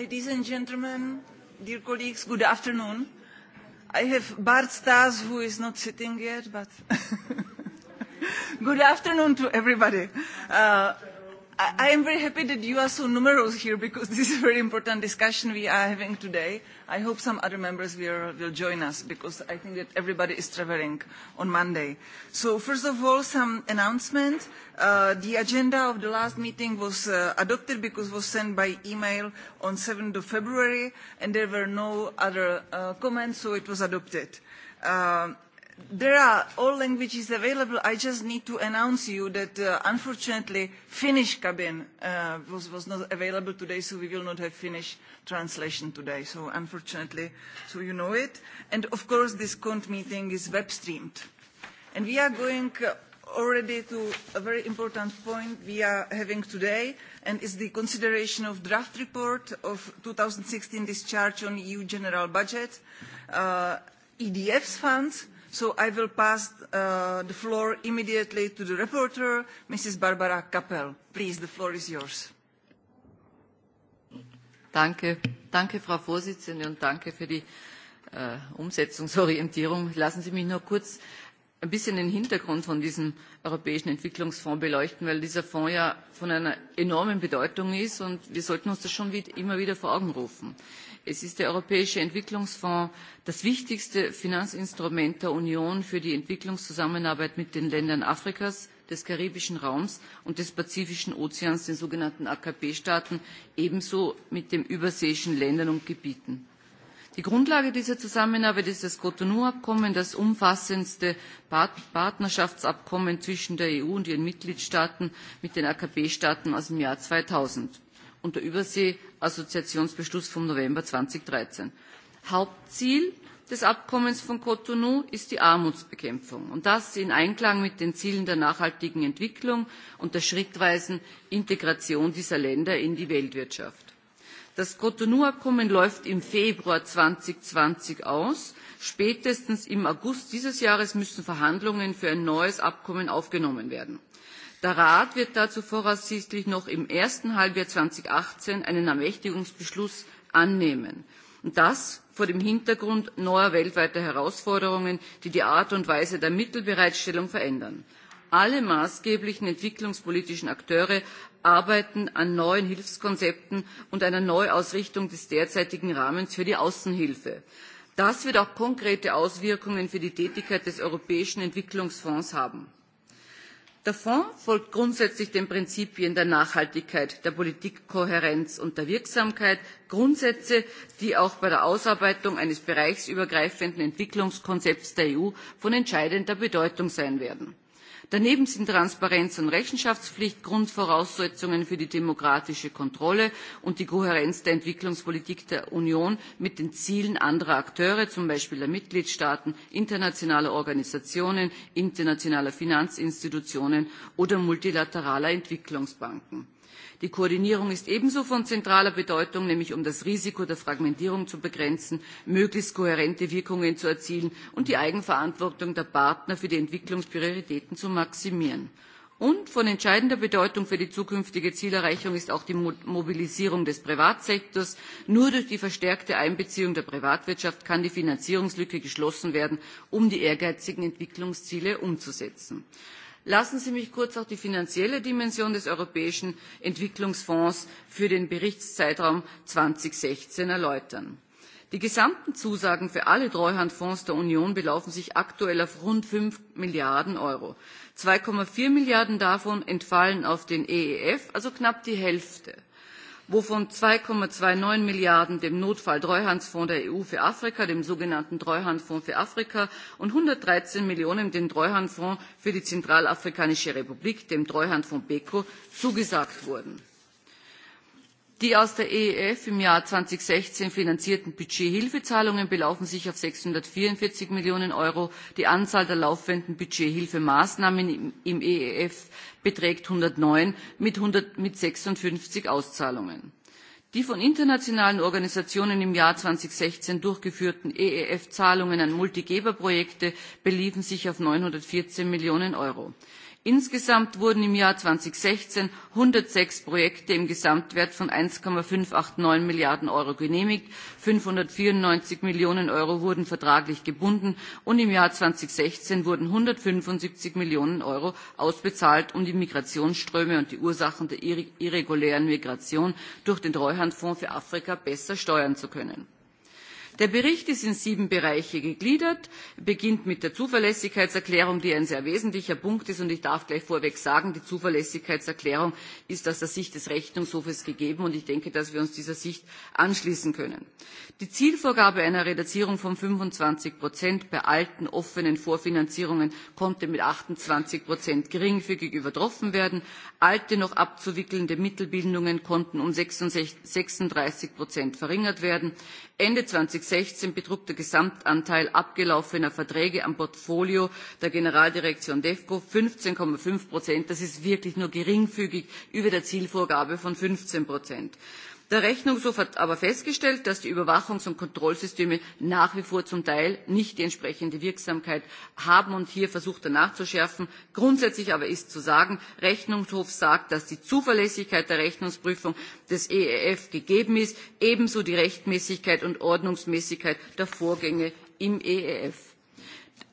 Ladies and gentlemen, dear colleagues, good afternoon. I have Bart Stas, who is not sitting yet, but good afternoon to everybody. Uh, I am very happy that you are so numerous here because this is a very important discussion we are having today. I hope some other members will, will join us because I think that everybody is traveling on Monday. So first of all, some announcement. Uh, the agenda of the last meeting was uh, adopted because it was sent by email on 7th of February and there were no other uh, comments, so it was adopted. Uh, there are all languages available. I just need to announce you that uh, unfortunately Finnish cabin uh, was, was not available today, so we will not have Finnish translation today. So unfortunately, so you know it. And of course, this cont meeting is web streamed. And we are going uh, already to a very important point we are having today, and is the consideration of draft report of 2016 discharge on EU general budget, uh, EDF's funds, So I will pass uh, the floor immediately to the reporter, Mrs. Barbara Kappel. Please, the floor is yours. Danke, danke Frau Vorsitzende und danke für die äh, Umsetzungsorientierung. Lassen Sie mich nur kurz ein bisschen den Hintergrund von diesem Europäischen Entwicklungsfonds beleuchten, weil dieser Fonds ja von einer enormen Bedeutung ist und wir sollten uns das schon wieder, immer wieder vor Augen rufen. Äh, es ist der europäische entwicklungsfonds das wichtigste finanzinstrument der union für die entwicklungszusammenarbeit mit den ländern afrikas des karibischen raums und des pazifischen ozeans den sogenannten akp staaten ebenso mit den überseeischen ländern und gebieten. die grundlage dieser zusammenarbeit ist das cotonou abkommen das umfassendste partnerschaftsabkommen zwischen der eu und ihren mitgliedstaaten mit den akp staaten aus dem jahr zweitausend und der Übersee-Assoziationsbeschluss vom November 2013. Hauptziel des Abkommens von Cotonou ist die Armutsbekämpfung und das in Einklang mit den Zielen der nachhaltigen Entwicklung und der schrittweisen Integration dieser Länder in die Weltwirtschaft. Das Cotonou-Abkommen läuft im Februar 2020 aus. Spätestens im August dieses Jahres müssen Verhandlungen für ein neues Abkommen aufgenommen werden Der Rat wird dazu voraussichtlich noch im ersten Halbjahr zweitausendachtzehn einen Ermächtigungsbeschluss annehmen. Und das vor dem Hintergrund neuer weltweiter Herausforderungen, die die Art und Weise der Mittelbereitstellung verändern. Alle maßgeblichen entwicklungspolitischen Akteure arbeiten an neuen Hilfskonzepten und einer Neuausrichtung des derzeitigen Rahmens für die Außenhilfe. Das wird auch konkrete Auswirkungen für die Tätigkeit des Europäischen Entwicklungsfonds haben der fonds folgt grundsätzlich den prinzipien der nachhaltigkeit der politikkohärenz und der wirksamkeit grundsätze die auch bei der ausarbeitung eines bereichsübergreifenden entwicklungskonzepts der eu von entscheidender bedeutung sein werden. Daneben sind Transparenz und Rechenschaftspflicht Grundvoraussetzungen für die demokratische Kontrolle und die Kohärenz der Entwicklungspolitik der Union mit den Zielen anderer Akteure, zum Beispiel der Mitgliedstaaten, internationaler Organisationen, internationaler Finanzinstitutionen oder multilateraler Entwicklungsbanken. Die Koordinierung ist ebenso von zentraler Bedeutung, nämlich um das Risiko der Fragmentierung zu begrenzen, möglichst kohärente Wirkungen zu erzielen und die Eigenverantwortung der Partner für die Entwicklungsprioritäten zu maximieren. Und von entscheidender Bedeutung für die zukünftige Zielerreichung ist auch die Mobilisierung des Privatsektors. Nur durch die verstärkte Einbeziehung der Privatwirtschaft kann die Finanzierungslücke geschlossen werden, um die ehrgeizigen Entwicklungsziele umzusetzen lassen sie mich kurz auch die finanzielle dimension des europäischen entwicklungsfonds für den berichtszeitraum zweitausendsechzehn erläutern. die gesamten zusagen für alle treuhandfonds der union belaufen sich aktuell auf rund fünf milliarden euro. zwei vier milliarden davon entfallen auf den eef also knapp die hälfte wovon zwei neunundneunzig milliarden dem notfall treuhandfonds der eu für afrika dem sogenannten treuhandfonds für afrika und einhundertdreizehn millionen dem treuhandfonds für die zentralafrikanische republik dem treuhandfonds beco zugesagt wurden die aus der eef im jahr zweitausendsechzehn finanzierten budgethilfezahlungen belaufen sich auf sechshundertvierundvierzig millionen euro die anzahl der laufenden budgethilfemaßnahmen im eef beträgt einhundertneun mit sechsundfünfzig auszahlungen. die von internationalen organisationen im jahr zweitausendsechzehn durchgeführten eef zahlungen an multigeberprojekte beliefen sich auf neunhundertvierzehn millionen euro. Insgesamt wurden im Jahr zweitausendsechzehn einhundertsechs Projekte im Gesamtwert von eins fünfhundertneunundachtzig Milliarden Euro genehmigt, fünfhundertvierundneunzig Millionen Euro wurden vertraglich gebunden und im Jahr zweitausendsechzehn wurden einhundertfünfundsiebzig Millionen Euro ausbezahlt, um die Migrationsströme und die Ursachen der irregulären Migration durch den Treuhandfonds für Afrika besser steuern zu können. Der Bericht ist in sieben Bereiche gegliedert, er beginnt mit der Zuverlässigkeitserklärung, die ein sehr wesentlicher Punkt ist. Und ich darf gleich vorweg sagen, die Zuverlässigkeitserklärung ist aus der Sicht des Rechnungshofes gegeben. Und ich denke, dass wir uns dieser Sicht anschließen können. Die Zielvorgabe einer Reduzierung von fünfundzwanzig bei alten offenen Vorfinanzierungen konnte mit achtundzwanzig geringfügig übertroffen werden. Alte noch abzuwickelnde Mittelbindungen konnten um sechsunddreißig verringert werden. Ende zweitausendsechzehn betrug der Gesamtanteil abgelaufener Verträge am Portfolio der Generaldirektion devco fünfzehn fünf Das ist wirklich nur geringfügig über der Zielvorgabe von fünfzehn Prozent der rechnungshof hat aber festgestellt dass die überwachungs und kontrollsysteme nach wie vor zum teil nicht die entsprechende wirksamkeit haben und hier versucht er nachzuschärfen. grundsätzlich aber ist zu sagen der rechnungshof sagt dass die zuverlässigkeit der rechnungsprüfung des eef gegeben ist ebenso die rechtmäßigkeit und ordnungsmäßigkeit der vorgänge im eef.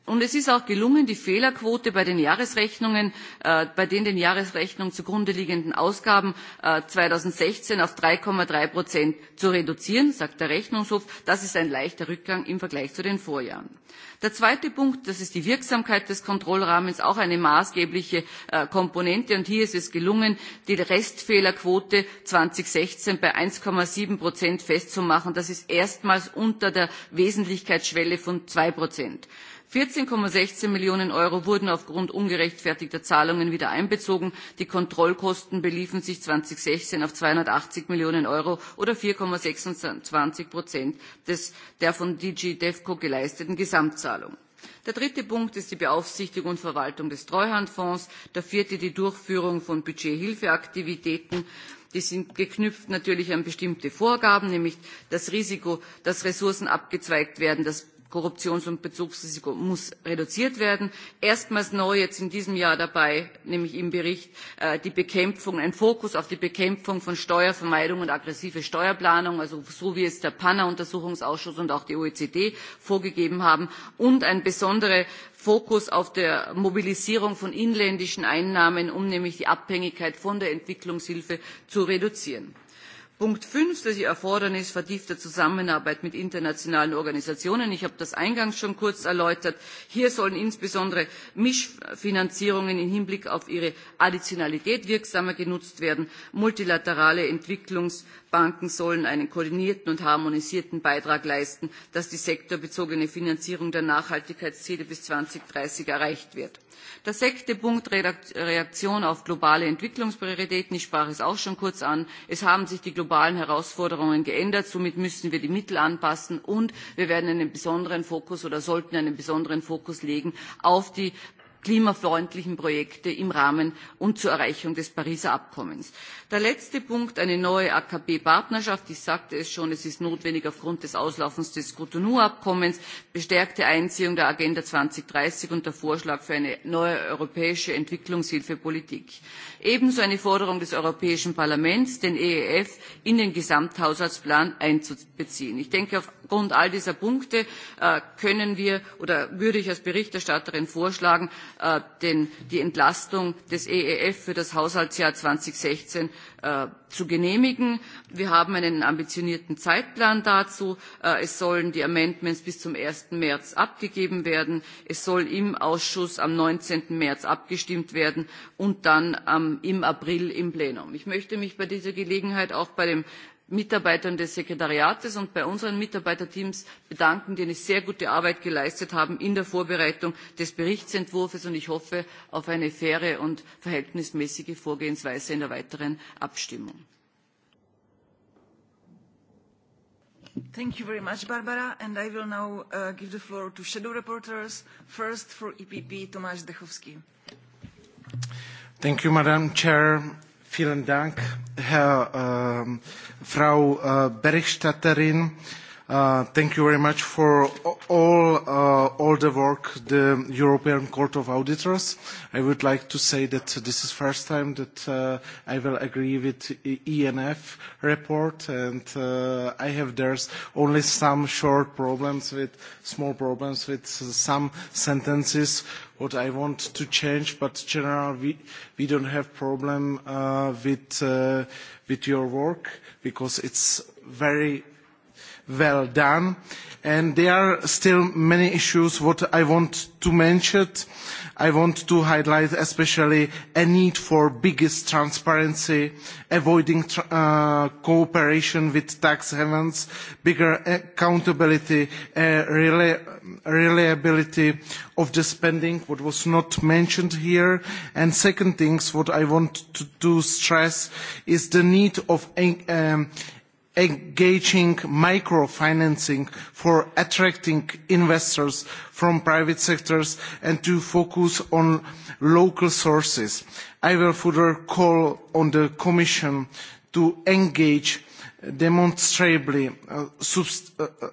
Und es ist auch gelungen, die Fehlerquote bei den Jahresrechnungen, äh, bei den den Jahresrechnungen zugrunde liegenden Ausgaben äh, zweitausendsechzehn auf drei drei zu reduzieren, sagt der Rechnungshof. Das ist ein leichter Rückgang im Vergleich zu den Vorjahren. Der zweite Punkt, das ist die Wirksamkeit des Kontrollrahmens, auch eine maßgebliche äh, Komponente. Und hier ist es gelungen, die Restfehlerquote zweitausendsechzehn bei eins sieben festzumachen. Das ist erstmals unter der Wesentlichkeitsschwelle von zwei Prozent vierzehn sechzehn millionen euro wurden aufgrund ungerechtfertigter zahlungen wieder einbezogen die kontrollkosten beliefen sich zweitausendsechzehn auf zweihundertachtzig millionen euro oder vier sechsundzwanzig der von dg devco geleisteten gesamtzahlung. Der dritte Punkt ist die Beaufsichtigung und Verwaltung des Treuhandfonds, der vierte die Durchführung von Budgethilfeaktivitäten. Die sind geknüpft natürlich an bestimmte Vorgaben, nämlich das Risiko, dass Ressourcen abgezweigt werden, Korruptions- und Betrugsrisiko muss reduziert werden. Erstmals neu jetzt in diesem Jahr dabei, nämlich im Bericht, äh, die Bekämpfung, ein Fokus auf die Bekämpfung von Steuervermeidung und aggressive Steuerplanung, also so wie es der PANA-Untersuchungsausschuss und auch die OECD vorgegeben haben, und ein besonderer Fokus auf der Mobilisierung von inländischen Einnahmen, um nämlich die Abhängigkeit von der Entwicklungshilfe zu reduzieren. Punkt fünf das Erfordernis vertiefter Zusammenarbeit mit internationalen Organisationen. Ich habe das eingangs schon kurz erläutert. Hier sollen insbesondere Mischfinanzierungen im Hinblick auf ihre Additionalität wirksamer genutzt werden. Multilaterale Entwicklungs- banken sollen einen koordinierten und harmonisierten beitrag leisten dass die sektorbezogene finanzierung der nachhaltigkeitsziele bis zweitausenddreißig erreicht wird. der sechste punkt reaktion auf globale entwicklungsprioritäten ich sprach es auch schon kurz an es haben sich die globalen herausforderungen geändert somit müssen wir die mittel anpassen und wir werden einen besonderen fokus oder sollten einen besonderen fokus legen auf die klimafreundlichen Projekte im Rahmen und zur Erreichung des Pariser Abkommens. Der letzte Punkt, eine neue AKP-Partnerschaft. Ich sagte es schon, es ist notwendig aufgrund des Auslaufens des Cotonou-Abkommens, bestärkte Einziehung der Agenda zweitausenddreißig und der Vorschlag für eine neue europäische Entwicklungshilfepolitik. Ebenso eine Forderung des Europäischen Parlaments, den EEF in den Gesamthaushaltsplan einzubeziehen. Ich denke, aufgrund all dieser Punkte äh, können wir oder würde ich als Berichterstatterin vorschlagen, äh, den, die Entlastung des EEF für das Haushaltsjahr 2016 äh, zu genehmigen. Wir haben einen ambitionierten Zeitplan dazu. es sollen die Amendments bis zum 1. März abgegeben werden. Es soll im Ausschuss am 19. März abgestimmt werden und dann im April im Plenum. Ich möchte mich bei dieser Gelegenheit auch bei dem mitarbeitern des sekretariats und bei unseren mitarbeiterteams bedanken die eine sehr gute arbeit geleistet haben in der vorbereitung des berichtsentwurfs und ich hoffe auf eine faire und verhältnismäßige vorgehensweise in der weiteren abstimmung. Thank you very much, Barbara. And I will now uh, give the floor to shadow reporters. First, for EPP, Tomáš Zdechovský. Thank you, Madam Chair. Vielen Dank, Herr, äh, Frau äh, Berichterstatterin. Uh, thank you very much for all, uh, all the work, the European Court of Auditors. I would like to say that this is first time that uh, I will agree with ENF e report, and uh, I have there's only some short problems with, small problems with some sentences what I want to change, but general, we, we don't have problem uh, with, uh, with your work because it's very well done. And there are still many issues what I want to mention. I want to highlight especially a need for biggest transparency, avoiding uh, cooperation with tax havens, bigger accountability, uh, reli reliability of the spending, what was not mentioned here. And second things what I want to, to stress is the need of um, engaging microfinancing for attracting investors from private sectors and to focus on local sources. I will further call on the Commission to engage demonstrably uh, uh,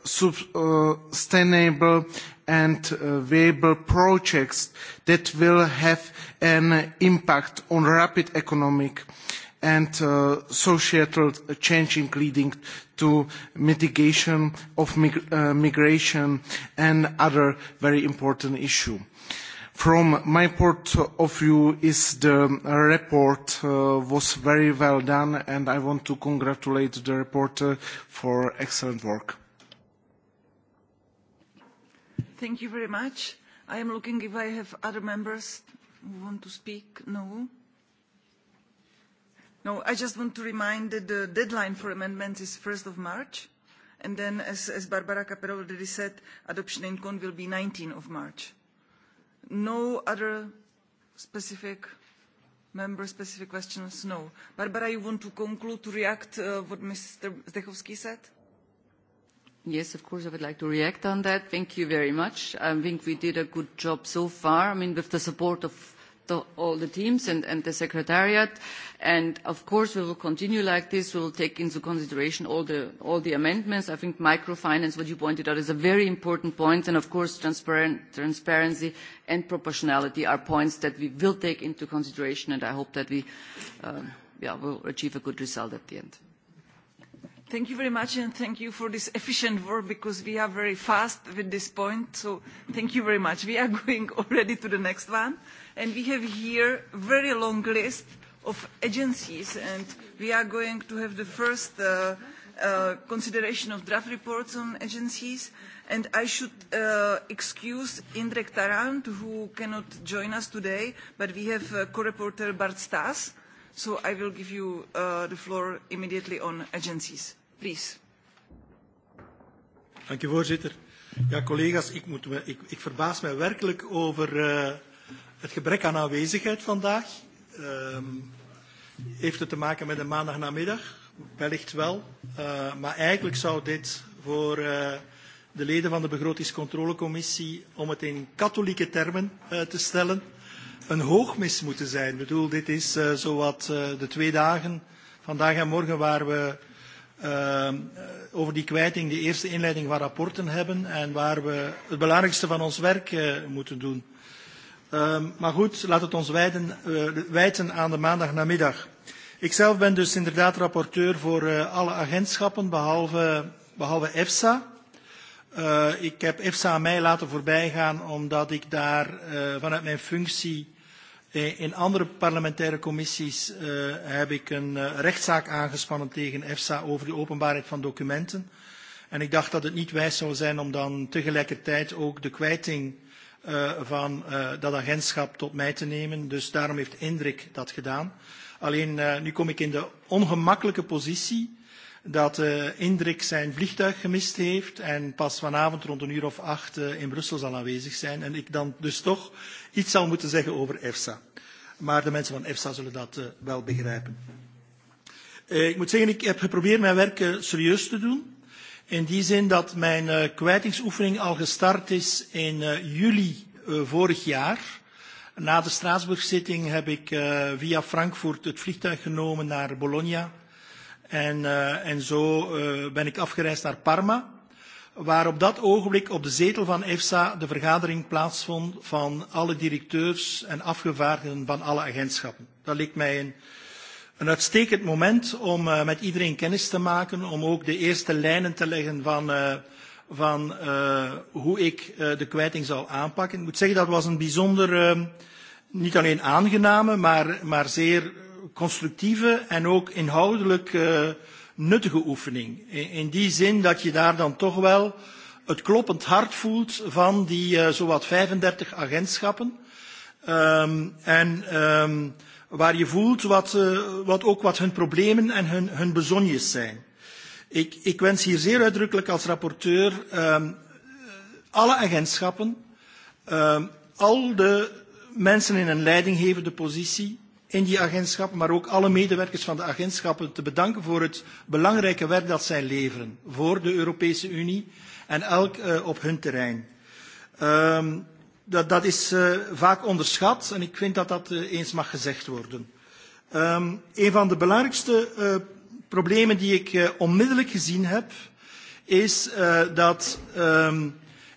sub uh, sustainable and uh, viable projects that will have an impact on rapid economic uh, and uh, societal changing leading to mitigation of mig uh, migration and other very important issue. From my point of view, is the report uh, was very well done, and I want to congratulate the reporter for excellent work. Thank you very much. I am looking if I have other members who want to speak. No? No, I just want to remind that the deadline for amendments is 1st of March, and then, as, as Barbara Capero already said, adoption in CON will be 19 of March. No other specific member-specific questions? No. Barbara, you want to conclude to react uh, what Mr. Zdechovsky said? Yes, of course, I would like to react on that. Thank you very much. I think we did a good job so far. I mean, with the support of all the teams and, the secretariat. And of course, we will continue like this. We will take into consideration all the, amendments. I think microfinance, what you pointed out, is a very important point. And of course, transparency and proportionality are points that we will take into consideration. And I hope that we um, will achieve a good result at the end. Thank you very much, and thank you for this efficient work, because we are very fast with this point, so thank you very much. We are going already to the next one, and we have here a very long list of agencies, and we are going to have the first uh, uh, consideration of draft reports on agencies, and I should uh, excuse Indrek Tarand, who cannot join us today, but we have uh, co-reporter Bart Stas, so I will give you uh, the floor immediately on agencies. Please. Dank u voorzitter. Ja, collega's, ik, moet me, ik, ik verbaas mij werkelijk over uh, het gebrek aan aanwezigheid vandaag. uh, heeft het te maken met een maandagnamiddag? Wellicht wel. Uh, maar eigenlijk zou dit voor uh, de leden van de begrotingscontrolecommissie, om het in katholieke termen uh, te stellen, een hoogmis moeten zijn. Ik bedoel, dit is uh, zowat uh, de twee dagen, vandaag en morgen, waar we uh, over die kwijting de eerste inleiding van rapporten hebben en waar we het belangrijkste van ons werk uh, moeten doen. Uh, maar goed, laat het ons wijden, uh, wijten aan de maandagnamiddag. Ikzelf ben dus inderdaad rapporteur voor uh, alle agentschappen behalve, behalve EFSA. Uh, ik heb EFSA aan mij laten voorbijgaan omdat ik daar uh, vanuit mijn functie Eh, in andere parlementaire commissies eh, heb ik een eh, rechtszaak aangespannen tegen EFSA over de openbaarheid van documenten. En ik dacht dat het niet wijs zou zijn om dan tegelijkertijd ook de kwijting van dat agentschap tot mij te nemen. Dus daarom heeft Indrik dat gedaan. Alleen nu kom ik in de ongemakkelijke positie dat uh, Indrik zijn vliegtuig gemist heeft en pas vanavond rond een uur of acht uh, in Brussel zal aanwezig zijn. En ik dan dus toch iets zal moeten zeggen over EFSA. Maar de mensen van EFSA zullen dat uh, wel begrijpen. Uh, ik moet zeggen, ik heb geprobeerd mijn werk uh, serieus te doen. In die zin dat mijn uh, kwijtingsoefening al gestart is in uh, juli uh, vorig jaar. Na de Straatsburg-zitting heb ik uh, via Frankfurt het vliegtuig genomen naar Bologna en, uh, en zo uh, ben ik afgereisd naar Parma, waar op dat ogenblik op de zetel van EFSA de vergadering plaatsvond van alle directeurs en afgevaardigden van alle agentschappen. Dat leek mij een, een uitstekend moment om uh, met iedereen kennis te maken, om ook de eerste lijnen te leggen van, uh, van uh, hoe ik uh, de kwijting zou aanpakken. Ik moet zeggen, dat was een bijzonder, uh, niet alleen aangename, maar, maar zeer constructieve en ook inhoudelijk uh, nuttige oefening. In, in die zin dat je daar dan toch wel het kloppend hart voelt van die uh, zowat 35 agentschappen. Um, en um, waar je voelt wat, uh, wat ook wat hun problemen en hun, hun bezonjes zijn. Ik, ik wens hier zeer uitdrukkelijk als rapporteur um, alle agentschappen, um, al de mensen in een leidinggevende positie, in die agentschappen, maar ook alle medewerkers van de agentschappen te bedanken voor het belangrijke werk dat zij leveren voor de Europese Unie en elk uh, op hun terrein. Um, dat, dat is uh, vaak onderschat en ik vind dat dat uh, eens mag gezegd worden. Um, een van de belangrijkste uh, problemen die ik uh, onmiddellijk gezien heb, is uh, dat um,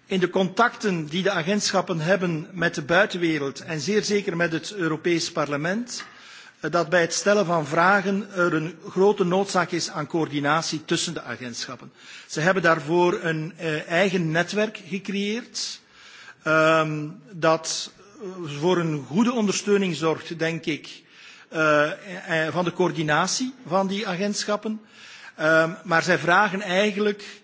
In de contacten die de agentschappen hebben met de buitenwereld en zeer zeker met het Europees Parlement, eh, dat bij het stellen van vragen er een grote noodzaak is aan coördinatie tussen de agentschappen. Ze hebben daarvoor een eh, eigen netwerk gecreëerd um, dat eh, voor een goede ondersteuning zorgt, denk ik, uh, van de coördinatie van die agentschappen. Um, maar zij vragen eigenlijk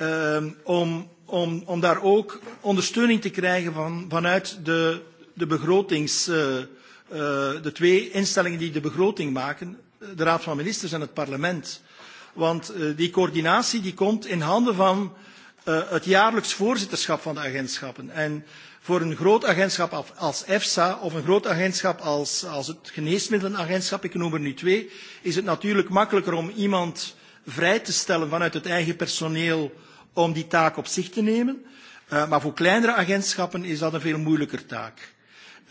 um, om om, om daar ook ondersteuning te krijgen van, vanuit de, de begrotings, uh, uh, de twee instellingen die de begroting maken, de Raad van Ministers en het parlement. Want uh, die coördinatie die komt in handen van uh, het jaarlijks voorzitterschap van de agentschappen. En voor een groot agentschap als EFSA of een groot agentschap als, als het geneesmiddelenagentschap, ik noem er nu twee, is het natuurlijk makkelijker om iemand vrij te stellen vanuit het eigen personeel om die taak op zich te nemen. Uh, maar voor kleinere agentschappen is dat een veel moeilijker taak.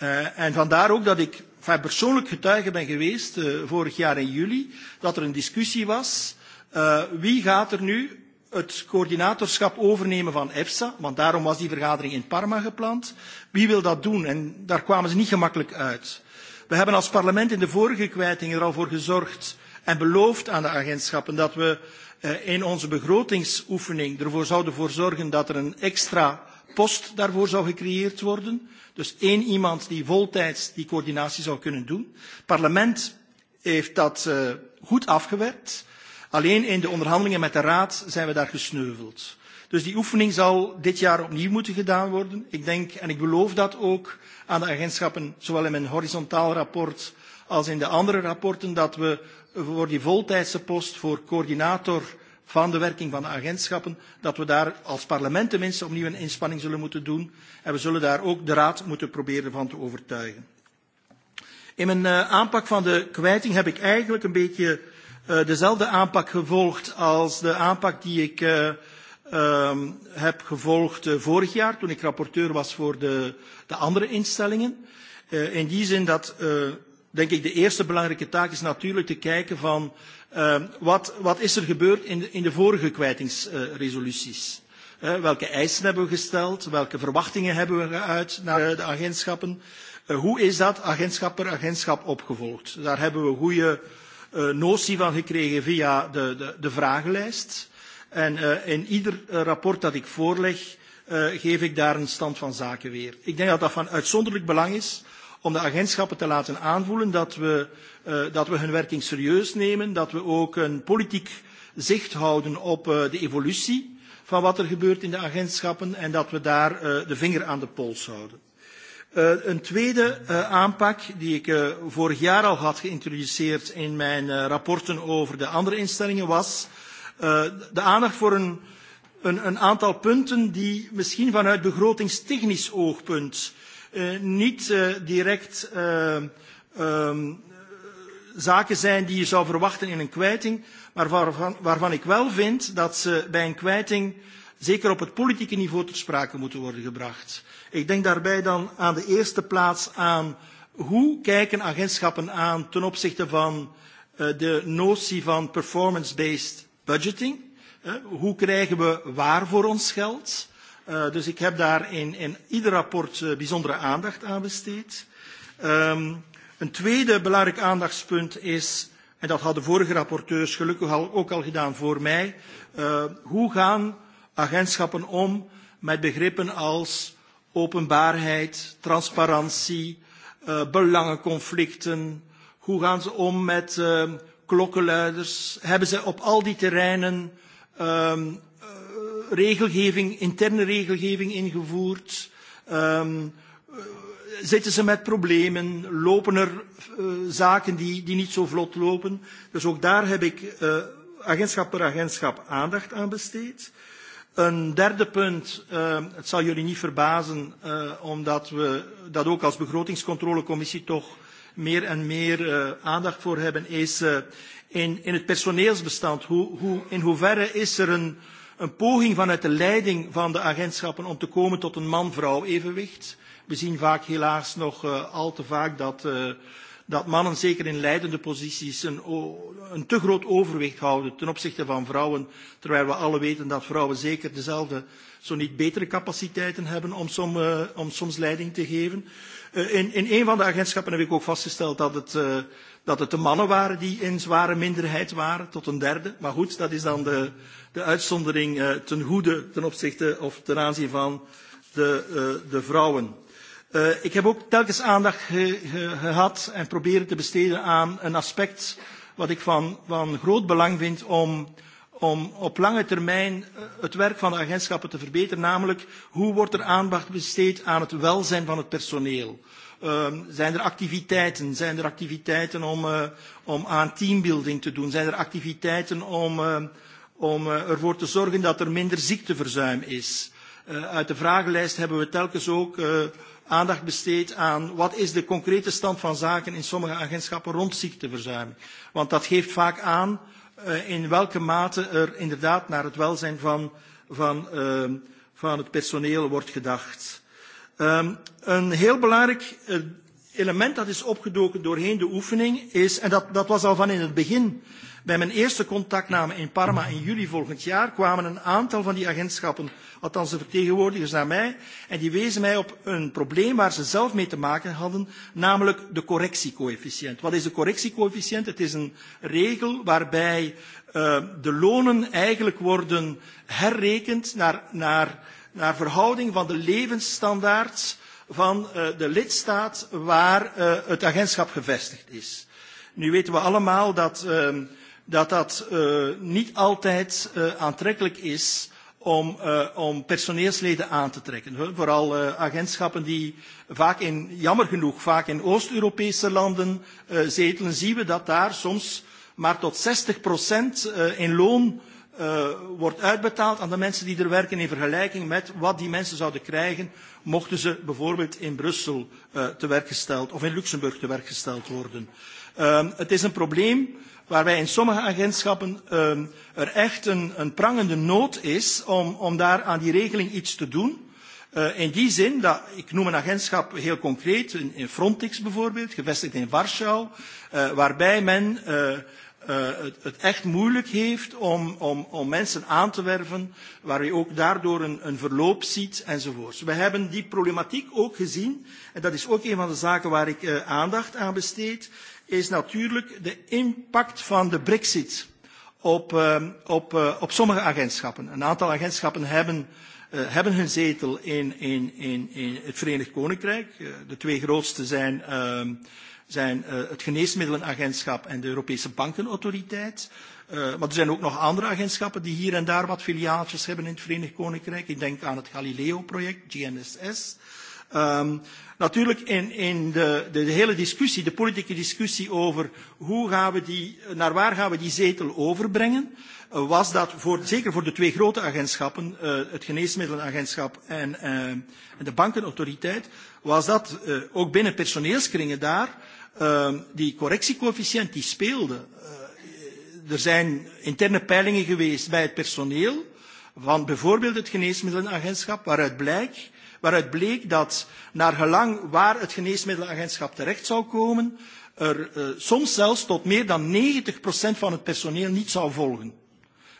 Uh, en vandaar ook dat ik enfin, persoonlijk getuige ben geweest uh, vorig jaar in juli dat er een discussie was uh, wie gaat er nu het coördinatorschap overnemen van EFSA, want daarom was die vergadering in Parma gepland. Wie wil dat doen? En daar kwamen ze niet gemakkelijk uit. We hebben als parlement in de vorige kwijting er al voor gezorgd en beloofd aan de agentschappen dat we eh, in onze begrotingsoefening ervoor zouden voor zorgen dat er een extra post daarvoor zou gecreëerd worden. Dus één iemand die voltijds die coördinatie zou kunnen doen. Het parlement heeft dat eh, goed afgewerkt. Alleen in de onderhandelingen met de Raad zijn we daar gesneuveld. Dus die oefening zal dit jaar opnieuw moeten gedaan worden. Ik denk, en ik beloof dat ook aan de agentschappen, zowel in mijn horizontaal rapport als in de andere rapporten, dat we voor die voltijdse post voor coördinator van de werking van de agentschappen, dat we daar als parlement tenminste opnieuw een inspanning zullen moeten doen. En we zullen daar ook de raad moeten proberen van te overtuigen. In mijn eh, aanpak van de kwijting heb ik eigenlijk een beetje eh, dezelfde aanpak gevolgd als de aanpak die ik eh, ehm, heb gevolgd vorig jaar toen ik rapporteur was voor de, andere instellingen. in die zin dat denk ik de eerste belangrijke taak is natuurlijk te kijken van uh, wat, wat is er gebeurd in de, in de vorige kwijtingsresoluties. Uh, uh, welke eisen hebben we gesteld? Welke verwachtingen hebben we geuit naar uh, de agentschappen? Uh, hoe is dat agentschap per agentschap opgevolgd? Daar hebben we goede uh, notie van gekregen via de, de, de vragenlijst. En uh, in ieder rapport dat ik voorleg, uh, geef ik daar een stand van zaken weer. Ik denk dat dat van uitzonderlijk belang is om de agentschappen te laten aanvoelen dat we, uh, dat we hun werking serieus nemen, dat we ook een politiek zicht houden op uh, de evolutie van wat er gebeurt in de agentschappen en dat we daar uh, de vinger aan de pols houden. Uh, een tweede uh, aanpak die ik uh, vorig jaar al had geïntroduceerd in mijn uh, rapporten over de andere instellingen was uh, de aandacht voor een, een, een aantal punten die misschien vanuit begrotingstechnisch oogpunt Eh, niet eh, direct eh, ehm, zaken zijn die je zou verwachten in een kwijting, maar waarvan, waarvan ik wel vind dat ze bij een kwijting zeker op het politieke niveau ter sprake moeten worden gebracht. Ik denk daarbij dan aan de eerste plaats aan hoe kijken agentschappen aan ten opzichte van uh, de notie van performance-based budgeting. Uh, hoe krijgen we waar voor ons geld? Uh, dus ik heb daar in, in ieder rapport uh, bijzondere aandacht aan besteed. Um, een tweede belangrijk aandachtspunt is, en dat hadden vorige rapporteurs gelukkig al, ook al gedaan voor mij, uh, hoe gaan agentschappen om met begrippen als openbaarheid, transparantie, uh, belangenconflicten, hoe gaan ze om met uh, klokkenluiders, hebben ze op al die terreinen um, regelgeving, interne regelgeving ingevoerd? Um, zitten ze met problemen? Lopen er uh, zaken die, die niet zo vlot lopen? Dus ook daar heb ik uh, agentschap per agentschap aandacht aan besteed. Een derde punt, uh, het zal jullie niet verbazen, uh, omdat we dat ook als begrotingscontrolecommissie toch meer en meer uh, aandacht voor hebben, is uh, in, in het personeelsbestand. Hoe, hoe, in hoeverre is er een, uh, Een poging vanuit de leiding van de agentschappen om te komen tot een man-vrouw evenwicht. We zien vaak helaas nog uh, al te vaak dat, uh, dat mannen, zeker in leidende posities, een, een te groot overwicht houden ten opzichte van vrouwen. Terwijl we alle weten dat vrouwen zeker dezelfde, zo niet betere capaciteiten hebben om, som, uh, om soms leiding te geven. Uh, in, in een van de agentschappen heb ik ook vastgesteld dat het. Uh, dat het de mannen waren die in zware minderheid waren, tot een derde. Maar goed, dat is dan de, de uitzondering uh, ten goede ten opzichte of ten aanzien van de, uh, de vrouwen. Uh, ik heb ook telkens aandacht ge, ge, gehad en proberen te besteden aan een aspect wat ik van, van groot belang vind om, om op lange termijn het werk van de agentschappen te verbeteren, namelijk hoe wordt er aandacht besteed aan het welzijn van het personeel. Um, zijn er activiteiten? Zijn er activiteiten om, uh, om aan teambuilding te doen? Zijn er activiteiten om, uh, om uh, ervoor te zorgen dat er minder ziekteverzuim is? Uh, uit de vragenlijst hebben we telkens ook uh, aandacht besteed aan wat is de concrete stand van zaken in sommige agentschappen rond ziekteverzuim. Want dat geeft vaak aan uh, in welke mate er inderdaad naar het welzijn van, van, uh, van het personeel wordt gedacht. Um, een heel belangrijk eh, element dat is opgedoken doorheen de oefening is, en dat, dat was al van in het begin, bij mijn eerste contactname in Parma in juli volgend jaar kwamen een aantal van die agentschappen, althans de vertegenwoordigers, naar mij en die wezen mij op een probleem waar ze zelf mee te maken hadden, namelijk de correctiecoëfficiënt. Wat is de correctiecoëfficiënt? Het is een regel waarbij uh, de lonen eigenlijk worden herrekend naar naar verhouding van de levensstandaard van eh, de lidstaat waar eh, het agentschap gevestigd is. Nu weten we allemaal dat ehm, dat, dat eh, niet altijd aantrekkelijk is om, uh, om personeelsleden aan te trekken. Vooral uh, agentschappen die vaak in, jammer genoeg, vaak in Oost-Europese landen uh, zetelen, zien we dat daar soms maar tot 60% uh, in loon uh, wordt uitbetaald aan de mensen die er werken in vergelijking met wat die mensen zouden krijgen mochten ze bijvoorbeeld in Brussel uh, te werk gesteld of in Luxemburg te werk gesteld worden. Ehm, het is een probleem waar wij in sommige agentschappen ehm, er echt een, een prangende nood is om, om daar aan die regeling iets te doen. Uh, in die zin, dat, ik noem een agentschap heel concreet, in, in Frontex bijvoorbeeld, gevestigd in Warschau, uh, waarbij men uh, uh, het, het echt moeilijk heeft om, om, om mensen aan te werven, waar je ook daardoor een, een verloop ziet enzovoorts. We hebben die problematiek ook gezien, en dat is ook een van de zaken waar ik uh, aandacht aan besteed, is natuurlijk de impact van de brexit op, uh, op, uh, op sommige agentschappen. Een aantal agentschappen hebben uh, hebben hun zetel in, in, in, in het Verenigd Koninkrijk. Uh, de twee grootste zijn uh, zijn eh, het Geneesmiddelenagentschap en de Europese Bankenautoriteit. Eh, maar er zijn ook nog andere agentschappen die hier en daar wat filiaaltjes hebben in het Verenigd Koninkrijk. Ik denk aan het Galileo-project, GNSS. Um, ehm, natuurlijk in, in de, de, de hele discussie, de politieke discussie over hoe gaan we die, naar waar gaan we die zetel overbrengen. Uh, was dat voor, zeker voor de twee grote agentschappen, eh, het geneesmiddelenagentschap en eh, de bankenautoriteit, was dat eh, ook binnen personeelskringen daar ehm, die correctiecoëfficiënt die speelde. Er zijn interne peilingen geweest bij het personeel van bijvoorbeeld het geneesmiddelenagentschap, waaruit blijkt waaruit bleek dat naar gelang waar het geneesmiddelenagentschap terecht zou komen, er uh, soms zelfs tot meer dan 90% van het personeel niet zou volgen.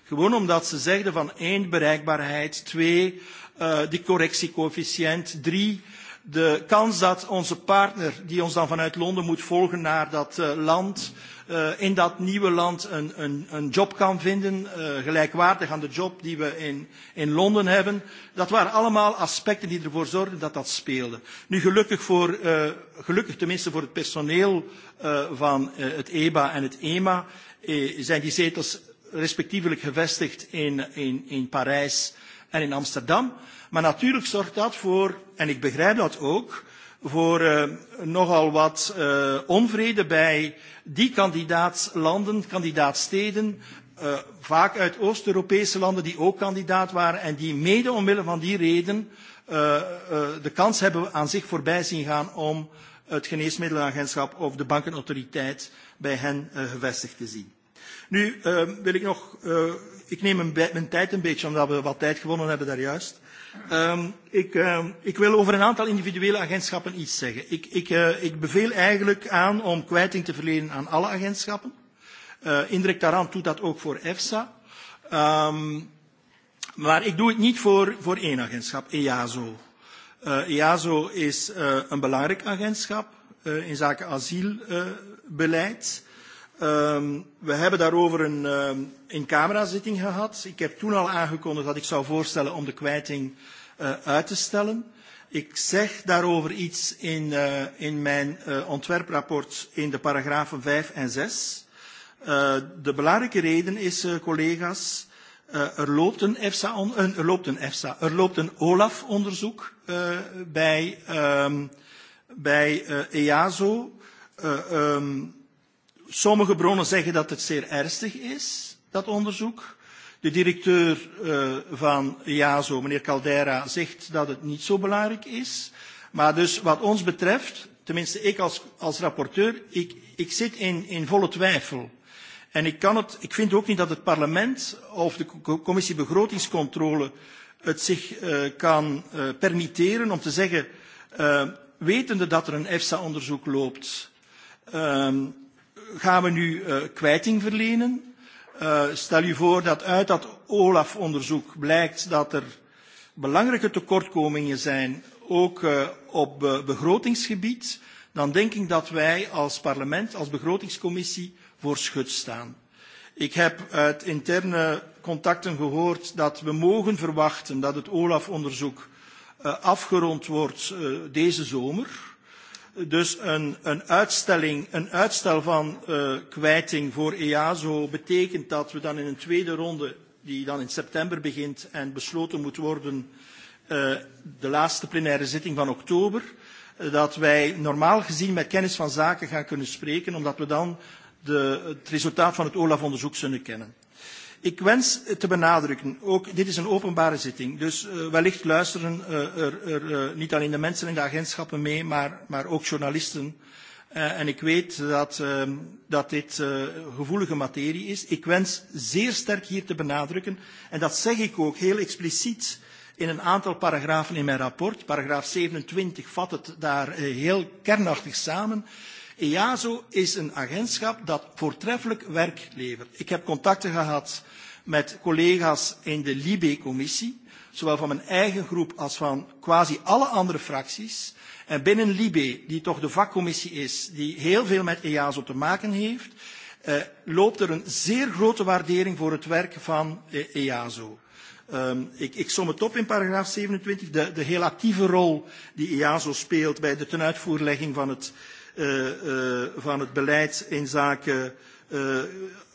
Gewoon omdat ze zegden van één, bereikbaarheid, twee, uh, eh, die correctiecoëfficiënt, drie, de kans dat onze partner, die ons dan vanuit Londen moet volgen naar dat uh, land, uh, in dat nieuwe land een, een, een job kan vinden, uh, gelijkwaardig aan de job die we in, in Londen hebben. Dat waren allemaal aspecten die ervoor zorgden dat dat speelde. Nu gelukkig, voor, uh, gelukkig tenminste voor het personeel uh, van uh, het EBA en het EMA, uh, zijn die zetels respectievelijk gevestigd in, in, in Parijs en in Amsterdam. Maar natuurlijk zorgt dat voor, en ik begrijp dat ook, voor uh, nogal wat uh, onvrede bij die kandidaatlanden, kandidaatsteden, uh, vaak uit Oost-Europese landen die ook kandidaat waren en die mede omwille van die reden uh, uh, de kans hebben aan zich voorbij zien gaan om het geneesmiddelenagentschap of de bankenautoriteit bij hen uh, gevestigd te zien. Nu uh, wil ik nog, uh, ik neem een, mijn tijd een beetje omdat we wat tijd gewonnen hebben daar juist. Um, ik, uh, ik wil over een aantal individuele agentschappen iets zeggen. Ik, ik, uh, ik beveel eigenlijk aan om kwijting te verlenen aan alle agentschappen. Uh, eh, indirect daaraan doet dat ook voor EFSA. Um, maar ik doe het niet voor, voor één agentschap, EASO. Uh, EASO is uh, een belangrijk agentschap uh, in zaken asielbeleid. Uh, Um, we hebben daarover een um, ehm, in-camera-zitting gehad. Ik heb toen al aangekondigd dat ik zou voorstellen om de kwijting uh, uit te stellen. Ik zeg daarover iets in, uh, in mijn uh, ontwerprapport in de paragrafen 5 en 6. Uh, de belangrijke reden is, uh, collega's, uh, er, loopt een EFSA on, uh, er loopt een EFSA, er loopt een OLAF-onderzoek uh, bij, um, bij uh, EASO. Uh, um, Sommige bronnen zeggen dat het zeer ernstig is, dat onderzoek. De directeur eh, van JASO, meneer Caldera, zegt dat het niet zo belangrijk is. Maar dus wat ons betreft, tenminste ik als, als rapporteur, ik, ik zit in, in volle twijfel. En ik, kan het, ik vind ook niet dat het parlement of de commissie begrotingscontrole het zich uh, kan uh, permitteren om te zeggen, uh, wetende dat er een EFSA-onderzoek loopt, ehm, gaan we nu uh, kwijting verlenen? Uh, stel u voor dat uit dat OLAF-onderzoek blijkt dat er belangrijke tekortkomingen zijn, ook uh, op uh, begrotingsgebied, dan denk ik dat wij als parlement, als begrotingscommissie, voor schut staan. Ik heb uit interne contacten gehoord dat we mogen verwachten dat het OLAF-onderzoek uh, afgerond wordt uh, deze zomer. Dus een, een, uitstelling, een uitstel van uh, kwijting voor EASO betekent dat we dan in een tweede ronde, die dan in september begint en besloten moet worden, uh, de laatste plenaire zitting van oktober, uh, dat wij normaal gezien met kennis van zaken gaan kunnen spreken, omdat we dan de, het resultaat van het OLAF-onderzoek zullen kennen. Ik wens te benadrukken, ook dit is een openbare zitting, dus uh, wellicht luisteren uh, er, er uh, niet alleen de mensen in de agentschappen mee, maar, maar ook journalisten. Uh, en ik weet dat, uh, dat dit uh, gevoelige materie is. Ik wens zeer sterk hier te benadrukken, en dat zeg ik ook heel expliciet in een aantal paragrafen in mijn rapport, paragraaf 27 vat het daar uh, heel kernachtig samen, uh, EASO is een agentschap dat voortreffelijk werk levert. Ik heb contacten gehad met collega's in de Libe-commissie, zowel van mijn eigen groep als van quasi alle andere fracties. En binnen Libe, die toch de vakcommissie is, die heel veel met EASO te maken heeft, eh, loopt er een zeer grote waardering voor het werk van eh, EASO. Um, ehm, ik, ik som het op in paragraaf 27, de, de heel actieve rol die EASO speelt bij de tenuitvoerlegging van het uh, van het beleid in zaken uh,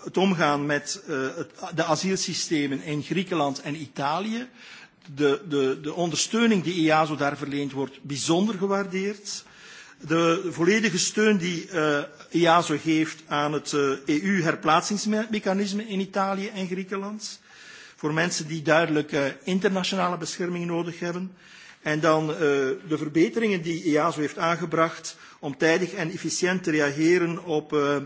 het omgaan met uh, het, de asielsystemen in Griekenland en Italië. De, de, de ondersteuning die EASO daar verleent wordt bijzonder gewaardeerd. De volledige steun die uh, EASO geeft aan het uh, EU-herplaatsingsmechanisme in Italië en Griekenland. Voor mensen die duidelijk internationale bescherming nodig hebben. Uh, en dan uh, de verbeteringen die EASO heeft aangebracht om tijdig en efficiënt te reageren op, uh,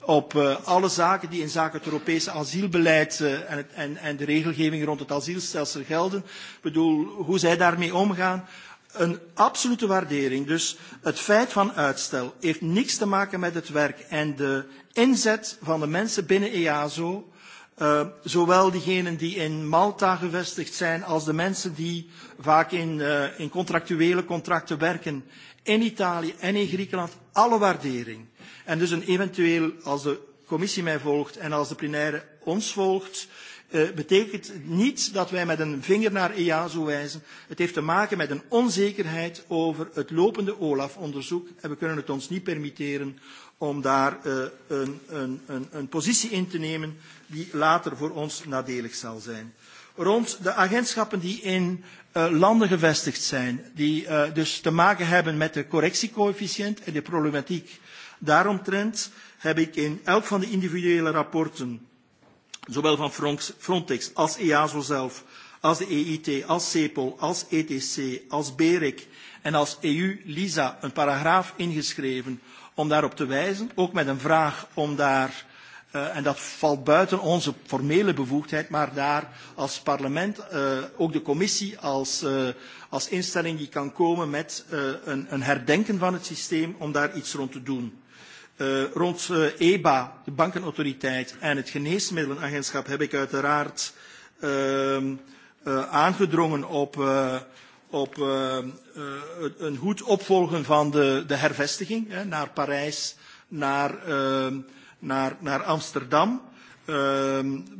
op uh, alle zaken die in zaken het Europese asielbeleid uh, en, het, en, en de regelgeving rond het asielstelsel gelden. Ik bedoel, hoe zij daarmee omgaan. Een absolute waardering. Dus het feit van uitstel heeft niks te maken met het werk en de inzet van de mensen binnen EASO Uh, zowel diegenen die in Malta gevestigd zijn als de mensen die vaak in, uh, in contractuele contracten werken in Italië en in Griekenland, alle waardering. En dus een eventueel, als de commissie mij volgt en als de plenaire ons volgt, uh, betekent niet dat wij met een vinger naar EASO wijzen. Het heeft te maken met een onzekerheid over het lopende OLAF-onderzoek en we kunnen het ons niet permitteren om daar uh, een, een, een, een positie in te nemen die later voor ons nadelig zal zijn. Rond de agentschappen die in uh, landen gevestigd zijn, die uh, dus te maken hebben met de correctiecoëfficiënt en de problematiek daaromtrent, heb ik in elk van de individuele rapporten, zowel van Frontex als EASO zelf, als de EIT, als CEPOL, als ETC, als BEREC en als EU-LISA een paragraaf ingeschreven om daarop te wijzen, ook met een vraag om daar Uh, en dat valt buiten onze formele bevoegdheid, maar daar als parlement, uh, ook de commissie als, uh, als instelling die kan komen met uh, een, een herdenken van het systeem om daar iets rond te doen. Uh, rond uh, EBA, de bankenautoriteit en het geneesmiddelenagentschap heb ik uiteraard uh, uh, aangedrongen op, uh, op uh, uh, een goed opvolgen van de, de hervestiging hè, naar Parijs, naar... Uh, naar, naar Amsterdam. Uh,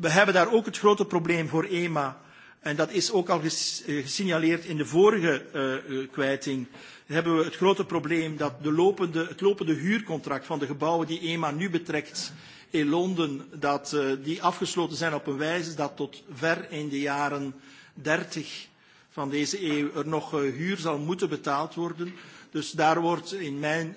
we hebben daar ook het grote probleem voor EMA. En dat is ook al ges, uh, gesignaleerd in de vorige uh, kwijting. Dan hebben we het grote probleem dat de lopende, het lopende huurcontract van de gebouwen die EMA nu betrekt in Londen, dat uh, die afgesloten zijn op een wijze dat tot ver in de jaren 30 van deze eeuw er nog uh, huur zal moeten betaald worden. Dus daar wordt in mijn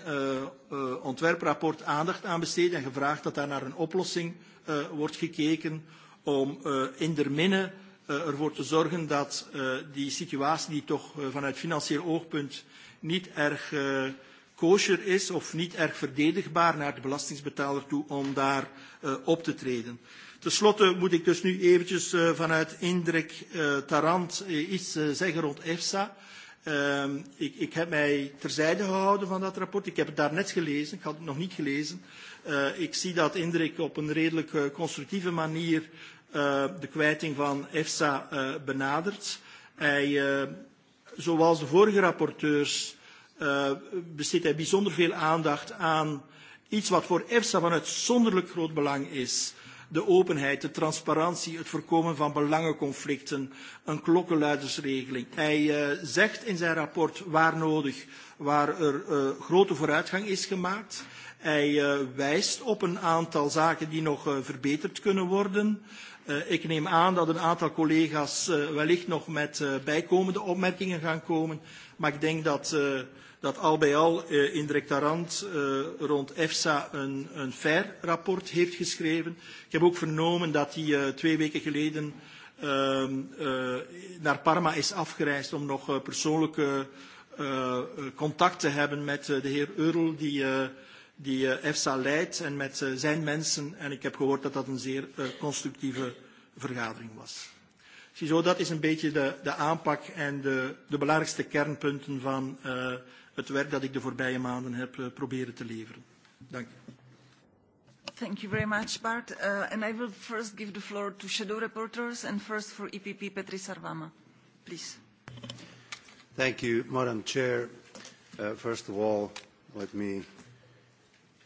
uh, ontwerprapport aandacht aan besteed en gevraagd dat daar naar een oplossing uh, wordt gekeken om uh, in der minne uh, ervoor te zorgen dat uh, die situatie die toch uh, vanuit financieel oogpunt niet erg uh, kosher is of niet erg verdedigbaar naar de belastingsbetaler toe om daar uh, op te treden. Ten slotte moet ik dus nu eventjes uh, vanuit Indrek uh, Tarant uh, iets uh, zeggen rond EFSA. Um, ik, ik heb mij terzijde gehouden van dat rapport. Ik heb het daarnet gelezen. Ik had het nog niet gelezen. Uh, ik zie dat Indrik op een redelijk uh, constructieve manier uh, de kwijting van EFSA uh, benadert. Hij, uh, zoals de vorige rapporteurs, uh, besteedt hij bijzonder veel aandacht aan iets wat voor EFSA van uitzonderlijk groot belang is de openheid, de transparantie, het voorkomen van belangenconflicten, een klokkenluidersregeling. Hij uh, zegt in zijn rapport waar nodig, waar er uh, grote vooruitgang is gemaakt. Hij uh, wijst op een aantal zaken die nog uh, verbeterd kunnen worden. Uh, ik neem aan dat een aantal collega's uh, wellicht nog met uh, bijkomende opmerkingen gaan komen. Maar ik denk dat uh, dat al bij al uh, Indrek Tarant uh, rond EFSA een, een fair rapport heeft geschreven. Ik heb ook vernomen dat hij uh, twee weken geleden uh, uh, naar Parma is afgereisd om nog uh, persoonlijke uh, contact te hebben met uh, de heer Eurl, die, uh, die uh, EFSA leidt, en met uh, zijn mensen. En ik heb gehoord dat dat een zeer uh, constructieve vergadering was. Ziezo, dat is een beetje de, de aanpak en de, de belangrijkste kernpunten van uh, het werk dat ik de voorbije maanden heb uh, proberen te leveren. Dank u. Thank you very much, Bart. Uh, and I will first give the floor to shadow reporters and first for EPP Petri Sarvama. Please. Thank you, Madam Chair. Uh, first of all, let me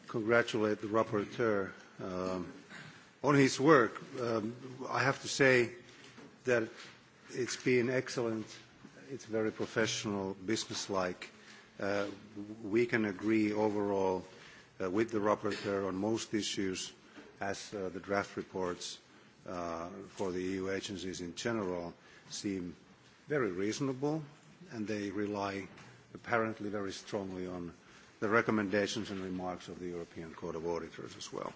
congratulate the rapporteur um, on his work. Um, I have to say that it's been excellent. It's very professional, businesslike Uh, we can agree overall uh, with the rapporteur on most issues as uh, the draft reports uh, for the EU agencies in general seem very reasonable, and they rely apparently very strongly on the recommendations and remarks of the European Court of Auditors as well.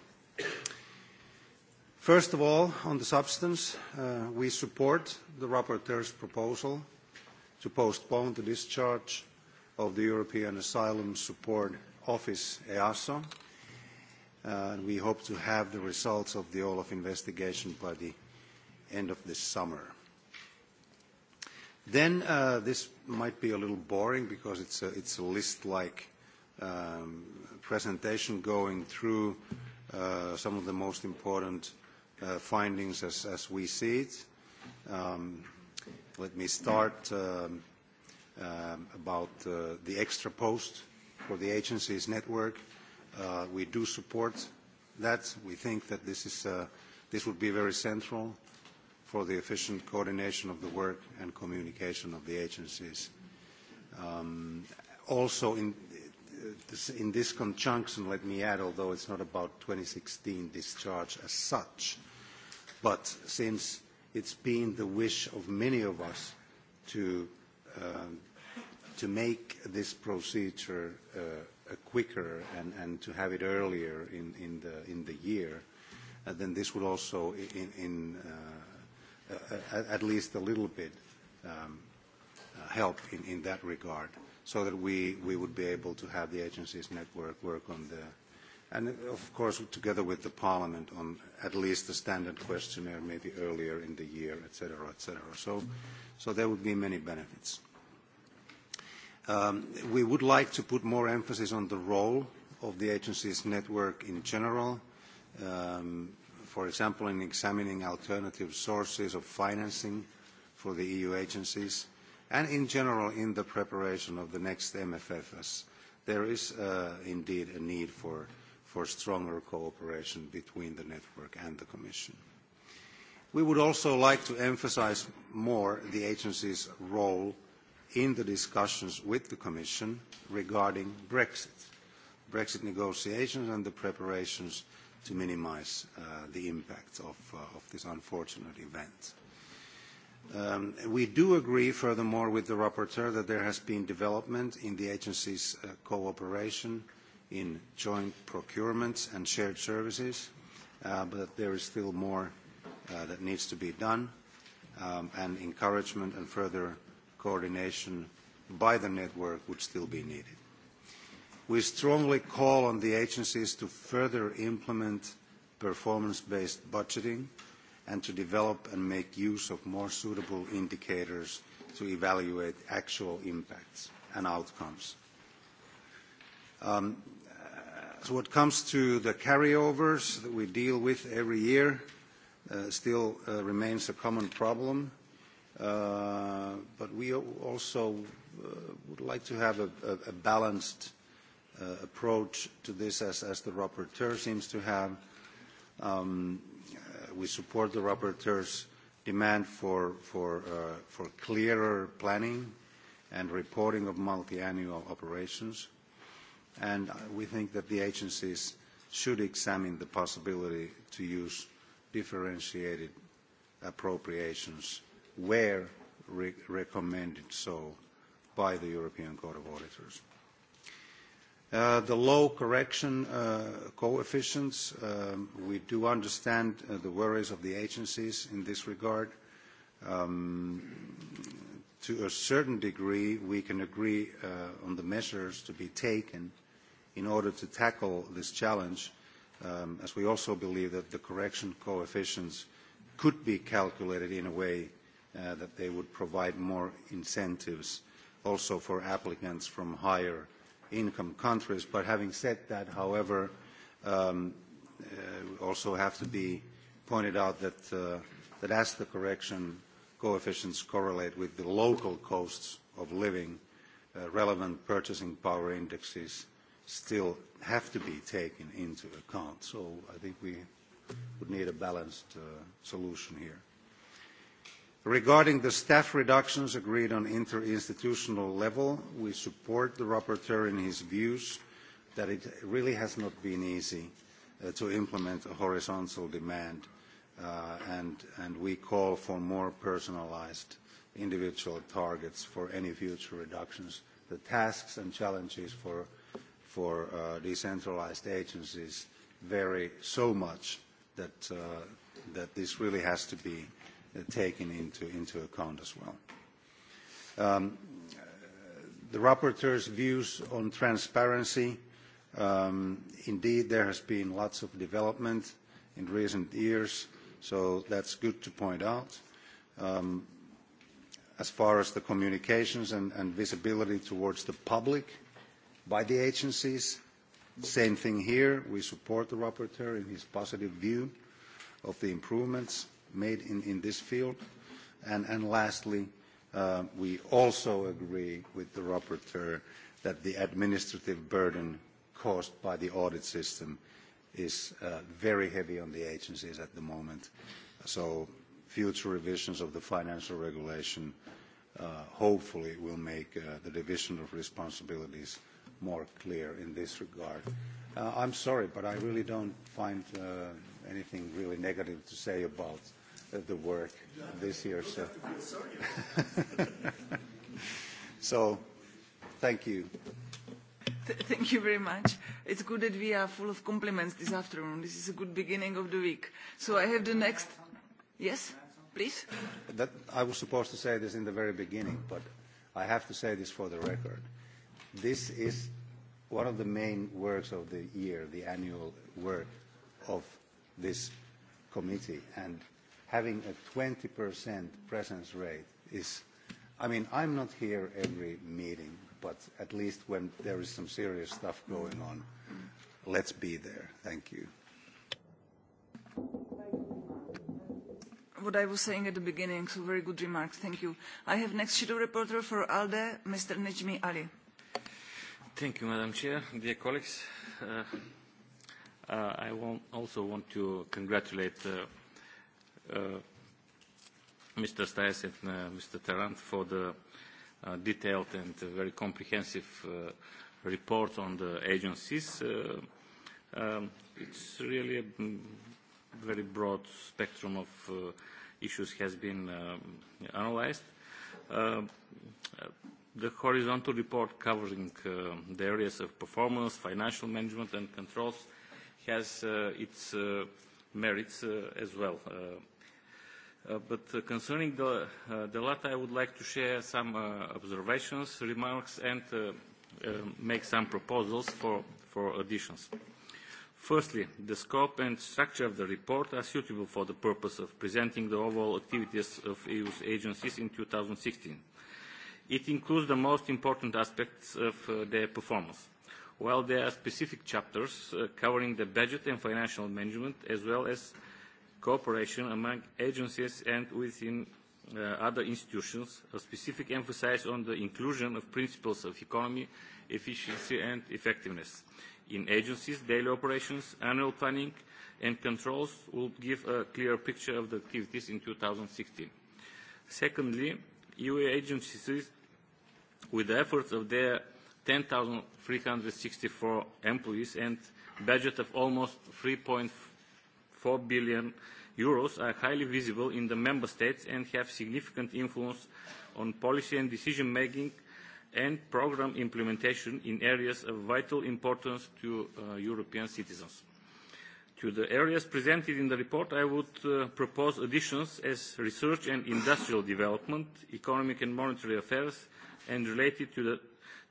First of all, on the substance, uh, we support the rapporteur's proposal to postpone the discharge of the European Asylum Support Office, EASO. we hope to have the results of the Olaf investigation by the end of this summer. Then uh, this might be a little boring because it's a, it's a list-like um, presentation going through uh, some of the most important uh, findings as, as we see it. Um, let me start um, Um, about uh, the extra post for the agency's network. Uh, we do support that. We think that this, is, uh, this would be very central for the efficient coordination of the work and communication of the agencies. Um, also, in, this conjunction, let me add, although it's not about 2016 discharge as such, but since it's been the wish of many of us to Um, to make this procedure uh, quicker and, and to have it earlier in, in, the, in the year, uh, then this would also, in, in uh, at least a little bit, um, uh, help in that regard so that we, we would be able to have the agencies network work on the and of course together with the parliament on at least the standard questionnaire maybe earlier in the year, etc., etc. So, so there would be many benefits. Um, we would like to put more emphasis on the role of the agency's network in general, um, for example, in examining alternative sources of financing for the EU agencies, and in general in the preparation of the next MFF, as there is uh, indeed a need for for stronger cooperation between the network and the Commission. We would also like to emphasize more the agency's role in the discussions with the Commission regarding Brexit, Brexit negotiations and the preparations to minimize uh, the impact of, uh, of this unfortunate event. Um, we do agree, furthermore, with the rapporteur that there has been development in the agency's uh, cooperation in joint procurements and shared services, uh, but there is still more uh, that needs to be done, um, and encouragement and further coordination by the network would still be needed. We strongly call on the agencies to further implement performance-based budgeting and to develop and make use of more suitable indicators to evaluate actual impacts and outcomes. Um, So what comes to the carryovers that we deal with every year, uh, still uh, remains a common problem. Uh, but we also would like to have a, balanced approach to this as, the rapporteur seems to have. Um, we support the rapporteur's demand for, for clearer planning and reporting of multi-annual operations and we think that the agencies should examine the possibility to use differentiated appropriations where re recommended so by the European Court of Auditors. Uh, the low correction uh, coefficients, um, we do understand uh, the worries of the agencies in this regard. Um, to a certain degree, we can agree uh, on the measures to be taken in order to tackle this challenge, um, as we also believe that the correction coefficients could be calculated in a way uh, that they would provide more incentives also for applicants from higher income countries. But having said that, however, um, uh, also have to be pointed out that, uh, that as the correction coefficients correlate with the local costs of living, uh, relevant purchasing power indexes still have to be taken into account. So I think we would need a balanced uh, solution here. Regarding the staff reductions agreed on interinstitutional level, we support the rapporteur in his views that it really has not been easy uh, to implement a horizontal demand, uh, and, and we call for more personalized individual targets for any future reductions. The tasks and challenges for for uh, decentralized agencies vary so much that, uh, that this really has to be uh, taken into, into account as well. Um, the rapporteur's views on transparency. Um, indeed, there has been lots of development in recent years, so that's good to point out. Um, as far as the communications and, and visibility towards the public, by the agencies. Same thing here. We support the rapporteur in his positive view of the improvements made in, in this field. And, and lastly, uh, we also agree with the rapporteur that the administrative burden caused by the audit system is uh, very heavy on the agencies at the moment. So future revisions of the financial regulation uh, hopefully will make uh, the division of responsibilities more clear in this regard. Uh, I'm sorry, but I really don't find uh, anything really negative to say about uh, the work this year. So. so, thank you. Th thank you very much. It's good that we are full of compliments this afternoon. This is a good beginning of the week. So I have the next. Yes, please. That, I was supposed to say this in the very beginning, but I have to say this for the record. This is one of the main works of the year, the annual work of this committee. And having a 20% presence rate is, I mean, I'm not here every meeting, but at least when there is some serious stuff going on, let's be there. Thank you. What I was saying at the beginning, so very good remarks. Thank you. I have next shadow reporter for ALDE, Mr. Najmi Ali. Thank you, Madam Chair. Dear colleagues, uh, uh, I want, also want to congratulate uh, uh, Mr. Stais and uh, Mr. Tarrant for the uh, detailed and very comprehensive uh, report on the agencies. Uh, um, it's really a very broad spectrum of uh, issues has been um, analyzed. Uh, the horizontal report covering uh, the areas of performance, financial management and controls has uh, its uh, merits uh, as well. Uh, uh, but uh, concerning the, uh, the latter, I would like to share some uh, observations, remarks and uh, uh, make some proposals for, for additions. Firstly, the scope and structure of the report are suitable for the purpose of presenting the overall activities of EU's agencies in 2016 It includes the most important aspects of uh, their performance, while there are specific chapters uh, covering the budget and financial management, as well as cooperation among agencies and within uh, other institutions, a specific emphasis on the inclusion of principles of economy, efficiency and effectiveness. In agencies, daily operations, annual planning and controls will give a clear picture of the activities in 2016. Secondly, EU agencies, with the efforts of their 10,364 employees and budget of almost 3.4 billion euros, are highly visible in the member states and have significant influence on policy and decision-making and program implementation in areas of vital importance to uh, European citizens. To the areas presented in the report, I would uh, propose additions as research and industrial development, economic and monetary affairs, and related to, the,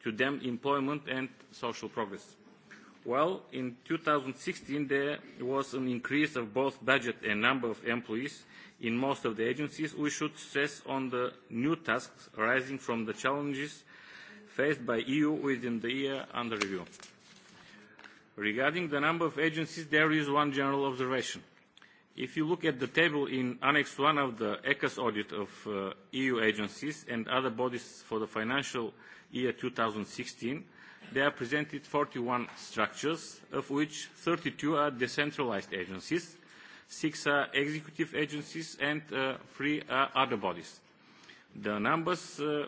to them employment and social progress. Well, in 2016 there was an increase of both budget and number of employees in most of the agencies, we should stress on the new tasks arising from the challenges faced by EU within the year under review. Regarding the number of agencies, there is one general observation. If you look at the table in Annex 1 of the ECAS audit of uh, EU agencies and other bodies for the financial year 2016, they are presented 41 structures, of which 32 are decentralized agencies, six are executive agencies, and uh, three are other bodies. The numbers uh,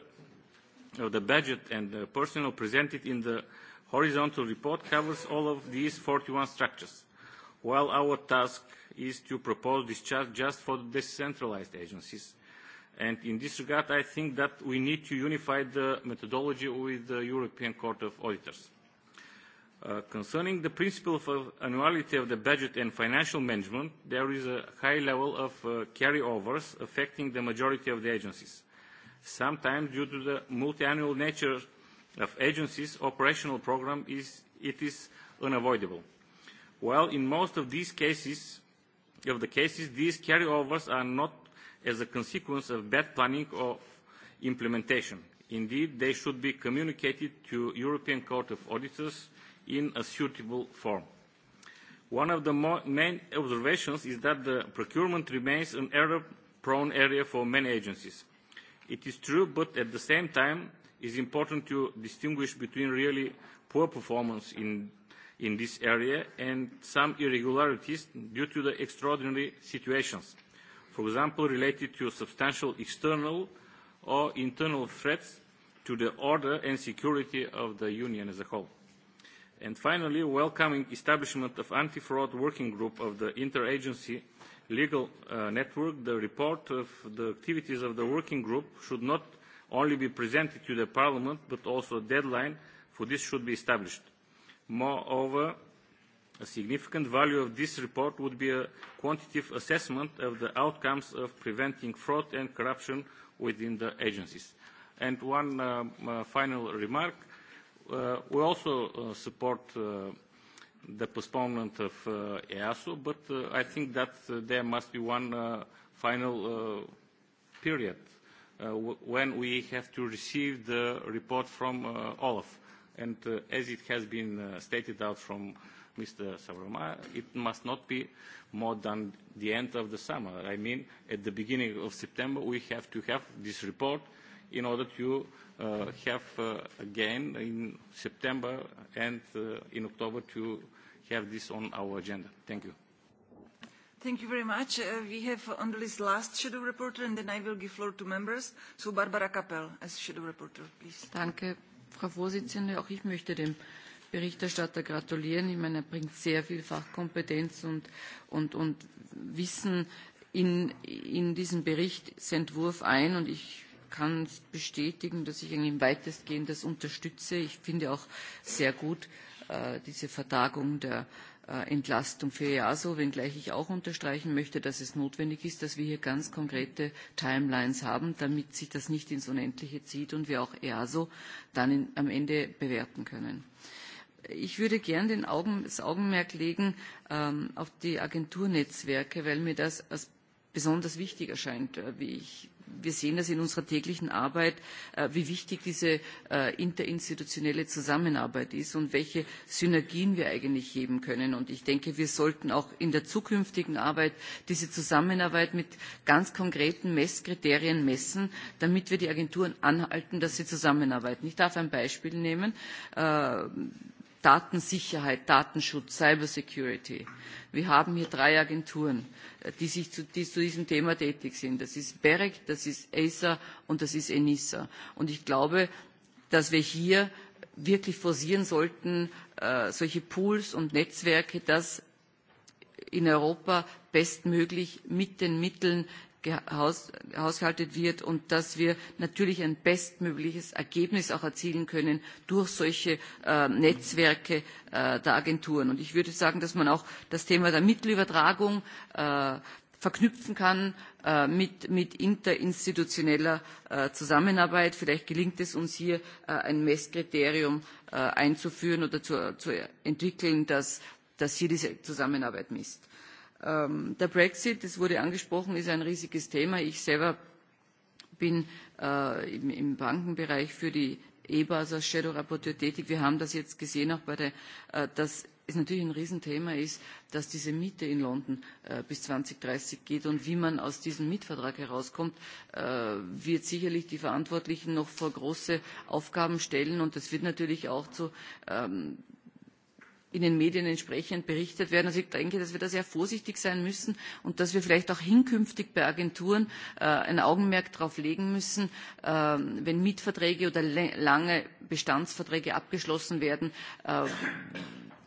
of the budget and the personnel presented in the horizontal report covers all of these 41 structures, while our task is to propose this chart just for the decentralized agencies. And in this regard, I think that we need to unify the methodology with the European Court of Auditors. Uh, concerning the principle of annuality of the budget and financial management, there is a high level of uh, carryovers affecting the majority of the agencies, sometimes due to the multi-annual nature of agencies' operational program is it is unavoidable. While in most of these cases, of the cases, these carryovers are not as a consequence of bad planning or implementation. Indeed, they should be communicated to European Court of Auditors in a suitable form. One of the main observations is that the procurement remains an error-prone area for many agencies. It is true, but at the same time, is important to distinguish between really poor performance in, in this area and some irregularities due to the extraordinary situations, for example, related to substantial external or internal threats to the order and security of the Union as a whole. And finally, welcoming establishment of anti-fraud working group of the interagency legal uh, network, the report of the activities of the working group should not only be presented to the Parliament, but also a deadline for this should be established. Moreover, a significant value of this report would be a quantitative assessment of the outcomes of preventing fraud and corruption within the agencies. And one um, uh, final remark. Uh, we also uh, support uh, the postponement of uh, EASO, but uh, I think that uh, there must be one uh, final uh, period uh, when we have to receive the report from uh, Olaf. And uh, as it has been uh, stated out from Mr. Savrama, it must not be more than the end of the summer. I mean, at the beginning of September, we have to have this report in order to uh, have uh, again in September and uh, in October to have this on our agenda. Thank you. Thank you very much. Uh, we have on the list last shadow reporter, and then I will give floor to members. So Barbara Kappel as shadow reporter, please. Danke, Frau Vorsitzende. Auch ich möchte dem Berichterstatter gratulieren. Ich meine, er bringt sehr viel Fachkompetenz und, und, und Wissen in, in diesen Berichtsentwurf ein. Und ich kann bestätigen, dass ich eigentlich weitestgehend das unterstütze. Ich finde auch sehr gut äh, diese Vertagung der Äh, Entlastung für EASO, wenngleich ich auch unterstreichen möchte, dass es notwendig ist, dass wir hier ganz konkrete Timelines haben, damit sich das nicht ins Unendliche zieht und wir auch EASO dann in, am Ende bewerten können. Ich würde gern den Augen, das Augenmerk legen ähm, auf die Agenturnetzwerke, weil mir das als besonders wichtig erscheint, äh, wie ich wir sehen das in unserer täglichen Arbeit, äh, wie wichtig diese äh, interinstitutionelle Zusammenarbeit ist und welche Synergien wir eigentlich heben können. Und ich denke, wir sollten auch in der zukünftigen Arbeit diese Zusammenarbeit mit ganz konkreten Messkriterien messen, damit wir die Agenturen anhalten, dass sie zusammenarbeiten. Ich darf ein Beispiel nehmen. Äh, Datensicherheit, Datenschutz, Cybersecurity. Wir haben hier drei Agenturen, äh, die, sich zu, die zu diesem Thema tätig sind. Das ist BEREC, das ist ACER und das ist ENISA. Und ich glaube, dass wir hier wirklich forcieren sollten, äh, solche Pools und Netzwerke, dass in Europa bestmöglich mit den Mitteln, gehaushaltet wird und dass wir natürlich ein bestmögliches Ergebnis auch erzielen können durch solche äh, Netzwerke äh, der Agenturen. Und ich würde sagen, dass man auch das Thema der Mittelübertragung äh, verknüpfen kann äh, mit, mit interinstitutioneller äh, Zusammenarbeit. Vielleicht gelingt es uns hier, äh, ein Messkriterium äh, einzuführen oder zu, zu entwickeln, das dass hier diese Zusammenarbeit misst. Ähm, der Brexit, das wurde angesprochen, ist ein riesiges Thema. Ich selber bin äh, im, im Bankenbereich für die EBA als Shadow Rapporteur tätig. Wir haben das jetzt gesehen, auch bei der, äh, dass es natürlich ein Riesenthema ist, dass diese Miete in London äh, bis 2030 geht und wie man aus diesem Mietvertrag herauskommt, äh, wird sicherlich die Verantwortlichen noch vor große Aufgaben stellen und das wird natürlich auch zu ähm, in den Medien entsprechend berichtet werden. ich denke, dass wir da sehr vorsichtig sein müssen und dass wir vielleicht auch hinkünftig bei Agenturen äh, ein Augenmerk darauf legen müssen, ähm, wenn Mietverträge oder lange Bestandsverträge abgeschlossen werden, äh,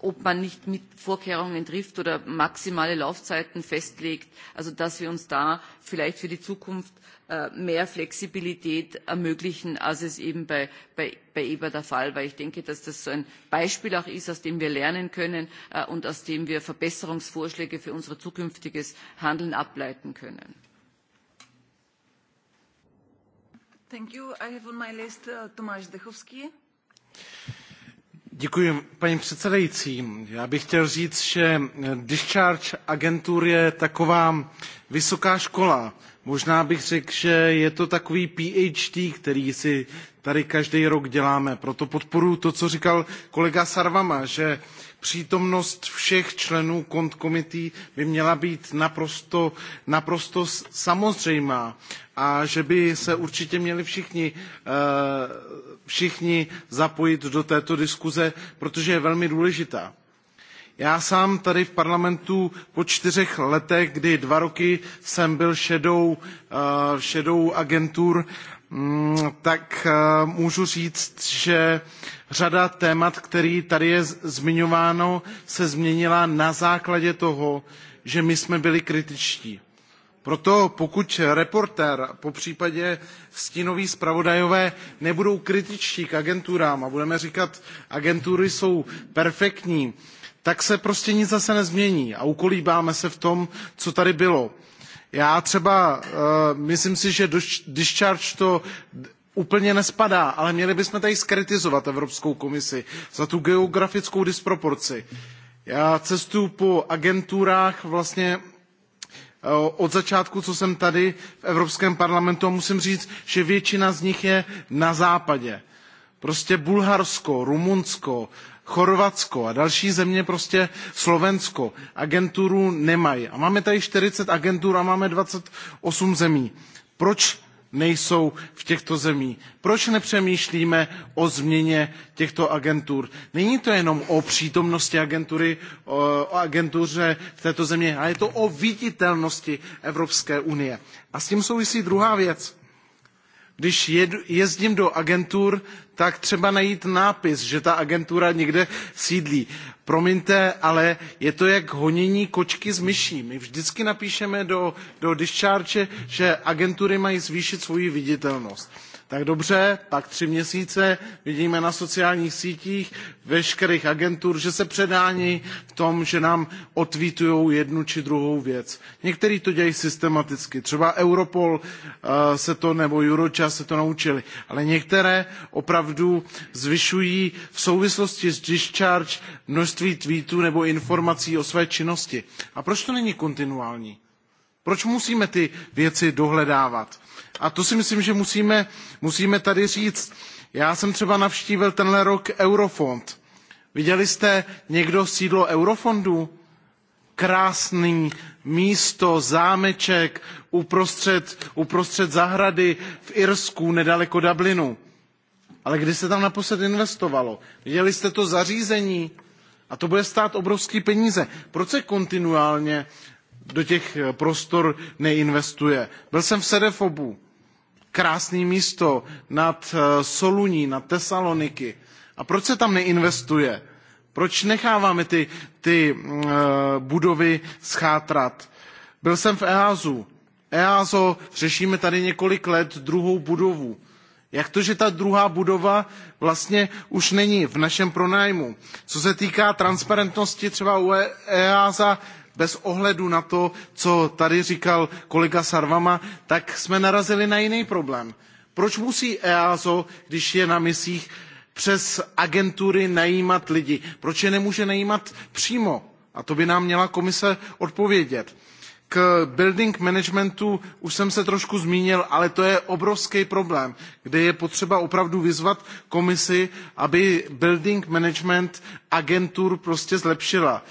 ob man nicht mit Vorkehrungen trifft oder maximale Laufzeiten festlegt, also dass wir uns da vielleicht für die Zukunft äh, mehr Flexibilität ermöglichen, als es eben bei, bei, bei EBA der Fall war. Ich denke, dass das so ein Beispiel auch ist, aus dem wir lernen können äh, und aus dem wir Verbesserungsvorschläge für unser zukünftiges Handeln ableiten können. Thank you. I have on my list uh, Tomasz Dechowski paní předsedající. Já bych chtěl říct, že discharge agentur je taková vysoká škola. Možná bych řekl, že je to takový PhD, který si tady každý rok děláme. Proto podporuji to, co říkal kolega sarvamaa že přítomnost všech členů kont by měla být naprosto, naprosto samozřejmá a že by se určitě měli všichni uh, všichni zapojit do této diskuze, protože je velmi důležitá. Já sám tady v parlamentu po čtyřech letech, kdy dva roky jsem byl šedou, eh, šedou agentur, mm, tak eh, můžu říct, že řada témat, které tady je zmiňováno, se změnila na základě toho, že my jsme byli kritičtí Proto pokud reportér, po případě stínoví zpravodajové nebudou kritičtí k agenturám a budeme říkat, agentury jsou perfektní, tak se prostě nic zase nezmění a ukolíbáme se v tom, co tady bylo. Já třeba uh, myslím si, že discharge to úplně nespadá, ale měli bychom tady skritizovat Evropskou komisi za tu geografickou disproporci. Já cestuju po agenturách vlastně Eh, od začátku, co jsem tady v Evropském parlamentu a musím říct, že většina z nich je na západě. Prostě Bulharsko, Rumunsko, Chorvatsko a další země, prostě Slovensko, agenturu nemají. A máme tady 40 agentur a máme 28 zemí. Proč nejsou v těchto zemích. Proč nepřemýšlíme o změně těchto agentur? Není to jenom o přítomnosti agentury, o agentuře v této země, ale je to o viditelnosti Evropské unie. A s tím souvisí druhá věc když jezdím do agentur tak třeba najít nápis že ta agentura někde sídlí. promiňte ale je to jak honění kočky s myší. my vždycky napíšeme do, do discharge že agentury mají zvýšit svoji viditelnost Tak dobře, pak tři měsíce vidíme na sociálních sítích veškerých agentur, že se předání v tom, že nám otvítují jednu či druhou věc. Někteří to dělají systematicky, třeba Europol eh, se to nebo Eurojust se to naučili, ale některé opravdu zvyšují v souvislosti s discharge množství tweetů nebo informací o své činnosti. A proč to není kontinuální? Proč musíme ty věci dohledávat? A to si myslím, že musíme, musíme tady říct. Já jsem třeba navštívil tenhle rok Eurofond. Viděli jste někdo sídlo Eurofondu? Krásný místo, zámeček uprostřed, uprostřed zahrady v Irsku, nedaleko Dublinu. Ale kdy se tam naposled investovalo? Viděli jste to zařízení? A to bude stát obrovské peníze. Proč se kontinuálně do těch eh, prostor neinvestuje. Byl jsem v Sedefobu, krásné místo nad eh, Soluní, nad Tesaloniky. A proč se tam neinvestuje? Proč necháváme ty, ty mm, eh, budovy schátrat? Byl jsem v EASu. EASO řešíme tady několik let druhou budovu. Jak to, že ta druhá budova vlastně už není v našem pronájmu? Co se týká transparentnosti třeba u e-, EASA, bez ohledu na to, co tady říkal kolega Sarvama, tak jsme narazili na jiný problém. Proč musí EASO, když je na misích, přes agentury najímat lidi? Proč je nemůže najímat přímo? A to by nám měla komise odpovědět. K building managementu už jsem se trošku zmínil, ale to je obrovský problém, kde je potřeba opravdu vyzvat komisi, aby building management agentur prostě zlepšila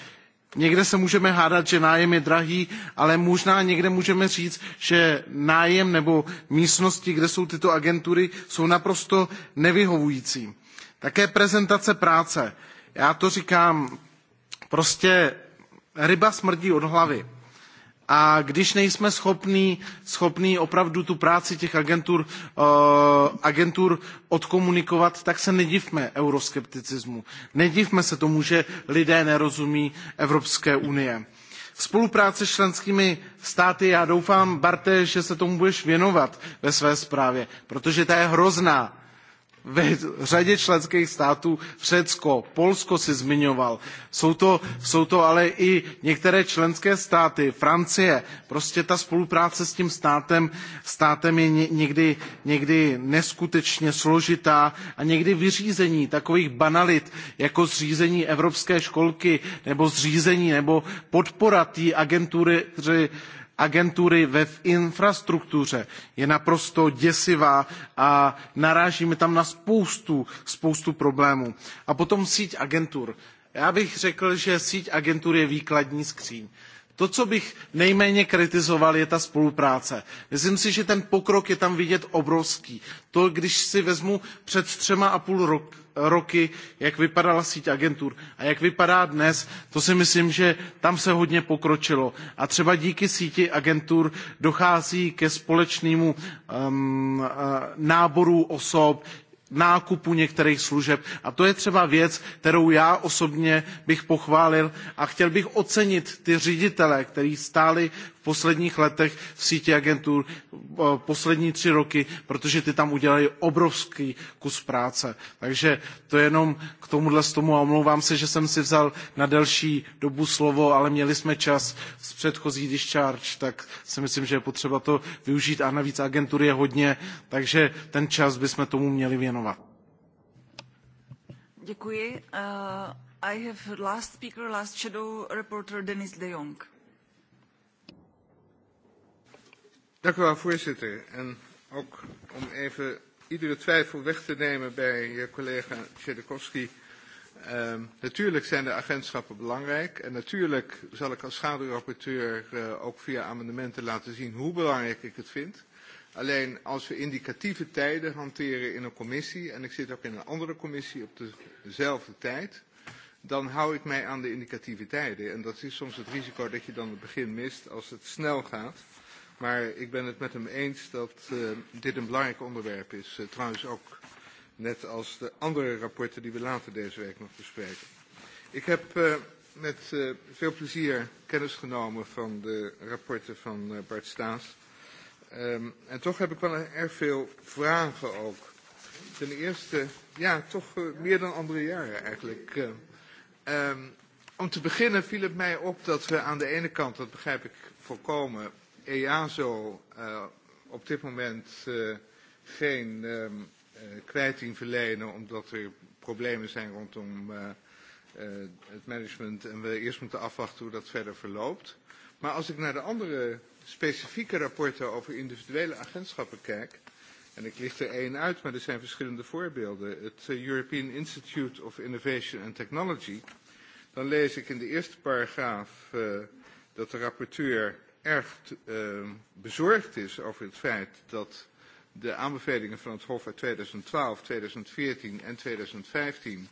Někde se můžeme hádat, že nájem je drahý, ale možná někde můžeme říct, že nájem nebo místnosti, kde jsou tyto agentury, jsou naprosto nevyhovující. Také prezentace práce. Já to říkám, prostě ryba smrdí od hlavy a když nejsme schopní, schopní opravdu tu práci těch agentur, uh, agentur odkomunikovat, tak se nedivme euroskepticismu. Nedivme se tomu, že lidé nerozumí Evropské unie. Spolupráce s členskými státy, já doufám, Barte, že se tomu budeš věnovat ve své zprávě, protože ta je hrozná v řadě členských států Řecko, Polsko si zmiňoval. Jsou to, jsou to ale i některé členské státy, Francie. Prostě ta spolupráce s tím státem, státem je někdy, někdy neskutečně složitá a někdy vyřízení takových banalit, jako zřízení Evropské školky nebo zřízení nebo podpora té agentury agentury ve infrastruktuře je naprosto děsivá a narážíme tam na spoustu, spoustu problémů. A potom síť agentur. Já bych řekl, že síť agentur je výkladní skříň to co bych nejméně kritizoval je ta spolupráce. myslím si že ten pokrok je tam vidět obrovský. to když si vezmu před třemi a půl rokem roky jak vypadala síť agentur a jak vypadá dnes to si myslím že tam se hodně pokročilo a třeba díky síti agentur dochází ke společnému um, náboru osob nákupu některých služeb. A to je třeba věc, kterou já osobně bych pochválil a chtěl bych ocenit ty ředitele, kteří stáli posledních letech v síti agentur eh, poslední tři roky, protože ty tam udělali obrovský kus práce. Takže to jenom k tomuhle z tomu a omlouvám se, že jsem si vzal na delší dobu slovo, ale měli jsme čas z předchozí discharge, tak si myslím, že je potřeba to využít a navíc agentur je hodně, takže ten čas bychom tomu měli věnovat. Děkuji. Uh, I have last speaker, last shadow reporter Denis de Jong. Dank u wel, voorzitter. En ook om even iedere twijfel weg te nemen bij je collega Tchedekowski. Uh, ehm, natuurlijk zijn de agentschappen belangrijk en natuurlijk zal ik als schaduwrapporteur uh, ook via amendementen laten zien hoe belangrijk ik het vind. Alleen als we indicatieve tijden hanteren in een commissie, en ik zit ook in een andere commissie op dezelfde tijd, dan hou ik mij aan de indicatieve tijden. En dat is soms het risico dat je dan het begin mist als het snel gaat. Maar ik ben het met hem eens dat uh, dit een belangrijk onderwerp is. Uh, trouwens ook net als de andere rapporten die we later deze week nog bespreken. Ik heb uh, met uh, veel plezier kennis genomen van de rapporten van uh, Bart Staes. Um, en toch heb ik wel erg veel vragen ook. Ten eerste, ja, toch uh, meer dan andere jaren eigenlijk. Uh, um, om te beginnen viel het mij op dat we aan de ene kant, dat begrijp ik volkomen, EASO er uh, øh, op dit moment uh, geen um, ehm, uh, øh, kwijting verlenen omdat er problemen zijn rondom uh, uh, het management en we eerst moeten afwachten hoe dat verder verloopt. Maar als ik naar de andere specifieke rapporten over individuele agentschappen kijk, en ik licht er één uit, maar er zijn verschillende voorbeelden, het eh, European Institute of Innovation and Technology, dan lees ik in de eerste paragraaf uh, dat de rapporteur erg uh, ehm, bezorgd is over het feit dat de aanbevelingen van het Hof uit 2012, 2014 en 2015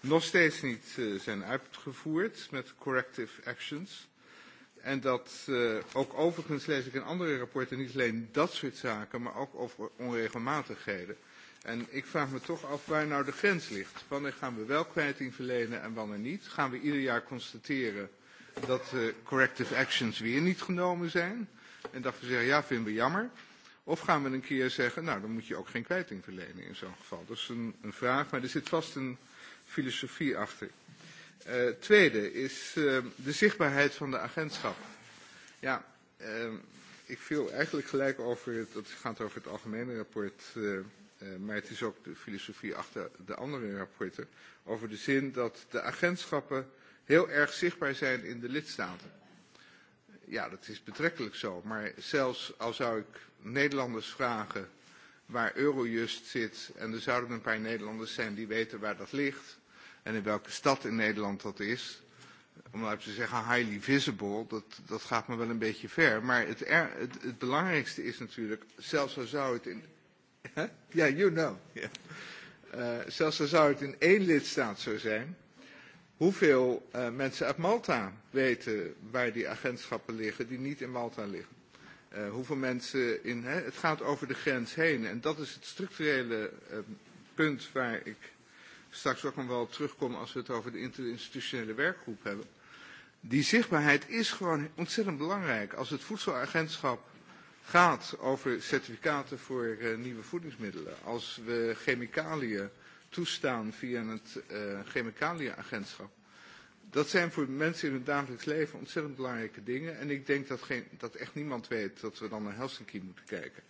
nog steeds niet uh, zijn uitgevoerd met corrective actions. En dat uh, ook overigens lees ik in andere rapporten niet alleen dat soort zaken, maar ook over onregelmatigheden. En ik vraag me toch af waar nou de grens ligt. Wanneer gaan we wel kwijting verlenen en wanneer niet? Gaan we ieder jaar constateren dat uh, corrective actions weer niet genomen zijn. En dat we zeggen, ja, vinden we jammer. Of gaan we een keer zeggen, nou, dan moet je ook geen kwijting verlenen in zo'n geval. Dat is een, een vraag, maar er zit vast een filosofie achter. Uh, tweede is uh, de zichtbaarheid van de agentschap. Ja, uh, ik viel eigenlijk gelijk over, het, dat gaat over het algemene rapport, uh, uh, maar het is ook de filosofie achter de andere rapporten, over de zin dat de agentschappen heel erg zichtbaar zijn in de lidstaten. Ja, dat is betrekkelijk zo. Maar zelfs al zou ik Nederlanders vragen waar Eurojust zit, en er zouden een paar Nederlanders zijn die weten waar dat ligt en in welke stad in Nederland dat is, om laten te zeggen highly visible, dat, dat gaat me wel een beetje ver. Maar het, er, het, het belangrijkste is natuurlijk, zelfs al zou het in... Ja, yeah, you know. Yeah. Uh, zelfs al zou het in één lidstaat zo zijn, hoeveel uh, mensen uit Malta weten waar die agentschappen liggen die niet in Malta liggen. Uh, hoeveel mensen in, hè, het gaat over de grens heen. En dat is het structurele uh, punt waar ik straks ook nog wel op terugkom als we het over de interinstitutionele werkgroep hebben. Die zichtbaarheid is gewoon ontzettend belangrijk. Als het voedselagentschap gaat over certificaten voor uh, nieuwe voedingsmiddelen, als we chemicaliën toestaan via het uh, eh, chemicaliaagentschap. Dat zijn voor mensen in hun dagelijks leven ontzettend belangrijke dingen. En ik denk dat, geen, dat echt niemand weet dat we dan naar Helsinki moeten kijken.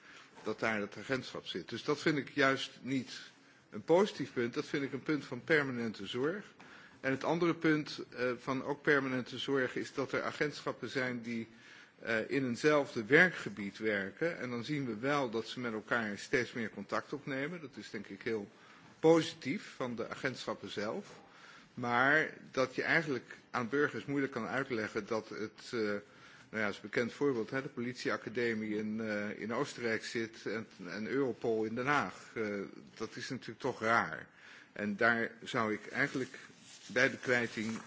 Dat daar het agentschap zit. Dus dat vind ik juist niet een positief punt. Dat vind ik een punt van permanente zorg. En het andere punt uh, van ook permanente zorg is dat er agentschappen zijn die uh, in eenzelfde werkgebied werken. En dan zien we wel dat ze met elkaar steeds meer contact opnemen. Dat is denk ik heel positief van de agentschappen zelf. Maar dat je eigenlijk aan burgers moeilijk kan uitleggen dat het, uh, nou ja, is een bekend voorbeeld, hè, de politieacademie in, uh, in Oostenrijk zit en, en Europol in Den Haag. Uh, dat is natuurlijk toch raar. En daar zou ik eigenlijk bij de kwijting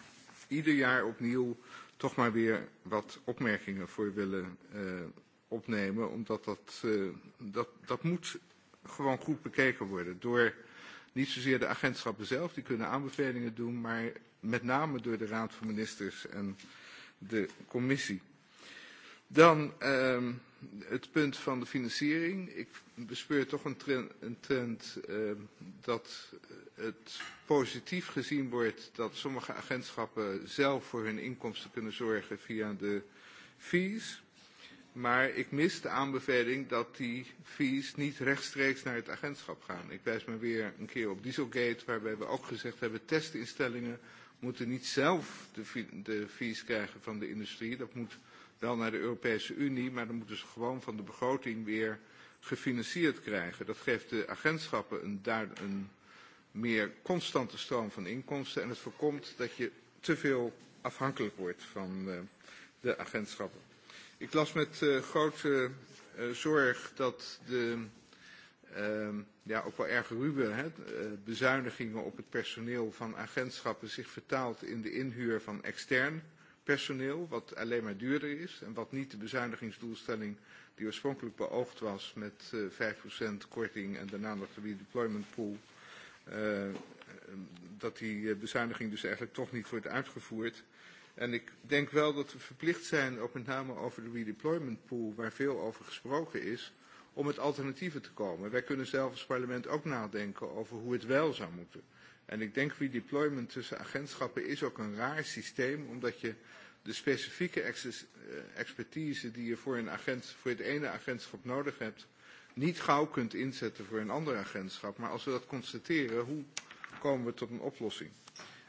ieder jaar opnieuw toch maar weer wat opmerkingen voor willen uh, opnemen. Omdat dat, uh, dat, dat moet gewoon goed bekeken worden door Niet zozeer de agentschappen zelf, die kunnen aanbevelingen doen, maar met name door de Raad van Ministers en de Commissie. Dan uh, het punt van de financiering. Ik bespeur toch een trend, een trend uh, dat het positief gezien wordt dat sommige agentschappen zelf voor hun inkomsten kunnen zorgen via de fees. Maar ik mis de aanbeveling dat die fees niet rechtstreeks naar het agentschap gaan. Ik wijs me weer een keer op Dieselgate, waarbij we ook gezegd hebben, testinstellingen moeten niet zelf de, de fees krijgen van de industrie. Dat moet wel naar de Europese Unie, maar dan moeten ze gewoon van de begroting weer gefinancierd krijgen. Dat geeft de agentschappen een, duid, een meer constante stroom van inkomsten en het voorkomt dat je te veel afhankelijk wordt van eh, de agentschappen. Ik las met uh, eh, grote uh, eh, zorg dat de uh, ja, ook wel erg ruwe hè, eh, bezuinigingen op het personeel van agentschappen zich vertaalt in de inhuur van extern personeel, wat alleen maar duurder is en wat niet de bezuinigingsdoelstelling die oorspronkelijk beoogd was met uh, 5% korting en daarna nog de deployment pool, uh, dat die bezuiniging dus eigenlijk toch niet wordt uitgevoerd. En ik denk wel dat we verplicht zijn, ook met name over de redeployment pool, waar veel over gesproken is, om met alternatieven te komen. Wij kunnen zelf als parlement ook nadenken over hoe het wel zou moeten. En ik denk redeployment tussen agentschappen is ook een raar systeem, omdat je de specifieke ex eh, expertise die je voor, een agent, voor het ene agentschap nodig hebt, niet gauw kunt inzetten voor een ander agentschap. Maar als we dat constateren, hoe komen we tot een oplossing?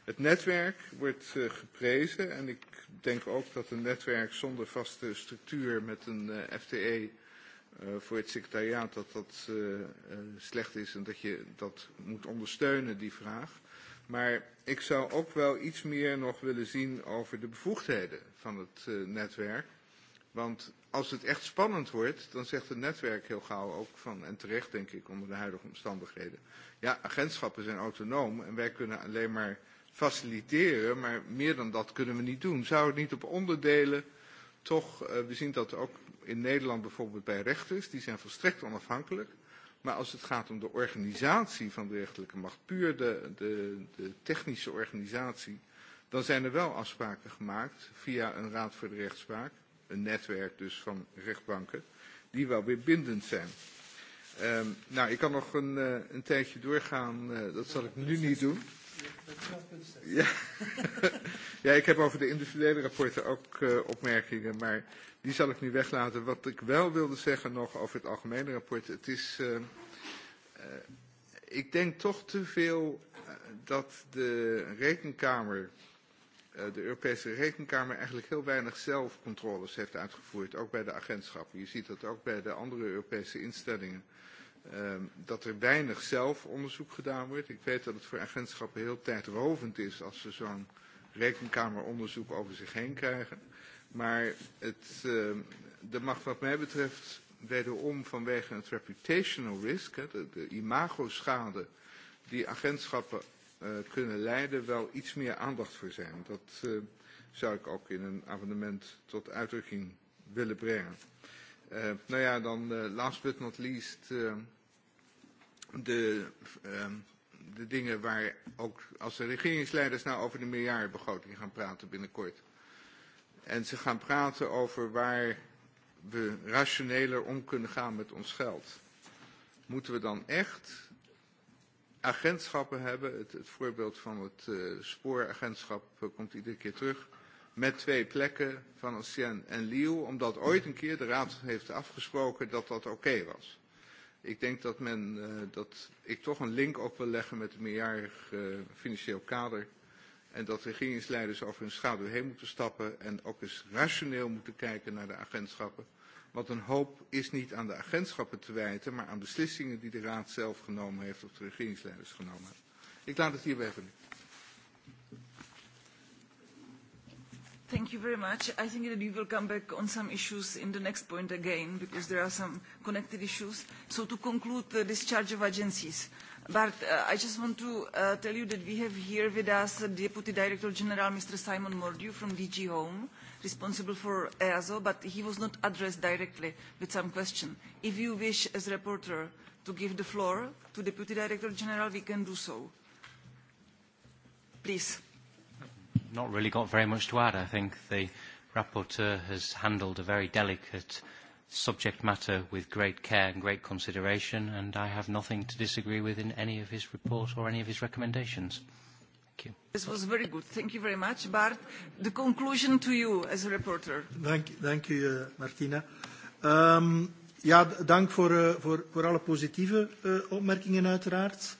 Het netwerk wordt uh, geprezen en ik denk ook dat een netwerk zonder vaste structuur met een uh, eh, FTE uh, eh, voor het secretariaat dat dat uh, uh, slecht is en dat je dat moet ondersteunen, die vraag. Maar ik zou ook wel iets meer nog willen zien over de bevoegdheden van het uh, netwerk. Want als het echt spannend wordt, dan zegt het netwerk heel gauw ook van, en terecht denk ik onder de huidige omstandigheden, ja, agentschappen zijn autonoom en wij kunnen alleen maar faciliteren, maar meer dan dat kunnen we niet doen. Zou het niet op onderdelen toch, uh, we zien dat ook in Nederland bijvoorbeeld bij rechters, die zijn volstrekt onafhankelijk. Maar als het gaat om de organisatie van de rechterlijke macht, puur de, de, de technische organisatie, dan zijn er wel afspraken gemaakt via een Raad voor de Rechtspraak, een netwerk dus van rechtbanken, die wel weer bindend zijn. Um, nou, ik kan nog een, uh, een tijdje doorgaan, uh, dat zal ik nu niet doen. Ja. ja, ik heb over de individuele rapporten ook uh, opmerkingen, maar die zal ik nu weglaten. Wat ik wel wilde zeggen nog over het algemene rapport. Het is, uh, uh, ik denk toch te veel uh, dat de rekenkamer, uh, de Europese rekenkamer, eigenlijk heel weinig zelfcontroles heeft uitgevoerd. Ook bij de agentschappen. Je ziet dat ook bij de andere Europese instellingen. Uh, um, dat er weinig zelfonderzoek gedaan wordt. Ik weet dat het voor agentschappen heel tijdrovend is als ze zo'n rekenkameronderzoek over zich heen krijgen. Maar het, uh, er mag wat mij betreft wederom vanwege het reputational risk, hè, de, de imagoschade die agentschappen uh, kunnen leiden, wel iets meer aandacht voor zijn. Dat uh, zou ik ook in een amendement tot uitdrukking willen brengen. Uh, nou ja, dan uh, last but not least, uh, de, um, de dingen waar ook als de regeringsleiders nou over de miljardenbegroting gaan praten binnenkort. En ze gaan praten over waar we rationeler om kunnen gaan met ons geld. Moeten we dan echt agentschappen hebben? Het, het voorbeeld van het uh, spooragentschap uh, komt iedere keer terug. Met twee plekken van Ancien en Liu, omdat ooit een keer de Raad heeft afgesproken dat dat oké okay was. Ik denk dat, men, uh, dat ik toch een link op wil leggen met het meerjarig uh, financieel kader. En dat regeringsleiders over hun schaduw heen moeten stappen en ook eens rationeel moeten kijken naar de agentschappen. Want een hoop is niet aan de agentschappen te wijten, maar aan beslissingen die de Raad zelf genomen heeft of de regeringsleiders genomen hebben. Ik laat het hierbij even. Thank you very much. I think that we will come back on some issues in the next point again, because there are some connected issues. So to conclude the discharge of agencies, Bart, uh, I just want to uh, tell you that we have here with us the Deputy Director General Mr. Simon Mordew from DG Home, responsible for EASO, but he was not addressed directly with some question. If you wish, as reporter, to give the floor to Deputy Director General, we can do so. Please not really got very much to add. I think the rapporteur has handled a very delicate subject matter with great care and great consideration, and I have nothing to disagree with in any of his report or any of his recommendations. Thank you. This was very good. Thank you very much. Bart, the conclusion to you as a reporter. Thank you, u, uh, eh, Martina. Um, ja, dank voor, uh, voor, voor alle positieve uh, opmerkingen uiteraard.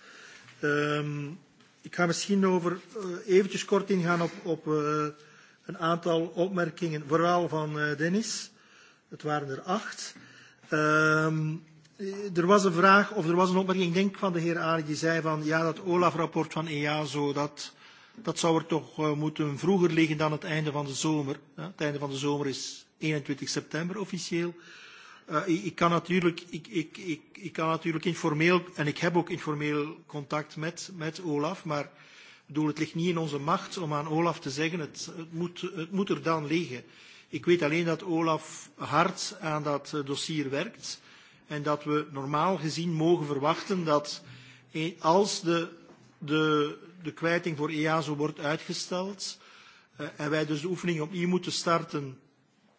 Um, Ik ga misschien over, uh, eventjes kort ingaan op, op uh, een aantal opmerkingen, vooral van uh, Dennis. Het waren er acht. Um, er was een vraag, of er was een opmerking, ik denk van de heer Arie, die zei van ja, dat OLAF-rapport van EASO, dat, dat zou er toch uh, moeten vroeger liggen dan het einde van de zomer. Hè? Het einde van de zomer is 21 september officieel. Uh, Uh, ik, ik, kan natuurlijk, ik, ik, ik, ik kan natuurlijk informeel, en ik heb ook informeel contact met, met Olaf, maar bedoel, het ligt niet in onze macht om aan Olaf te zeggen, het, het, moet, het moet er dan liggen. Ik weet alleen dat Olaf hard aan dat eh, dossier werkt en dat we normaal gezien mogen verwachten dat eh, als de, de, de kwijting voor EASO wordt uitgesteld en wij dus de oefening opnieuw moeten starten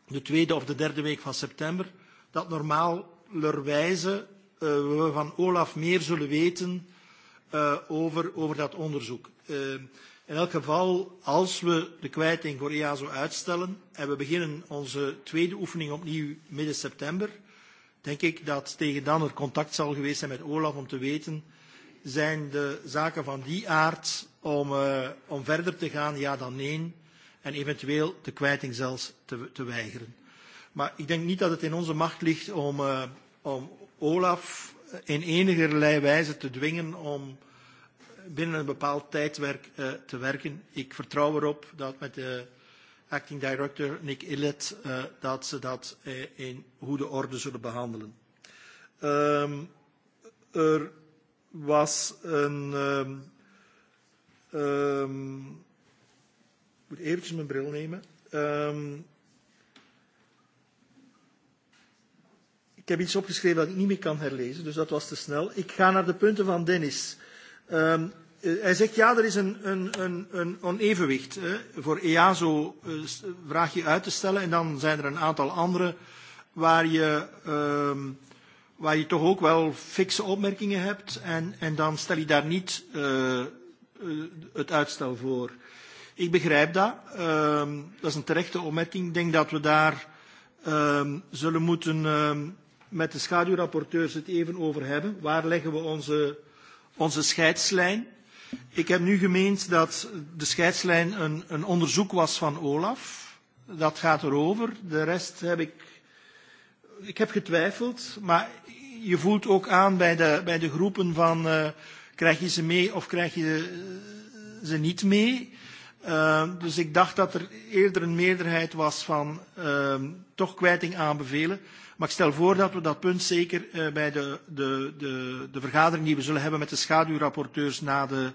de tweede of de derde week van september, dat normaalerwijze uh, eh, we van Olaf meer zullen weten uh, over, over dat onderzoek. Uh, in elk geval, als we de kwijting voor EASO uitstellen en we beginnen onze tweede oefening opnieuw midden september, denk ik dat tegen dan er contact zal geweest zijn met Olaf om te weten zijn de zaken van die aard om, uh, om verder te gaan, ja dan nee, en eventueel de kwijting zelfs te, te weigeren. Maar ik denk niet dat het in onze macht ligt om, uh, om Olaf in enige wijze te dwingen om binnen een bepaald tijdwerk uh, te werken. Ik vertrouw erop dat met de acting director Nick Illet uh, dat ze dat uh, in goede orde zullen behandelen. Um, er was een... Um, um, ik moet eventjes mijn bril nemen. Um, Ik heb iets opgeschreven dat ik niet meer kan herlezen, dus dat was te snel. Ik ga naar de punten van Dennis. Um, uh, hij zegt ja, er is een, een, een, een onevenwicht. Hè. Voor EASO uh, vraag je uit te stellen en dan zijn er een aantal andere waar je, um, waar je toch ook wel fikse opmerkingen hebt en, en dan stel je daar niet uh, uh, het uitstel voor. Ik begrijp dat. Um, dat is een terechte opmerking. Ik denk dat we daar um, zullen moeten... Um, met de schaduwrapporteurs het even over hebben. Waar leggen we onze, onze scheidslijn? Ik heb nu gemeend dat de scheidslijn een, een onderzoek was van Olaf. Dat gaat erover. De rest heb ik... Ik heb getwijfeld, maar je voelt ook aan bij de, bij de groepen van... Uh, krijg je ze mee of krijg je eh, ze niet mee? Uh, dus ik dacht dat er eerder een meerderheid was van uh, toch kwijting aanbevelen. Maar ik stel voor dat we dat punt zeker uh, bij de, de, de, de vergadering die we zullen hebben met de schaduwrapporteurs na de,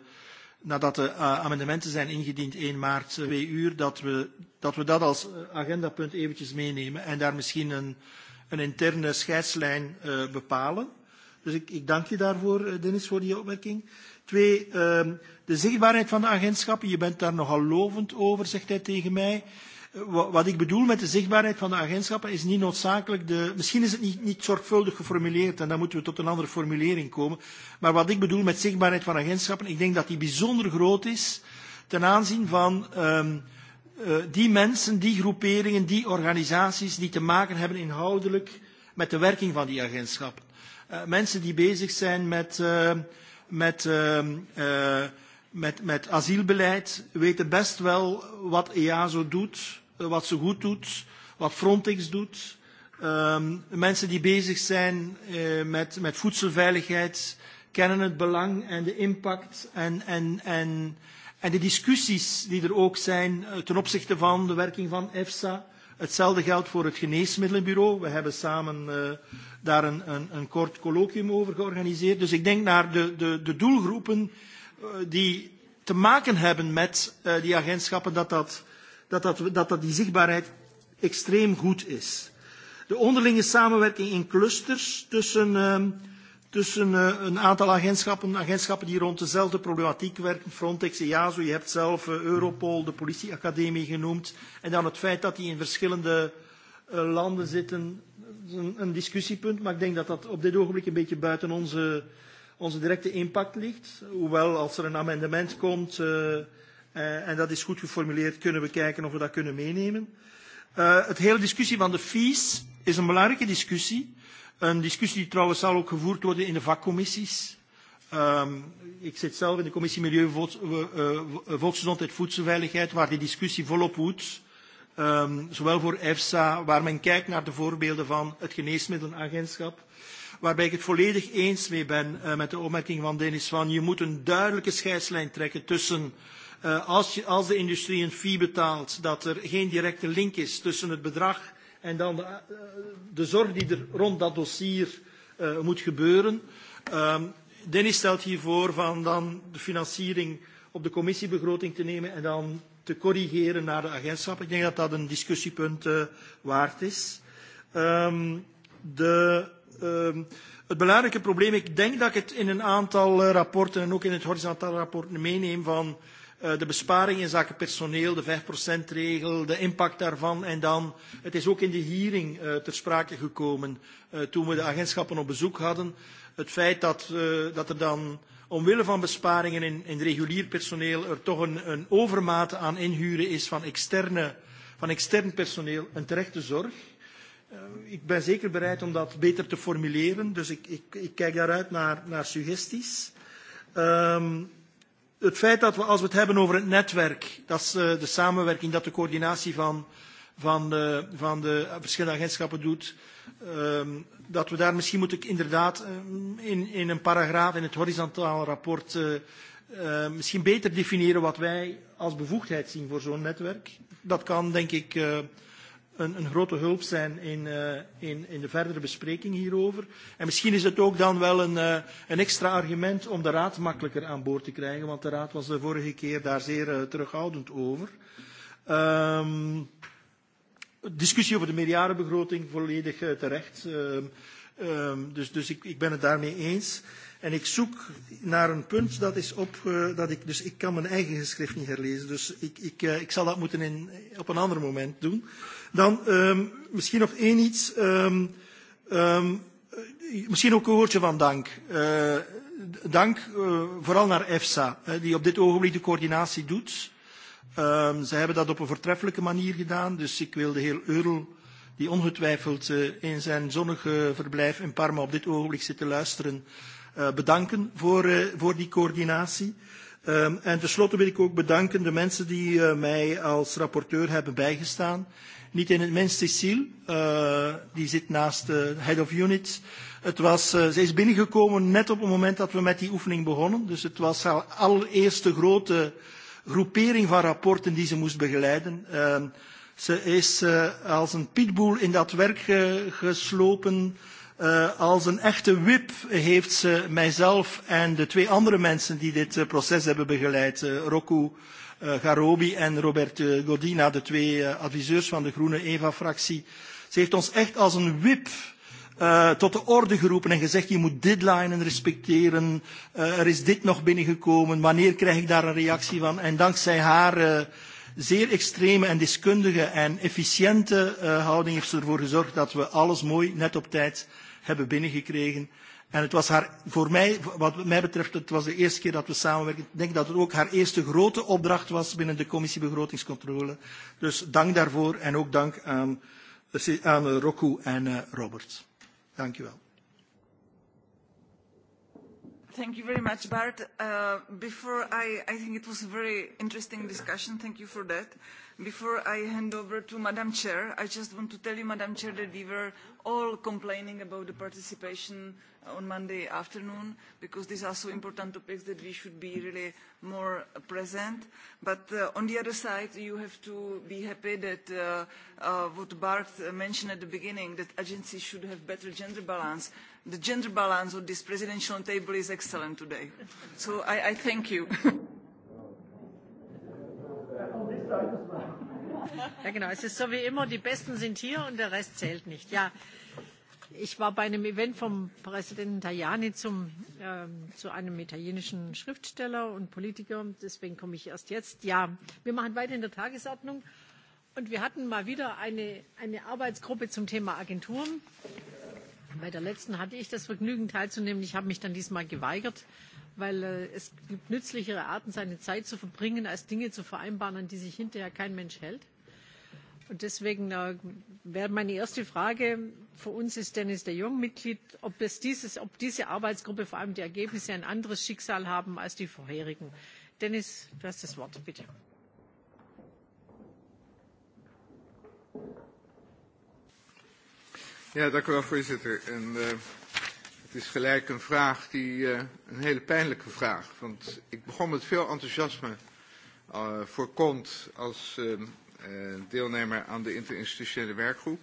nadat de uh, amendementen zijn ingediend 1 maart 2 eh, uur, dat we, dat we dat als agendapunt eventjes meenemen en daar misschien een, een interne scheidslijn uh, bepalen. Dus ik, ik dank je daarvoor, Dennis, voor die opmerking. Twee, uh, De zichtbaarheid van de agentschappen, je bent daar nogal lovend over, zegt hij tegen mij. Eh, wat ik bedoel met de zichtbaarheid van de agentschappen is niet noodzakelijk de... Misschien is het niet, niet zorgvuldig geformuleerd en dan moeten we tot een andere formulering komen. Maar wat ik bedoel met zichtbaarheid van agentschappen, ik denk dat die bijzonder groot is ten aanzien van um, uh, die mensen, die groeperingen, die organisaties die te maken hebben inhoudelijk met de werking van die agentschappen. Uh, mensen die bezig zijn met... Uh, met uh, uh, met, met asielbeleid weten best wel wat EASO doet, eh, wat ze goed doet, wat Frontex doet. Um, mensen die bezig zijn uh, met, met voedselveiligheid kennen het belang en de impact en, en, en, en de discussies die er ook zijn eh, ten opzichte van de werking van EFSA. Hetzelfde geldt voor het geneesmiddelenbureau. We hebben samen uh, daar een, een, een kort colloquium over georganiseerd. Dus ik denk naar de, de, de doelgroepen Eh, die te maken hebben met uh, die agentschappen, dat, dat, dat, dat, dat, dat die zichtbaarheid extreem goed is. De onderlinge samenwerking in clusters tussen, uh, tussen uh, een aantal agentschappen, agentschappen die rond dezelfde problematiek werken, Frontex, EASO, je hebt zelf uh, Europol, de politieacademie genoemd, en dan het feit dat die in verschillende uh, landen zitten, een, een discussiepunt, maar ik denk dat dat op dit ogenblik een beetje buiten onze uh, onze directe impact ligt. Hoewel, als er een amendement komt uh, uh, en dat is goed geformuleerd, kunnen we kijken of we dat kunnen meenemen. Uh, het hele discussie van de fees is een belangrijke discussie. Een discussie die trouwens zal ook gevoerd worden in de vakcommissies. Um, ik zit zelf in de commissie Milieu, Volks, uh, uh, Volksgezondheid, Voedselveiligheid, waar die discussie volop woedt. Um, zowel voor EFSA, waar men kijkt naar de voorbeelden van het geneesmiddelenagentschap waarbij ik het volledig eens mee ben uh, met de opmerking van Dennis van je moet een duidelijke scheidslijn trekken tussen uh, als, je, als de industrie een fee betaalt, dat er geen directe link is tussen het bedrag en dan de, uh, de zorg die er rond dat dossier uh, moet gebeuren. Um, Dennis stelt hiervoor van dan de financiering op de commissiebegroting te nemen en dan te corrigeren naar de agentschap. Ik denk dat dat een discussiepunt uh, waard is. Um, de Um, het belangrijke probleem, ik denk dat ik het in een aantal eh, rapporten en ook in het horizontale rapport meeneem van eh, de besparing in zaken personeel, de 5%-regel, de impact daarvan. En dan, het is ook in de hearing uh, ter sprake gekomen uh, toen we de agentschappen op bezoek hadden. Het feit dat, uh, dat er dan omwille van besparingen in, in regulier personeel er toch een, een overmate aan inhuren is van, externe, van extern personeel, een terechte zorg. Eh, ik ben zeker bereid om dat beter te formuleren, dus ik, ik, ik kijk daaruit naar, naar suggesties. Um, het feit dat we, als we het hebben over het netwerk, dat is uh, de samenwerking, dat de coördinatie van, van, de, van de verschillende agentschappen doet, um, dat we daar misschien moeten inderdaad ehm, in, in een paragraaf in het horizontale rapport uh, uh, misschien beter definiëren wat wij als bevoegdheid zien voor zo'n netwerk. Dat kan, denk ik, uh, een, een grote hulp zijn in, uh, in, in de verdere bespreking hierover. En misschien is het ook dan wel een, uh, een extra argument om de Raad makkelijker aan boord te krijgen, want de Raad was de vorige keer daar zeer uh, terughoudend over. Um, discussie over de meerjarenbegroting volledig uh, terecht. Um, um, dus dus ik, ik ben het daarmee eens. En ik zoek naar een punt dat is op, uh, dat ik, dus ik kan mijn eigen geschrift niet herlezen. Dus ik, ik, uh, ik zal dat moeten in, op een ander moment doen. Dan um, misschien nog één iets. Um, um, misschien ook een woordje van dank. Uh, dank uh, vooral naar EFSA, uh, die op dit ogenblik de coördinatie doet. Uh, ze hebben dat op een voortreffelijke manier gedaan. Dus ik wil de heer Eurl, die ongetwijfeld uh, in zijn zonnige verblijf in Parma op dit ogenblik zit te luisteren, uh, bedanken voor, uh, voor die coördinatie. Um, en tenslotte wil ik ook bedanken de mensen die uh, mij als rapporteur hebben bijgestaan. Niet in het minst Cecile, uh, die zit naast de uh, head of unit. Het was, uh, ze is binnengekomen net op het moment dat we met die oefening begonnen. Dus het was haar allereerste grote groepering van rapporten die ze moest begeleiden. Uh, ze is uh, als een pitbull in dat werk uh, geslopen. Uh, als een echte wip heeft ze mijzelf en de twee andere mensen die dit uh, proces hebben begeleid, uh, Rocco uh, Garobi en Robert uh, Godina, de twee uh, adviseurs van de Groene EVA-fractie. Ze heeft ons echt als een wip uh, tot de orde geroepen en gezegd, je moet deadlinen respecteren, uh, er is dit nog binnengekomen, wanneer krijg ik daar een reactie van? En dankzij haar... Uh, zeer extreme en deskundige en efficiënte uh, houding heeft ze ervoor gezorgd dat we alles mooi net op tijd hebben binnengekregen. En het was haar, voor mij, wat mij betreft, het was de eerste keer dat we samenwerken. Ik denk dat het ook haar eerste grote opdracht was binnen de commissie begrotingscontrole. Dus dank daarvoor en ook dank aan, aan Rocco en eh, Robert. Dank u wel. Thank you very much, Bart. Uh, before I, I think it was a very interesting discussion. Thank you for that. Before I hand over to Madam Chair, I just want to tell you, Madam Chair, that we were all complaining about the participation on Monday afternoon because these are so important topics that we should be really more present. But uh, on the other side, you have to be happy that uh, uh, what Bart mentioned at the beginning, that agencies should have better gender balance. The gender balance of this presidential table is excellent today. So I thank you. zweites Mal. Ja, genau. Es ist so wie immer, die Besten sind hier und der Rest zählt nicht. Ja. Ich war bei einem Event vom Präsidenten Tajani zum, ähm, zu einem italienischen Schriftsteller und Politiker. Deswegen komme ich erst jetzt. Ja, wir machen weiter in der Tagesordnung. Und wir hatten mal wieder eine, eine Arbeitsgruppe zum Thema Agenturen. Bei der letzten hatte ich das Vergnügen teilzunehmen. Ich habe mich dann diesmal geweigert. Äh, weil äh, es gibt nützlichere Arten, seine Zeit zu verbringen, als Dinge zu vereinbaren, an die sich hinterher kein Mensch hält. Und deswegen äh, wäre meine erste Frage für uns ist Dennis de Jong Mitglied, ob, es dieses, ob diese Arbeitsgruppe vor allem die Ergebnisse ein anderes Schicksal haben als die vorherigen. Dennis, du hast das Wort, bitte. Ja, dank u wel, voorzitter. En, uh, Het is gelijk een vraag die uh, een hele pijnlijke vraag. Want ik begon met veel enthousiasme uh, eh, voor Kont als uh, uh, deelnemer aan de interinstitutionele werkgroep.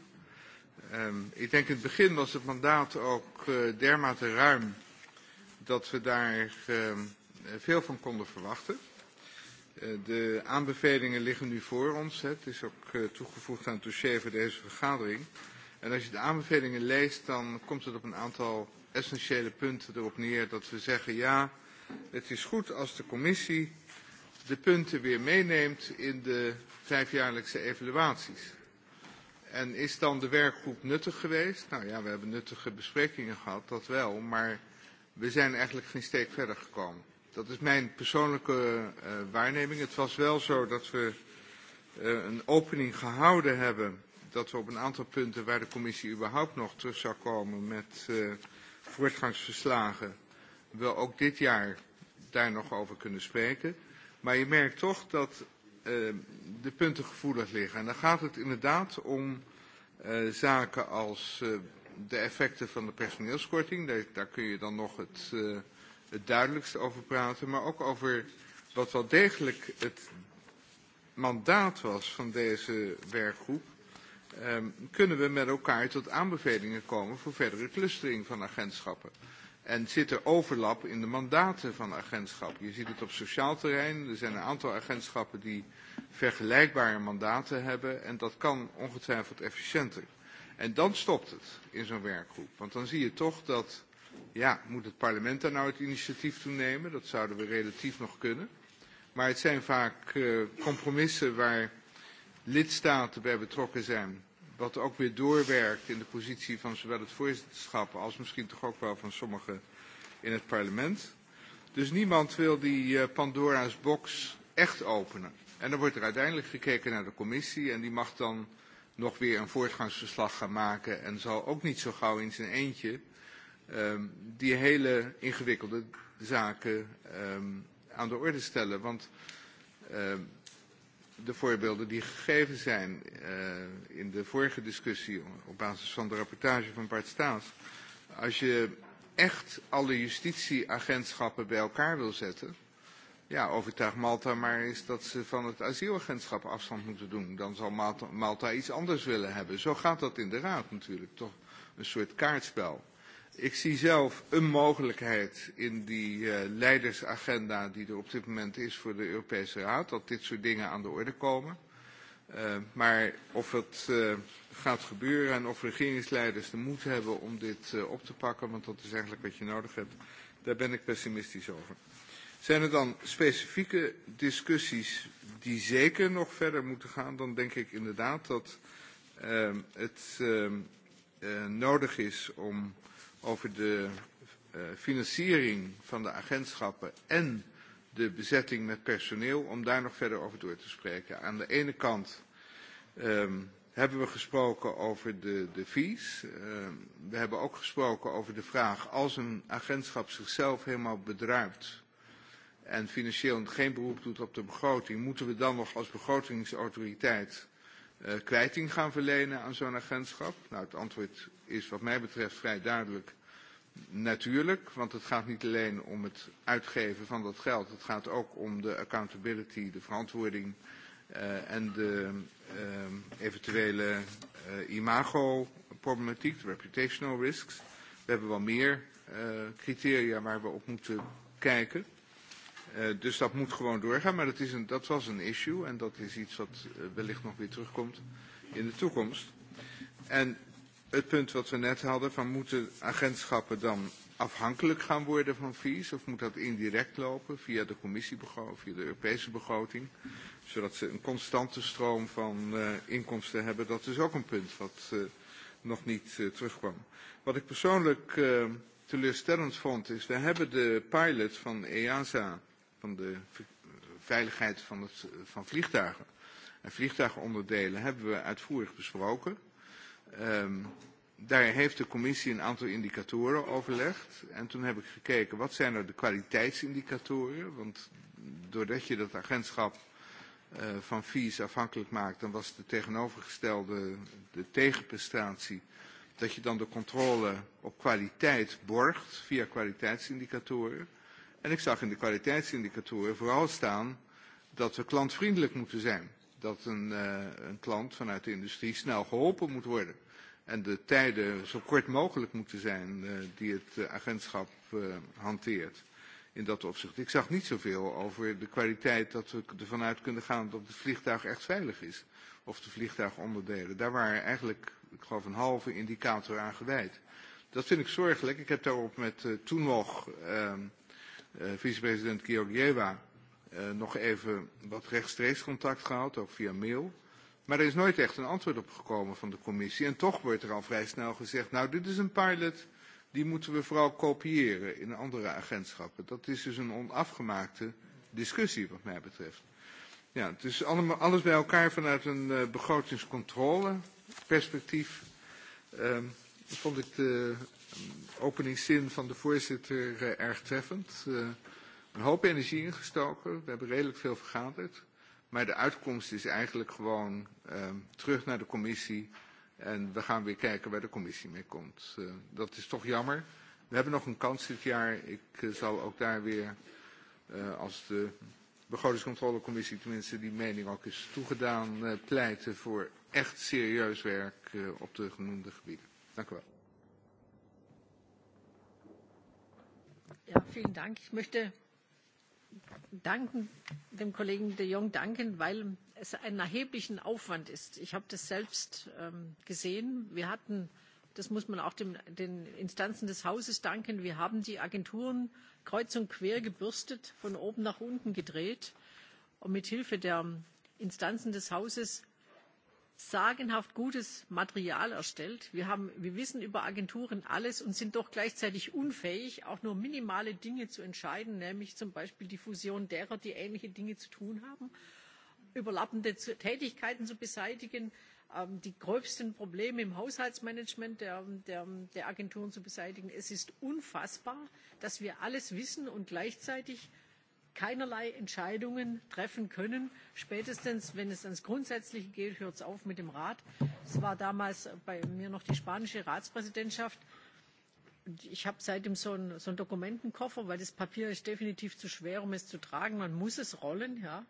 Um, ik denk in het begin was het mandaat ook uh, dermate ruim dat we daar uh, veel van konden verwachten. Uh, de aanbevelingen liggen nu voor ons. Hè. Het is ook uh, toegevoegd aan het dossier voor deze vergadering. En als je de aanbevelingen leest, dan komt het op een aantal essentiële punten erop neer dat we zeggen ja, het is goed als de commissie de punten weer meeneemt in de vijfjaarlijkse evaluaties. En is dan de werkgroep nuttig geweest? Nou ja, we hebben nuttige besprekingen gehad, dat wel, maar we zijn eigenlijk geen steek verder gekomen. Dat is mijn persoonlijke uh, waarneming. Het was wel zo dat we uh, een opening gehouden hebben dat we op een aantal punten waar de commissie überhaupt nog terug zou komen met uh, voortgangsverslagen we ook dit jaar daar nog over kunnen spreken. Maar je merkt toch dat uh, de punten gevoelig liggen. En dan gaat het inderdaad om uh, zaken als uh, de effecten van de personeelskorting. Daar, daar kun je dan nog het, uh, het duidelijkst over praten. Maar ook over wat wel degelijk het mandaat was van deze werkgroep um, kunnen we met elkaar tot aanbevelingen komen voor verdere clustering van agentschappen. En zit er overlap in de mandaten van agentschappen? Je ziet het op sociaal terrein. Er zijn een aantal agentschappen die vergelijkbare mandaten hebben. En dat kan ongetwijfeld efficiënter. En dan stopt het in zo'n werkgroep. Want dan zie je toch dat, ja, moet het parlement daar nou het initiatief toe nemen? Dat zouden we relatief nog kunnen. Maar het zijn vaak uh, compromissen waar lidstaten bij betrokken zijn. Wat ook weer doorwerkt in de positie van zowel het voorzitterschap als misschien toch ook wel van sommigen in het parlement. Dus niemand wil die eh, Pandora's box echt openen. En dan wordt er uiteindelijk gekeken naar de commissie en die mag dan nog weer een voortgangsverslag gaan maken en zal ook niet zo gauw in zijn eentje um, die hele ingewikkelde zaken um, aan de orde stellen. Want um, de voorbeelden die gegeven zijn uh, in de vorige discussie op basis van de rapportage van Bart Staes. Als je echt alle justitieagentschappen bij elkaar wil zetten, ja, overtuig Malta maar eens dat ze van het asielagentschap afstand moeten doen. Dan zal Malta, Malta iets anders willen hebben. Zo gaat dat in de Raad natuurlijk, toch een soort kaartspel. Ik zie zelf een mogelijkheid in die uh, leidersagenda die er op dit moment is voor de Europese Raad, dat dit soort dingen aan de orde komen. Uh, maar of het uh, gaat gebeuren en of regeringsleiders de moed hebben om dit uh, op te pakken, want dat is eigenlijk wat je nodig hebt, daar ben ik pessimistisch over. Zijn er dan specifieke discussies die zeker nog verder moeten gaan, dan denk ik inderdaad dat uh, het uh, uh, nodig is om over de uh, financiering van de agentschappen en de bezetting met personeel, om daar nog verder over door te spreken. Aan de ene kant um, hebben we gesproken over de, de fees. Uh, we hebben ook gesproken over de vraag, als een agentschap zichzelf helemaal bedruipt en financieel geen beroep doet op de begroting, moeten we dan nog als begrotingsautoriteit uh, kwijting gaan verlenen aan zo'n agentschap? Nou, het antwoord is wat mij betreft vrij duidelijk natuurlijk. Want het gaat niet alleen om het uitgeven van dat geld. Het gaat ook om de accountability, de verantwoording uh, en de uh, eventuele uh, imago-problematiek, de reputational risks. We hebben wel meer uh, criteria waar we op moeten kijken. Uh, dus dat moet gewoon doorgaan. Maar dat, is een, dat was een issue en dat is iets wat uh, wellicht nog weer terugkomt in de toekomst. En het punt wat we net hadden van moeten agentschappen dan afhankelijk gaan worden van fees of moet dat indirect lopen via de commissiebegroting, via de Europese begroting, zodat ze een constante stroom van uh, inkomsten hebben. Dat is ook een punt wat uh, nog niet uh, terugkwam. Wat ik persoonlijk uh, teleurstellend vond is, we hebben de pilot van EASA, van de veiligheid van, het, van vliegtuigen en vliegtuigonderdelen, hebben we uitvoerig besproken. Um, daar heeft de commissie een aantal indicatoren overlegd. En toen heb ik gekeken, wat zijn er de kwaliteitsindicatoren? Want doordat je dat agentschap uh, van fees afhankelijk maakt, dan was de tegenovergestelde, de tegenprestatie, dat je dan de controle op kwaliteit borgt via kwaliteitsindicatoren. En ik zag in de kwaliteitsindicatoren vooral staan dat we klantvriendelijk moeten zijn dat een, uh, een klant vanuit de industrie snel geholpen moet worden. En de tijden zo kort mogelijk moeten zijn uh, die het uh, agentschap uh, hanteert in dat opzicht. Ik zag niet zoveel over de kwaliteit dat we ervan uit kunnen gaan dat het vliegtuig echt veilig is. Of de vliegtuigonderdelen. Daar waren eigenlijk, ik geloof, een halve indicator aan gewijd. Dat vind ik zorgelijk. Ik heb daarop met uh, toen nog uh, uh, vicepresident Georgieva uh, nog even wat rechtstreeks contact gehad, ook via mail. Maar er is nooit echt een antwoord op gekomen van de commissie. En toch wordt er al vrij snel gezegd, nou dit is een pilot, die moeten we vooral kopiëren in andere agentschappen. Dat is dus een onafgemaakte discussie wat mij betreft. Ja, het is allemaal, alles bij elkaar vanuit een uh, begrotingscontrole perspectief. Uh, vond ik de ehm, openingszin van de voorzitter uh, erg treffend. Uh, een hoop energie ingestoken. We hebben redelijk veel vergaderd. Maar de uitkomst is eigenlijk gewoon uh, terug naar de commissie. En we gaan weer kijken waar de commissie mee komt. Uh, dat is toch jammer. We hebben nog een kans dit jaar. Ik uh, zal ook daar weer, uh, als de begrotingscontrolecommissie tenminste die mening ook is toegedaan, uh, pleiten voor echt serieus werk uh, op de genoemde gebieden. Dank u wel. Ja, vielen Dank. Ik möchte danken, dem Kollegen de Jong danken, weil es ein erheblicher Aufwand ist. Ich habe das selbst ähm, gesehen. Wir hatten, das muss man auch den Instanzen des Hauses danken, wir haben die Agenturen kreuz und quer gebürstet, von oben nach unten gedreht. Und mit Hilfe der Instanzen des Hauses sagenhaft gutes Material erstellt. Wir, haben, wir wissen über Agenturen alles und sind doch gleichzeitig unfähig, auch nur minimale Dinge zu entscheiden, nämlich zum Beispiel die Fusion derer, die ähnliche Dinge zu tun haben, überlappende Tätigkeiten zu beseitigen, ähm, die gröbsten Probleme im Haushaltsmanagement der, der, der Agenturen zu beseitigen. Es ist unfassbar, dass wir alles wissen und gleichzeitig keinerlei Entscheidungen treffen können. Spätestens, wenn es ans Grundsätzliche geht, hört es auf mit dem Rat. Es war damals bei mir noch die spanische Ratspräsidentschaft. Und ich habe seitdem so einen, so einen Dokumentenkoffer, weil das Papier ist definitiv zu schwer, um es zu tragen. Man muss es rollen, ja.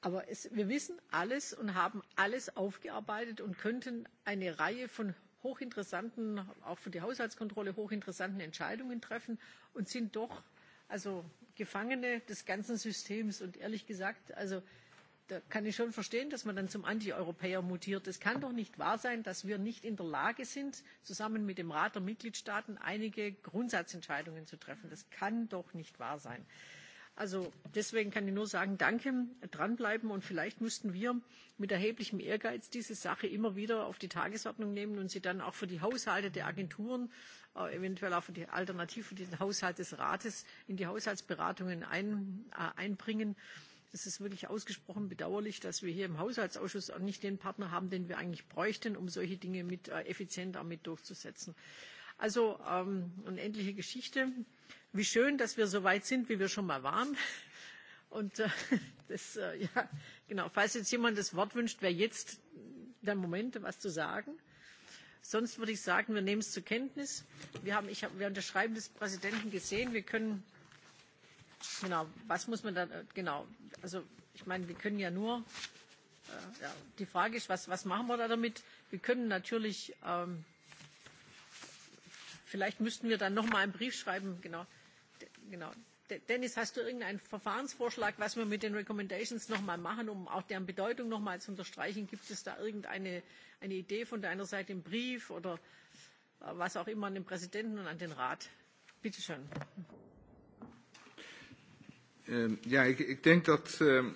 Aber es, wir wissen alles und haben alles aufgearbeitet und könnten eine Reihe von hochinteressanten, auch für die Haushaltskontrolle hochinteressanten Entscheidungen treffen und sind doch also Gefangene des ganzen Systems. Und ehrlich gesagt, also da kann ich schon verstehen, dass man dann zum Antieuropäer mutiert. Es kann doch nicht wahr sein, dass wir nicht in der Lage sind, zusammen mit dem Rat der Mitgliedstaaten einige Grundsatzentscheidungen zu treffen. Das kann doch nicht wahr sein. Also deswegen kann ich nur sagen, danke, dranbleiben. Und vielleicht müssten wir mit erheblichem Ehrgeiz diese Sache immer wieder auf die Tagesordnung nehmen und sie dann auch für die Haushalte der Agenturen, äh, eventuell auch für die Alternative für den Haushalt des Rates in die Haushaltsberatungen ein, äh, einbringen. Es ist wirklich ausgesprochen bedauerlich, dass wir hier im Haushaltsausschuss auch nicht den Partner haben, den wir eigentlich bräuchten, um solche Dinge mit, äh, effizient mit durchzusetzen. Also ähm, unendliche Geschichte. Wie schön, dass wir so weit sind, wie wir schon mal waren. Und äh, das, äh, ja, genau. Falls jetzt jemand das Wort wünscht, wäre jetzt der Moment, was zu sagen. Sonst würde ich sagen, wir nehmen es zur Kenntnis. Wir, haben, ich hab, wir haben das Schreiben des Präsidenten gesehen. Wir können, genau, was muss man da, äh, genau, also ich meine, wir können ja nur, äh, ja, die Frage ist, was, was machen wir da damit? Wir können natürlich, ähm, Vielleicht müssten wir dann noch mal einen Brief schreiben. Genau. genau. Dennis, hast du irgendeinen Verfahrensvorschlag, was wir mit den Recommendations noch mal machen, um auch deren Bedeutung noch mal zu unterstreichen? Gibt es da irgendeine eine Idee von deiner Seite im Brief oder äh, was auch immer an den Präsidenten und an den Rat? Bitte schön. Ähm, ja, ich, ich denke, dass um, ehm,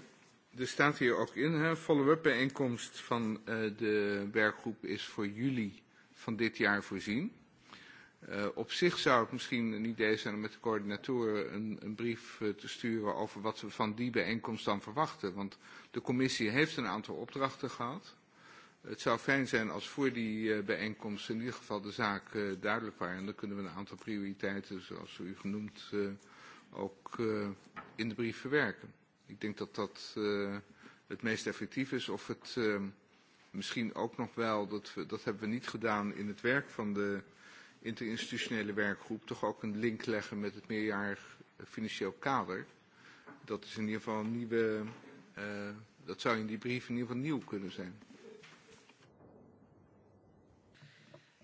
er staat hier auch in, follow-up bijeenkomst von uh, eh, de werkgroep is voor juli von dit Jahr voorzien. Uh, op zich zou het misschien een idee zijn om met de coördinatoren een, een brief uh, te sturen over wat we van die bijeenkomst dan verwachten. Want de commissie heeft een aantal opdrachten gehad. Het zou fijn zijn als voor die uh, bijeenkomst in ieder geval de zaak uh, duidelijk waren. En dan kunnen we een aantal prioriteiten, zoals u genoemd, uh, ook uh, in de brief verwerken. Ik denk dat dat uh, het meest effectief is. Of het uh, misschien ook nog wel, dat, we, dat hebben we niet gedaan in het werk van de interinstitutionele werkgroep toch ook een link leggen met het meerjarig financieel kader. Dat is in ieder geval een nieuwe, uh, dat zou in die brief in ieder geval nieuw kunnen zijn.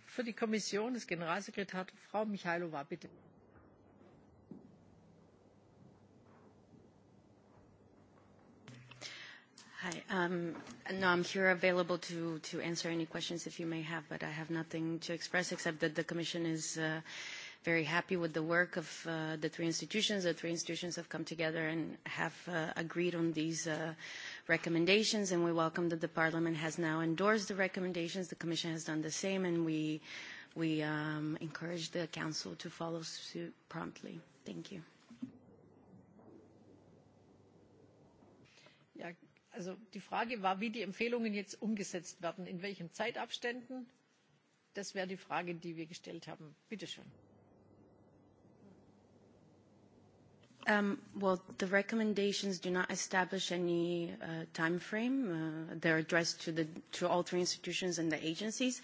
Voor de commissie des generaalsecretaris mevrouw Michailova, bitte. Hi. Um, no, I'm here available to, to answer any questions if you may have, but I have nothing to express except that the Commission is uh, very happy with the work of uh, the three institutions. The three institutions have come together and have uh, agreed on these recommendations, and we welcome that the Parliament has now endorsed the recommendations. The Commission has done the same, and we, we um, encourage the Council to follow suit promptly. Thank you. also die frage war wie die empfehlungen jetzt umgesetzt werden in welchen zeitabständen das wäre die frage die wir gestellt haben. bitte schön. Um, well, the recommendations do not establish any uh, time frame. Uh, they're addressed to, the, to all three institutions and the agencies.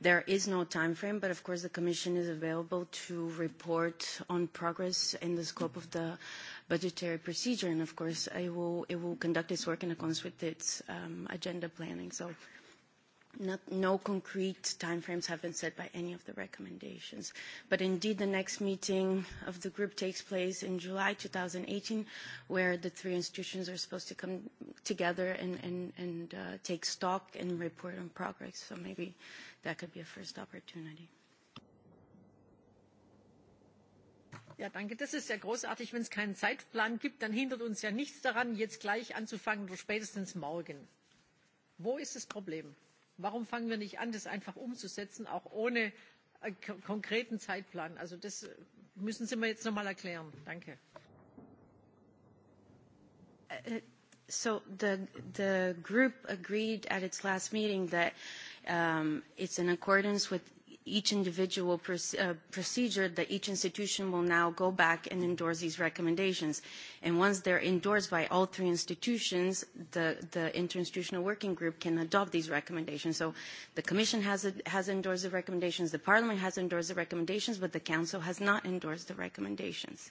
There is no time frame, but of course the Commission is available to report on progress in the scope of the budgetary procedure. And of course, I will, it will conduct its work in accordance with its um, agenda planning. So not, no concrete timeframes have been set by any of the recommendations. But indeed, the next meeting of the group takes place in July 2018, where the three institutions are supposed to come together and, and, and uh, take stock and report on progress. So maybe that could be a first opportunity. Ja, danke. Das ist ja großartig. Wenn es keinen Zeitplan gibt, dann hindert uns ja nichts daran, jetzt gleich anzufangen oder spätestens morgen. Wo ist das Problem? Warum fangen wir nicht an, das einfach umzusetzen, auch ohne äh, konkreten Zeitplan? Also das äh, müssen Sie mir jetzt noch mal erklären. Danke. Uh, uh, so the, the group agreed at its last meeting that um, it's in accordance with each individual uh, procedure that each institution will now go back and endorse these recommendations. And once they're endorsed by all three institutions, the, the interinstitutional working group can adopt these recommendations. So the Commission has, a, has endorsed the recommendations, the Parliament has endorsed the recommendations, but the Council has not endorsed the recommendations.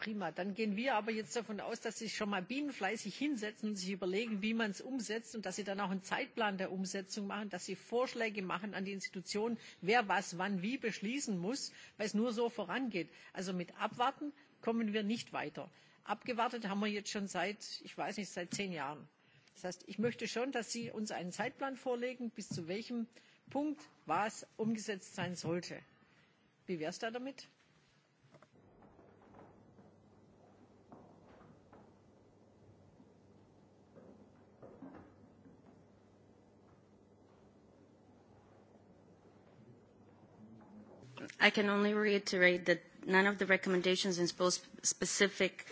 prima. Dann gehen wir aber jetzt davon aus, dass Sie sich schon mal bienenfleißig hinsetzen und sich überlegen, wie man es umsetzt und dass Sie dann auch einen Zeitplan der Umsetzung machen, dass Sie Vorschläge machen an die Institutionen, wer was wann wie beschließen muss, weil es nur so vorangeht. Also mit Abwarten kommen wir nicht weiter. Abgewartet haben wir jetzt schon seit, ich weiß nicht, seit zehn Jahren. Das heißt, ich möchte schon, dass Sie uns einen Zeitplan vorlegen, bis zu welchem Punkt was umgesetzt sein sollte. Wie wäre es da damit? I can only reiterate that none of the recommendations impose specific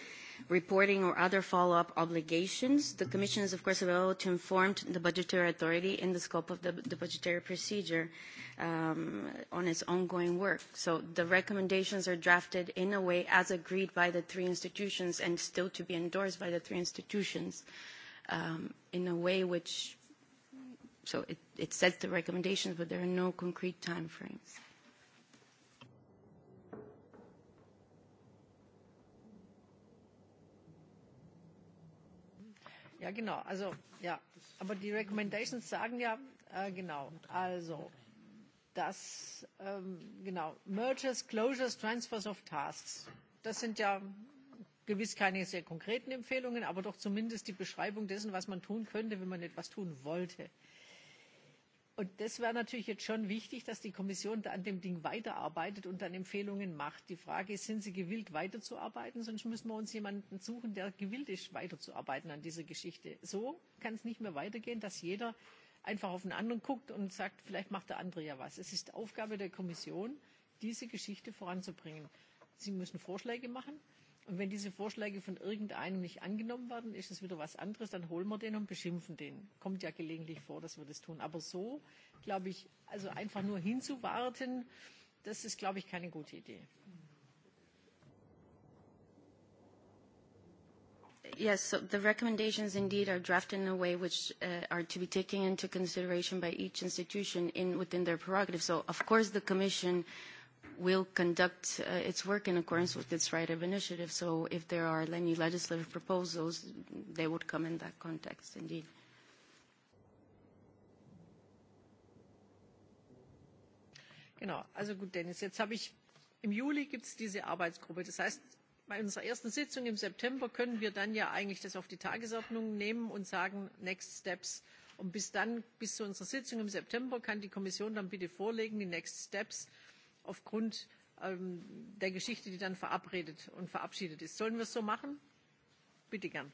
reporting or other follow-up obligations. The Commission is, of course, available to inform the budgetary authority in the scope of the, the budgetary procedure um, on its ongoing work. So the recommendations are drafted in a way as agreed by the three institutions and still to be endorsed by the three institutions um, in a way which, so it, it sets the recommendations, but there are no concrete timeframes. Ja, genau. Also, ja. Aber die Recommendations sagen ja, äh, genau. Also, dass, ähm, genau, Mergers, Closures, Transfers of Tasks. Das sind ja gewiss keine sehr konkreten Empfehlungen, aber doch zumindest die Beschreibung dessen, was man tun könnte, wenn man etwas tun wollte. Und das wäre natürlich jetzt schon wichtig, dass die Kommission da an dem Ding weiterarbeitet und dann Empfehlungen macht. Die Frage ist, sind sie gewillt, weiterzuarbeiten? Sonst müssen wir uns jemanden suchen, der gewillt ist, weiterzuarbeiten an dieser Geschichte. So kann es nicht mehr weitergehen, dass jeder einfach auf den anderen guckt und sagt, vielleicht macht der andere ja was. Es ist Aufgabe der Kommission, diese Geschichte voranzubringen. Sie müssen Vorschläge machen Und wenn diese Vorschläge von irgendeinem nicht angenommen werden, ist es wieder was anderes, dann holen wir den und beschimpfen den. Kommt ja gelegentlich vor, dass wir das tun. Aber so, glaube ich, also einfach nur hinzuwarten, das ist, glaube ich, keine gute Idee. Yes, so the recommendations indeed are drafted in a way which uh, are to be taken into consideration by each institution in, within their prerogative. So, of course, the Commission uh, will conduct uh, its work in accordance with its right of initiative. So if there are any legislative proposals, they would come in that context, indeed. Genau, also gut, Dennis, jetzt habe ich, im Juli gibt es diese Arbeitsgruppe. Das heißt, bei unserer ersten Sitzung im September können wir dann ja eigentlich das auf die Tagesordnung nehmen und sagen, Next Steps. Und bis dann, bis zu unserer Sitzung im September, kann die Kommission dann bitte vorlegen, die Next Steps aufgrund ähm, der Geschichte, die dann verabredet und verabschiedet ist. Sollen wir es so machen? Bitte gern.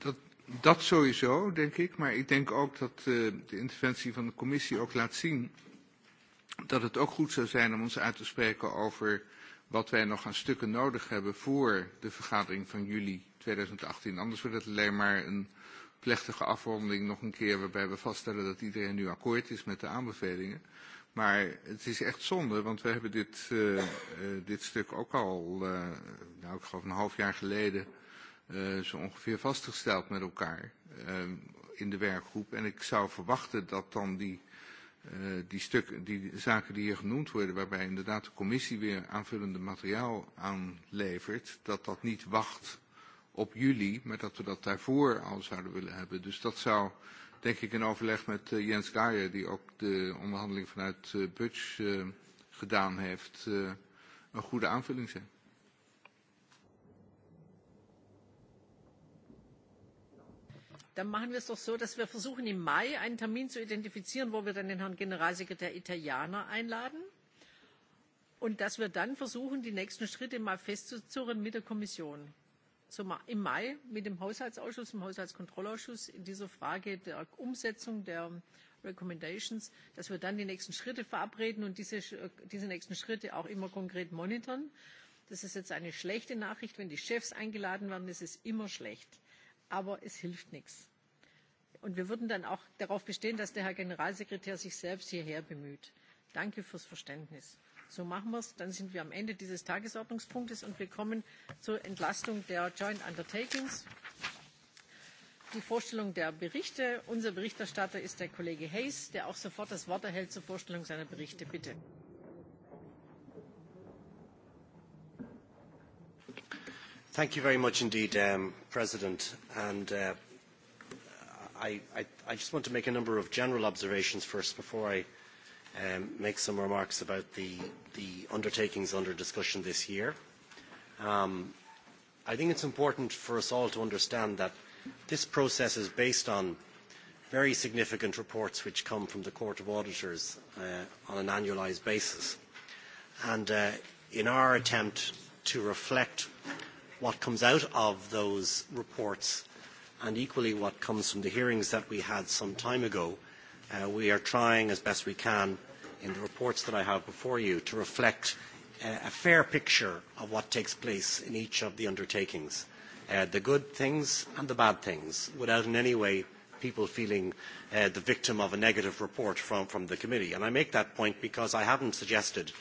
Dat, dat sowieso, denk ik. Maar ik denk ook dat uh, de interventie van de commissie ook laat zien dat het ook goed zou zijn om ons uit te spreken over wat wij nog aan stukken nodig hebben voor de vergadering van juli 2018. Anders wordt het alleen maar een plechtige afronding nog een keer waarbij we vaststellen dat iedereen nu akkoord is met de aanbevelingen. Maar het is echt zonde, want we hebben dit, uh, uh, dit stuk ook al, uh, nou ik geloof een half jaar geleden, uh, zo ongeveer vastgesteld met elkaar uh, in de werkgroep. En ik zou verwachten dat dan die, uh, die, stuk, die zaken die hier genoemd worden, waarbij inderdaad de commissie weer aanvullende materiaal aanlevert, dat dat niet wacht op juli, maar dat we dat daarvoor al zouden willen hebben. Dus dat zou denk ik in overleg met uh, Jens Geijer, die ook de onderhandeling vanuit uh, Butch uh, gedaan heeft, uh, een goede aanvulling zijn. Dann machen wir es doch so, dass wir versuchen, im Mai einen Termin zu identifizieren, wo wir dann den Herrn Generalsekretär Italiana einladen und dass wir dann versuchen, die nächsten Schritte mal festzuzurren mit der Kommission im Mai mit dem Haushaltsausschuss, dem Haushaltskontrollausschuss in dieser Frage der Umsetzung der Recommendations, dass wir dann die nächsten Schritte verabreden und äh, diese, nächsten Schritte auch immer konkret monitoren. Das ist jetzt eine schlechte Nachricht. Wenn die Chefs eingeladen werden, das ist immer schlecht. Aber es hilft nichts. Und wir würden dann auch darauf bestehen, dass der Herr Generalsekretär sich selbst hierher bemüht. Danke fürs Verständnis. So machen wir es. Dann sind wir am Ende dieses Tagesordnungspunktes und wir kommen zur Entlastung der Joint Undertakings. Die Vorstellung der Berichte. Unser Berichterstatter ist der Kollege Hayes, der auch sofort das Wort erhält zur Vorstellung seiner Berichte. Bitte. Thank you very much indeed, um, President. And uh, I, I, I just want to make a number of general observations first before I Um, make some remarks about the, the undertakings under discussion this year. Um, I think it's important for us all to understand that this process is based on very significant reports which come from the Court of Auditors uh, on an annualised basis. And uh, in our attempt to reflect what comes out of those reports and equally what comes from the hearings that we had some time ago, Uh, we are trying as best we can in the reports that I have before you to reflect uh, a fair picture of what takes place in each of the undertakings, uh, the good things and the bad things, without in any way people feeling uh, the victim of a negative report from, from the committee. And I make that point because I haven't suggested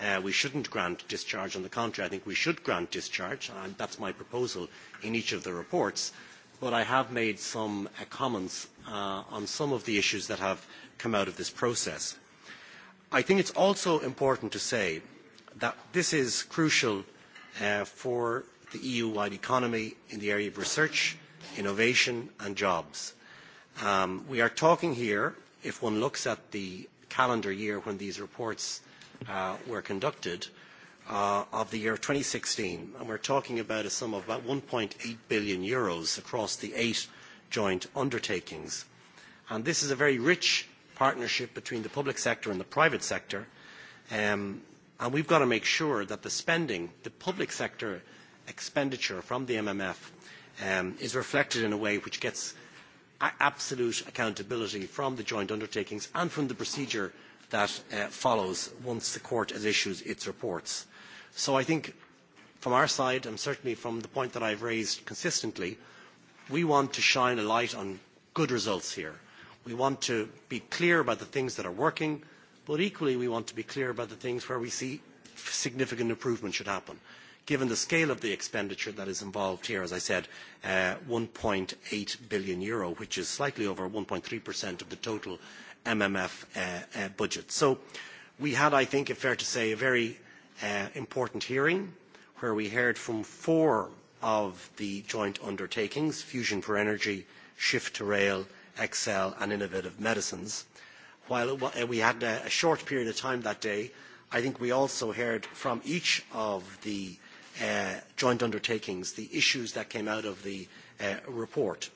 uh, we shouldn't grant discharge. On the contrary, I think we should grant discharge, and that's my proposal in each of the reports. But I have made some uh, comments uh, on some of the issues that have come out of this process. I think it's also important to say that this is crucial uh, for the EU-wide economy in the area of research, innovation and jobs. Um, we are talking here, if one looks at the calendar year when these reports uh, were conducted, uh, of the year 2016, and we're talking about a sum of about 1.8 billion euros across the eight joint undertakings. And this is a very rich partnership between the public sector and the private sector. Um, and we've got to make sure that the spending, the public sector expenditure from the MMF um, is reflected in a way which gets absolute accountability from the joint undertakings and from the procedure that uh, follows once the court has issued its reports. So I think from our side, and certainly from the point that I've raised consistently, we want to shine a light on good results here. We want to be clear about the things that are working, but equally we want to be clear about the things where we see significant improvement should happen. Given the scale of the expenditure that is involved here, as I said, uh, 1.8 billion euro, which is slightly over 1.3% of the total MMF uh, uh, budget. So we had, I think, if fair to say, a very uh, important hearing where we heard from four of the joint undertakings, Fusion for Energy, Shift to Rail, Excel and Innovative Medicines. While uh, we had a short period of time that day, I think we also heard from each of the uh, joint undertakings the issues that came out of the uh, report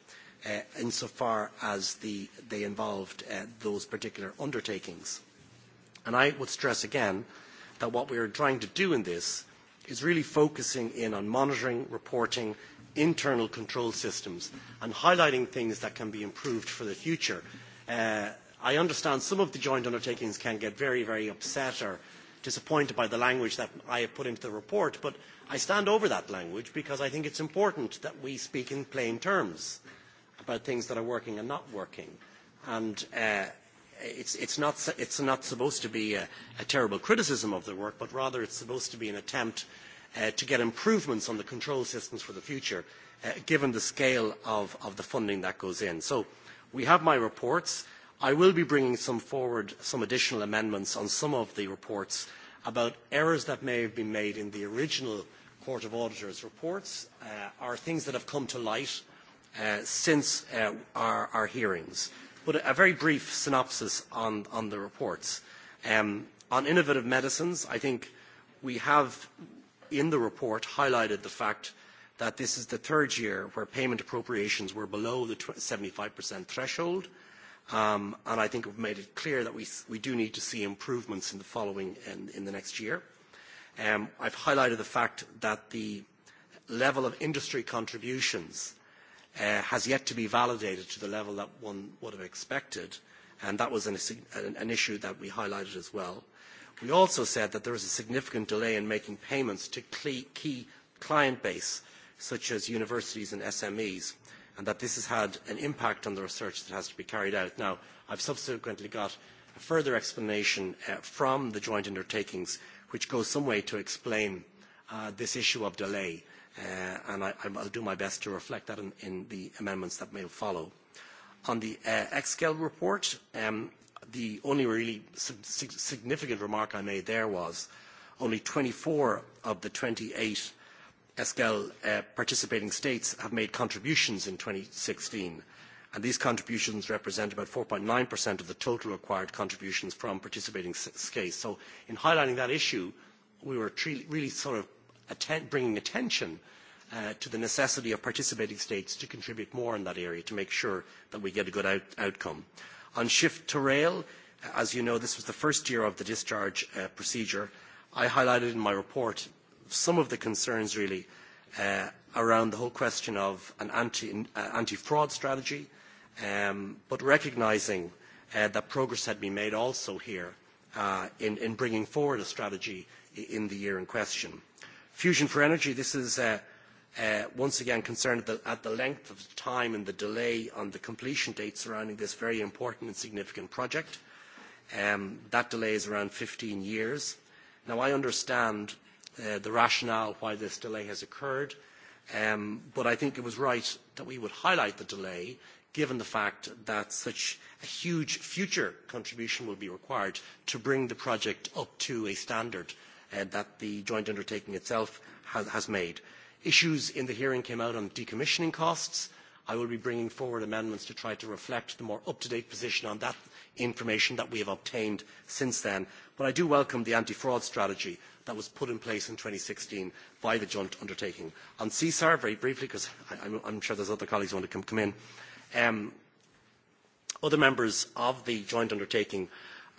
uh, insofar as the, they involved uh, those particular undertakings. And I would stress again that what we are trying to do in this is really focusing in on monitoring, reporting, internal control systems and highlighting things that can be improved for the future. Uh, I understand some of the joint undertakings can get very, very upset or disappointed by the language that I have put into the report, but I stand over that language because I think it's important that we speak in plain terms about things that are working and not working. And uh, it's, it's, not, it's not supposed to be a, a terrible criticism of the work, but rather it's supposed to be an attempt uh, to get improvements on the control systems for the future, uh, given the scale of, of the funding that goes in. So we have my reports. I will be bringing some forward, some additional amendments on some of the reports about errors that may have been made in the original Court of Auditors reports uh, are things that have come to light uh, since uh, our, our hearings. But a very brief synopsis on, on the reports. Um, on innovative medicines, I think we have in the report highlighted the fact that this is the third year where payment appropriations were below the 75% threshold. Um, and I think we've made it clear that we, we do need to see improvements in the following and in the next year. Um, I've highlighted the fact that the level of industry contributions Uh, has yet to be validated to the level that one would have expected, and that was an, an issue that we highlighted as well. We also said that there is a significant delay in making payments to key client base, such as universities and SMEs, and that this has had an impact on the research that has to be carried out. Now, I've subsequently got a further explanation uh, from the joint undertakings, which goes some way to explain uh, this issue of delay. Uh, and I, I'll do my best to reflect that in, in the amendments that may follow. On the uh, Excel report, um, the only really significant remark I made there was only 24 of the 28 Escal uh, participating states have made contributions in 2016, and these contributions represent about 4.9% of the total required contributions from participating states. So in highlighting that issue, we were really sort of atten bringing attention uh, to the necessity of participating states to contribute more in that area to make sure that we get a good out outcome. On shift to rail, as you know, this was the first year of the discharge uh, procedure. I highlighted in my report some of the concerns really uh, around the whole question of an anti, uh, anti-fraud strategy, um, but recognising uh, that progress had been made also here uh, in, in bringing forward a strategy in the year in question. Fusion for energy, this is uh, uh, once again concerned at the, length of time and the delay on the completion date surrounding this very important and significant project. Um, that delay is around 15 years. Now, I understand uh, the rationale why this delay has occurred, um, but I think it was right that we would highlight the delay given the fact that such a huge future contribution will be required to bring the project up to a standard that the joint undertaking itself has, has made. Issues in the hearing came out on decommissioning costs. I will be bringing forward amendments to try to reflect the more up-to-date position on that information that we have obtained since then. But I do welcome the anti-fraud strategy that was put in place in 2016 by the joint undertaking. On CSAR, very briefly, because I'm, I'm sure there's other colleagues who want to come, come in, um, other members of the joint undertaking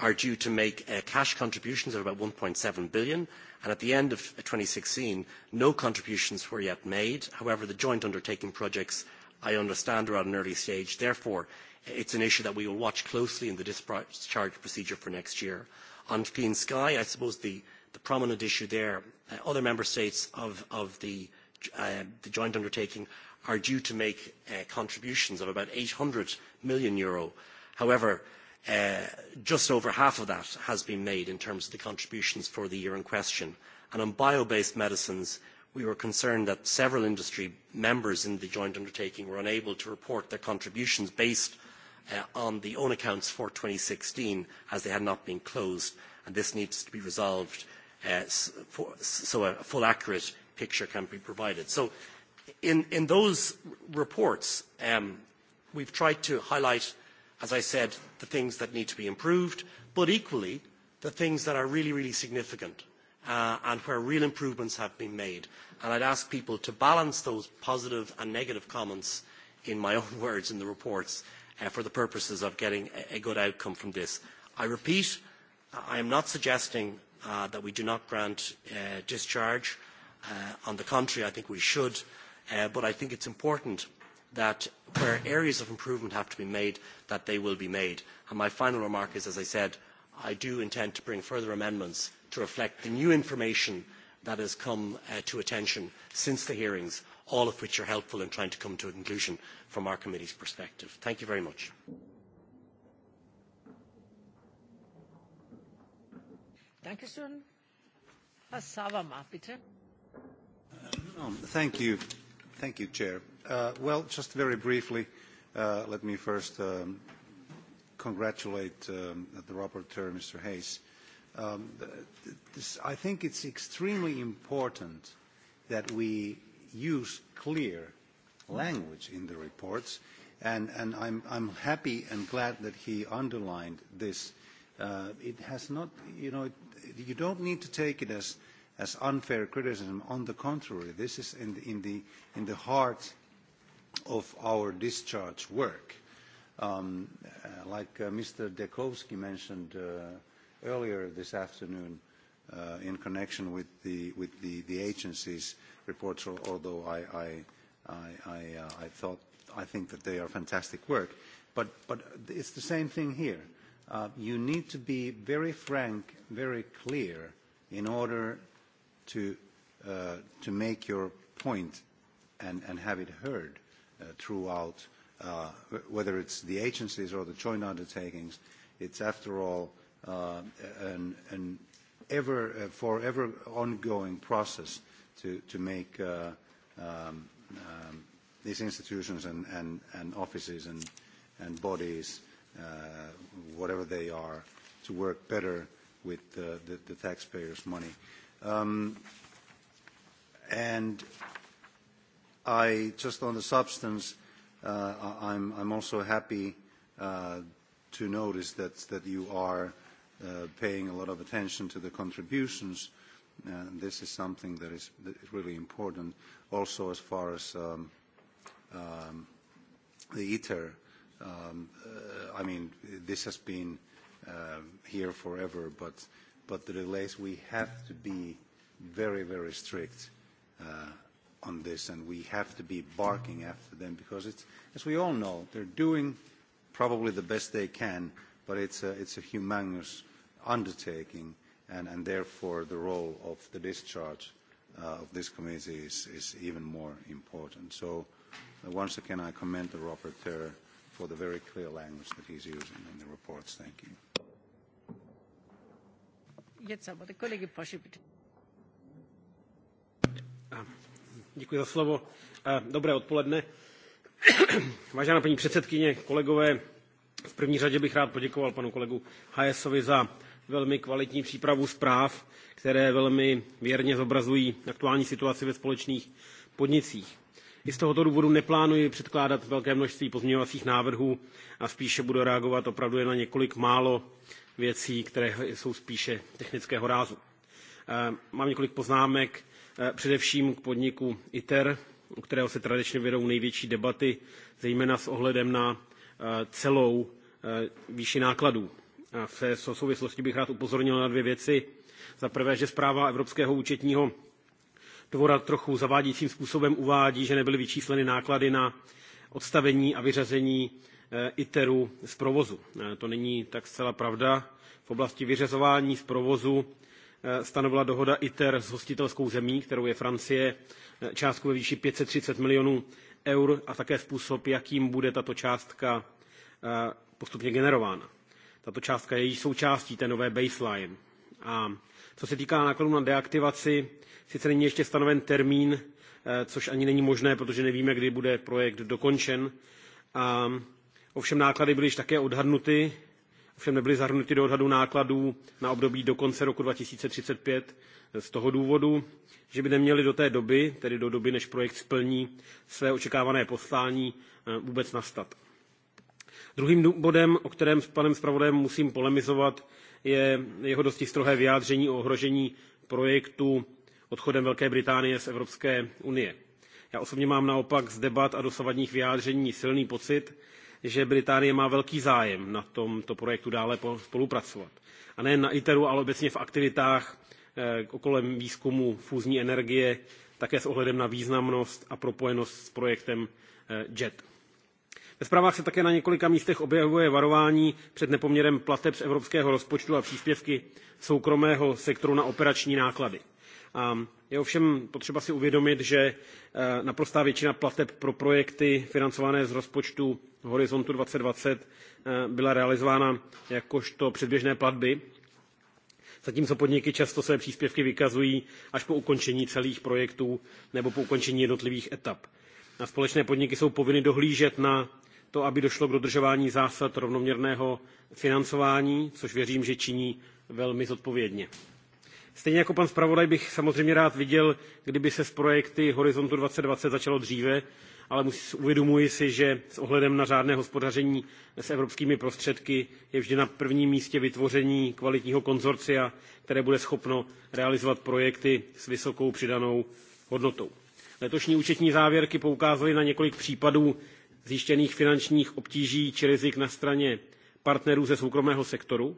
are due to make uh, cash contributions of about 1.7 billion, and at the end of 2016, uh, no contributions were yet made. However, the joint undertaking projects, I understand, are at an early stage. Therefore, it's an issue that we will watch closely in the discharge procedure for next year. On Clean Sky, I suppose the, the prominent issue there, uh, other member states of, of the, uh, the joint undertaking are due to make uh, contributions of about 800 million euro. However, Uh, just over half of that has been made in terms of the contributions for the year in question. And on bio-based medicines, we were concerned that several industry members in the joint undertaking were unable to report their contributions based uh, on the own accounts for 2016 as they had not been closed. And this needs to be resolved uh, so a full accurate picture can be provided. So in, in those reports, um, we've tried to highlight as I said, the things that need to be improved, but equally the things that are really, really significant uh, and where real improvements have been made. And I'd ask people to balance those positive and negative comments in my own words in the reports uh, for the purposes of getting a, good outcome from this. I repeat, I am not suggesting uh, that we do not grant discharge. on the contrary, I think we should, but I think it's important that where areas of improvement have to be made, that they will be made. And my final remark is, as I said, I do intend to bring further amendments to reflect the new information that has come uh, to attention since the hearings, all of which are helpful in trying to come to a conclusion from our committee's perspective. Thank you very much. Thank you, Savama, bitte. Um, thank you. Thank you, Chair. Uh, well, just very briefly, uh, let me first um, congratulate um, the rapporteur, Mr. Hayes. Um, I think it's extremely important that we use clear language in the reports, and, I'm, happy and glad that he underlined this. Uh, it has not, you know, you don't need to take it as, unfair criticism. On the contrary, this is in the heart of our discharge work. Um, uh, like uh, Mr. Dekowski mentioned uh, earlier this afternoon in connection with the, with the, the agency's reports, although I, I, I, I, thought, I think that they are fantastic work. But, but it's the same thing here. you need to be very frank, very clear in order to, to make your point and, and have it heard throughout, uh, whether it's the agencies or the joint undertakings. It's after all uh, an, an ever, forever ongoing process to, to make uh, um, um, these institutions and, and, and offices and, and bodies, uh, whatever they are, to work better with uh, the, the taxpayers' money. Um, and I just on the substance, uh, I'm, I'm also happy uh, to notice that, that you are uh, paying a lot of attention to the contributions. And uh, this is something that is, really important. Also, as far as um, um, the ITER, um, uh, I mean, this has been uh, here forever, but, but the delays, we have to be very, very strict uh, on this, and we have to be barking after them because it's, as we all know, they're doing probably the best they can, but it's a, it's a humongous undertaking, and, and therefore the role of the discharge uh, of this committee is, is even more important. So uh, once again, I commend the rapporteur for the very clear language that he's using in the reports. Thank you. Jetzt aber der Kollege Posche, bitte. Um. Děkuji za slovo. Eh, dobré odpoledne. Vážená paní předsedkyně, kolegové, v první řadě bych rád poděkoval panu kolegu Hayesovi za velmi kvalitní přípravu zpráv, které velmi věrně zobrazují aktuální situaci ve společných podnicích. I z tohoto důvodu neplánuji předkládat velké množství pozměňovacích návrhů a spíše budu reagovat opravdu jen na několik málo věcí, které jsou spíše technického rázu. Eh, mám několik poznámek Eh, především k podniku ITER, u kterého se tradičně vedou největší debaty, zejména s ohledem na eh, celou eh, výši nákladů. A v souvislosti bych rád upozornil na dvě věci. Za prvé, že zpráva Evropského účetního dvora trochu zavádějícím způsobem uvádí, že nebyly vyčísleny náklady na odstavení a vyřazení ITERu z provozu. To není tak zcela pravda. V oblasti vyřazování z provozu Eh, stanovila dohoda ITER s hostitelskou zemí, kterou je Francie, eh, částku ve výši 530 milionů eur a také způsob, jakým bude tato částka eh, postupně generována. Tato částka je již součástí té nové baseline. A co se týká nákladů na deaktivaci, sice není ještě stanoven termín, což ani není možné, protože nevíme, kdy bude projekt dokončen. A ovšem náklady byly již také odhadnuty ovšem nebyly zahrnuty do odhadu nákladů na období do konce roku 2035 z toho důvodu, že by neměly do té doby, tedy do doby, než projekt splní své očekávané poslání, eh, vůbec nastat. Druhým bodem, o kterém s panem zpravodajem musím polemizovat, je jeho dosti strohé vyjádření o ohrožení projektu odchodem Velké Británie z Evropské unie. Já osobně mám naopak z debat a dosavadních vyjádření silný pocit, že Británie má velký zájem na tomto projektu dále spolupracovat. A nejen na ITERu, ale obecně v aktivitách eh, kolem výzkumu fúzní energie, také s ohledem na významnost a propojenost s projektem eh, JET. Ve zprávách se také na několika místech objevuje varování před nepoměrem plateb z evropského rozpočtu a příspěvky soukromého sektoru na operační náklady. Um, je ovšem potřeba si uvědomit, že uh, naprostá většina plateb pro projekty financované z rozpočtu Horizontu 2020 uh, byla realizována jakožto předběžné platby, zatímco podniky často své příspěvky vykazují až po ukončení celých projektů nebo po ukončení jednotlivých etap. A společné podniky jsou povinny dohlížet na to, aby došlo k dodržování zásad rovnoměrného financování, což věřím, že činí velmi zodpovědně. Stejně jako pan zpravodaj bych samozřejmě rád viděl, kdyby se s projekty Horizontu 2020 začalo dříve, ale uvědomuji si, že s ohledem na řádné hospodaření s evropskými prostředky je vždy na prvním místě vytvoření kvalitního konzorcia, které bude schopno realizovat projekty s vysokou přidanou hodnotou. Letošní účetní závěrky poukázaly na několik případů zjištěných finančních obtíží či rizik na straně partnerů ze soukromého sektoru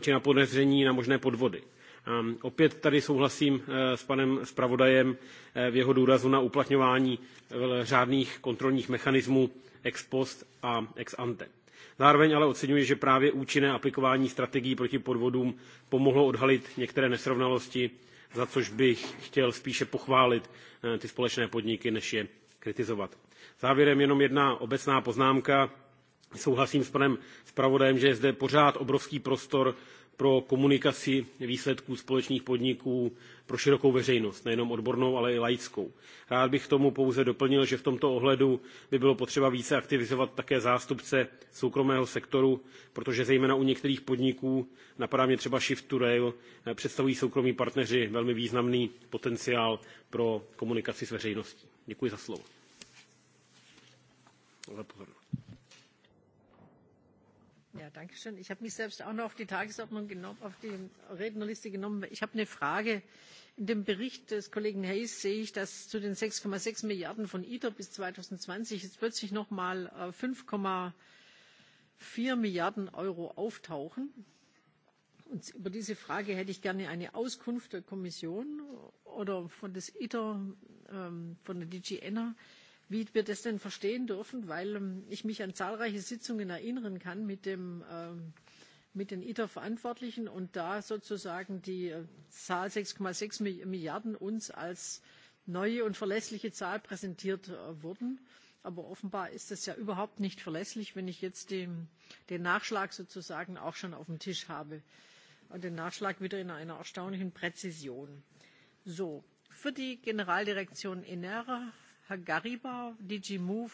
či na podezření na možné podvody. Ehm, opět tady souhlasím eh, s panem zpravodajem eh, v jeho důrazu na uplatňování eh, řádných kontrolních mechanismů ex post a ex ante. Zároveň ale oceňuji, že právě účinné aplikování strategií proti podvodům pomohlo odhalit některé nesrovnalosti, za což bych chtěl spíše pochválit ty společné podniky, než je kritizovat. Závěrem jenom jedna obecná poznámka. Souhlasím s panem zpravodajem, že je zde pořád obrovský prostor pro komunikaci výsledků společných podniků pro širokou veřejnost, nejenom odbornou, ale i laickou. Rád bych tomu pouze doplnil, že v tomto ohledu by bylo potřeba více aktivizovat také zástupce soukromého sektoru, protože zejména u některých podniků, napadá mě třeba Shift to Rail, představují soukromí partneři velmi významný potenciál pro komunikaci s veřejností. Děkuji za slovo. Za pozornost. Ja, danke schön. Ich habe mich selbst auch noch auf die Tagesordnung genommen, auf die Rednerliste genommen. Ich habe eine Frage. In dem Bericht des Kollegen Hayes sehe ich, dass zu den 6,6 Milliarden von ITER bis 2020 jetzt plötzlich nochmal 5,4 äh, Milliarden Euro auftauchen. Und über diese Frage hätte ich gerne eine Auskunft der Kommission oder von des ITER, ähm, von der DG ENA wie wir das denn verstehen dürfen, weil ähm, ich mich an zahlreiche Sitzungen erinnern kann mit dem ähm, mit den ITER-Verantwortlichen und da sozusagen die äh, Zahl 6,6 Milliarden uns als neue und verlässliche Zahl präsentiert äh, wurden. Aber offenbar ist das ja überhaupt nicht verlässlich, wenn ich jetzt den, den Nachschlag sozusagen auch schon auf dem Tisch habe. Und den Nachschlag wieder in einer erstaunlichen Präzision. So, für die Generaldirektion Enera Herr Gariba, DG Move,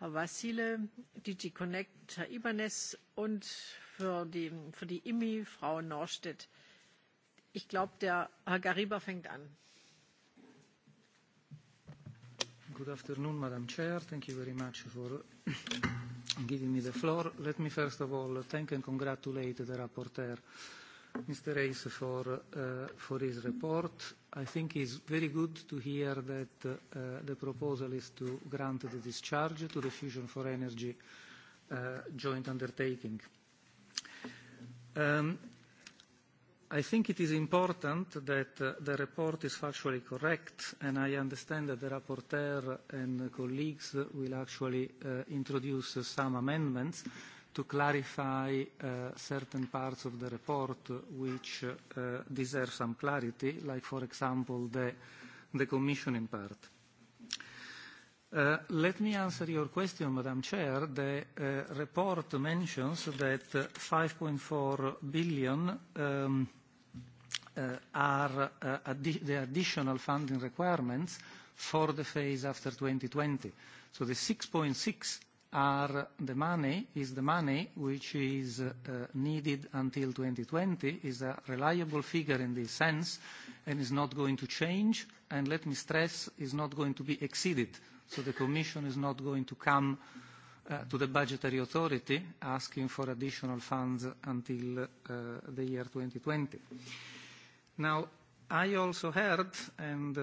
Herr Vassile, DG Connect, Herr Ibanez und für die, für die IMI Frau Norstedt. Ich glaube, der Herr Gariba fängt an. Good afternoon, Madam Chair. Thank you very much for giving me the floor. Let me first of all thank and congratulate the rapporteur Mr. Reis for, uh, for his report. I think it's very good to hear that uh, the proposal is to grant the discharge to the Fusion for Energy uh, joint undertaking. Um, I think it is important that uh, the report is factually correct, and I understand that the rapporteur and colleagues will actually uh, introduce some amendments to clarify uh, certain parts of the report which uh, deserve some clarity, like, for example, the, the in part. Uh, let me answer your question, Madam Chair. The uh, report mentions that 5.4 billion um, uh, are uh, addi the additional funding requirements for the phase after 2020. So the 6.6 are the money, is the money which is uh, needed until 2020, is a reliable figure in this sense, and is not going to change, and let me stress, is not going to be exceeded. So the Commission is not going to come uh, to the budgetary authority asking for additional funds until uh, the year 2020. Now, I also heard, and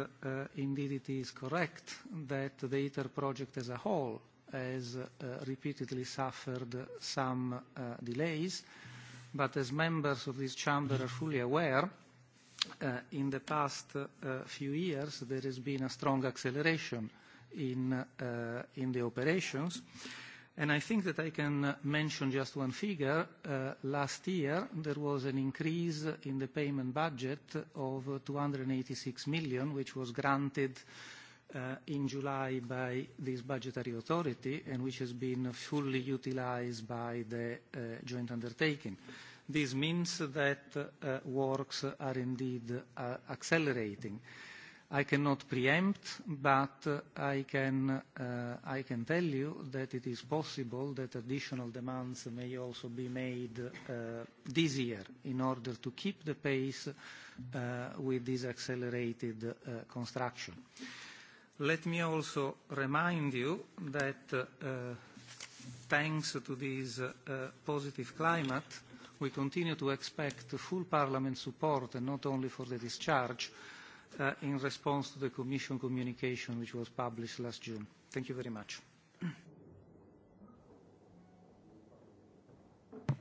indeed it is correct, that the ITER project as a whole has uh, repeatedly suffered some uh, delays. But as members of this chamber are fully aware, uh, in the past uh, few years, there has been a strong acceleration in, uh, in the operations. And I think that I can mention just one figure. Uh, last year, there was an increase in the payment budget of 286 million, which was granted uh, in July by this budgetary authority and which has been fully utilized by the uh, joint undertaking. This means that uh, works are indeed uh, accelerating. I cannot preempt, but uh, I can, uh, I can tell you that it is possible that additional demands may also be made uh, this year in order to keep the pace uh, with this accelerated uh, construction. Let me also remind you that uh, thanks to this uh, positive climate, we continue to expect full Parliament support, and not only for the discharge, uh, in response to the Commission communication, which was published last June. Thank you very much.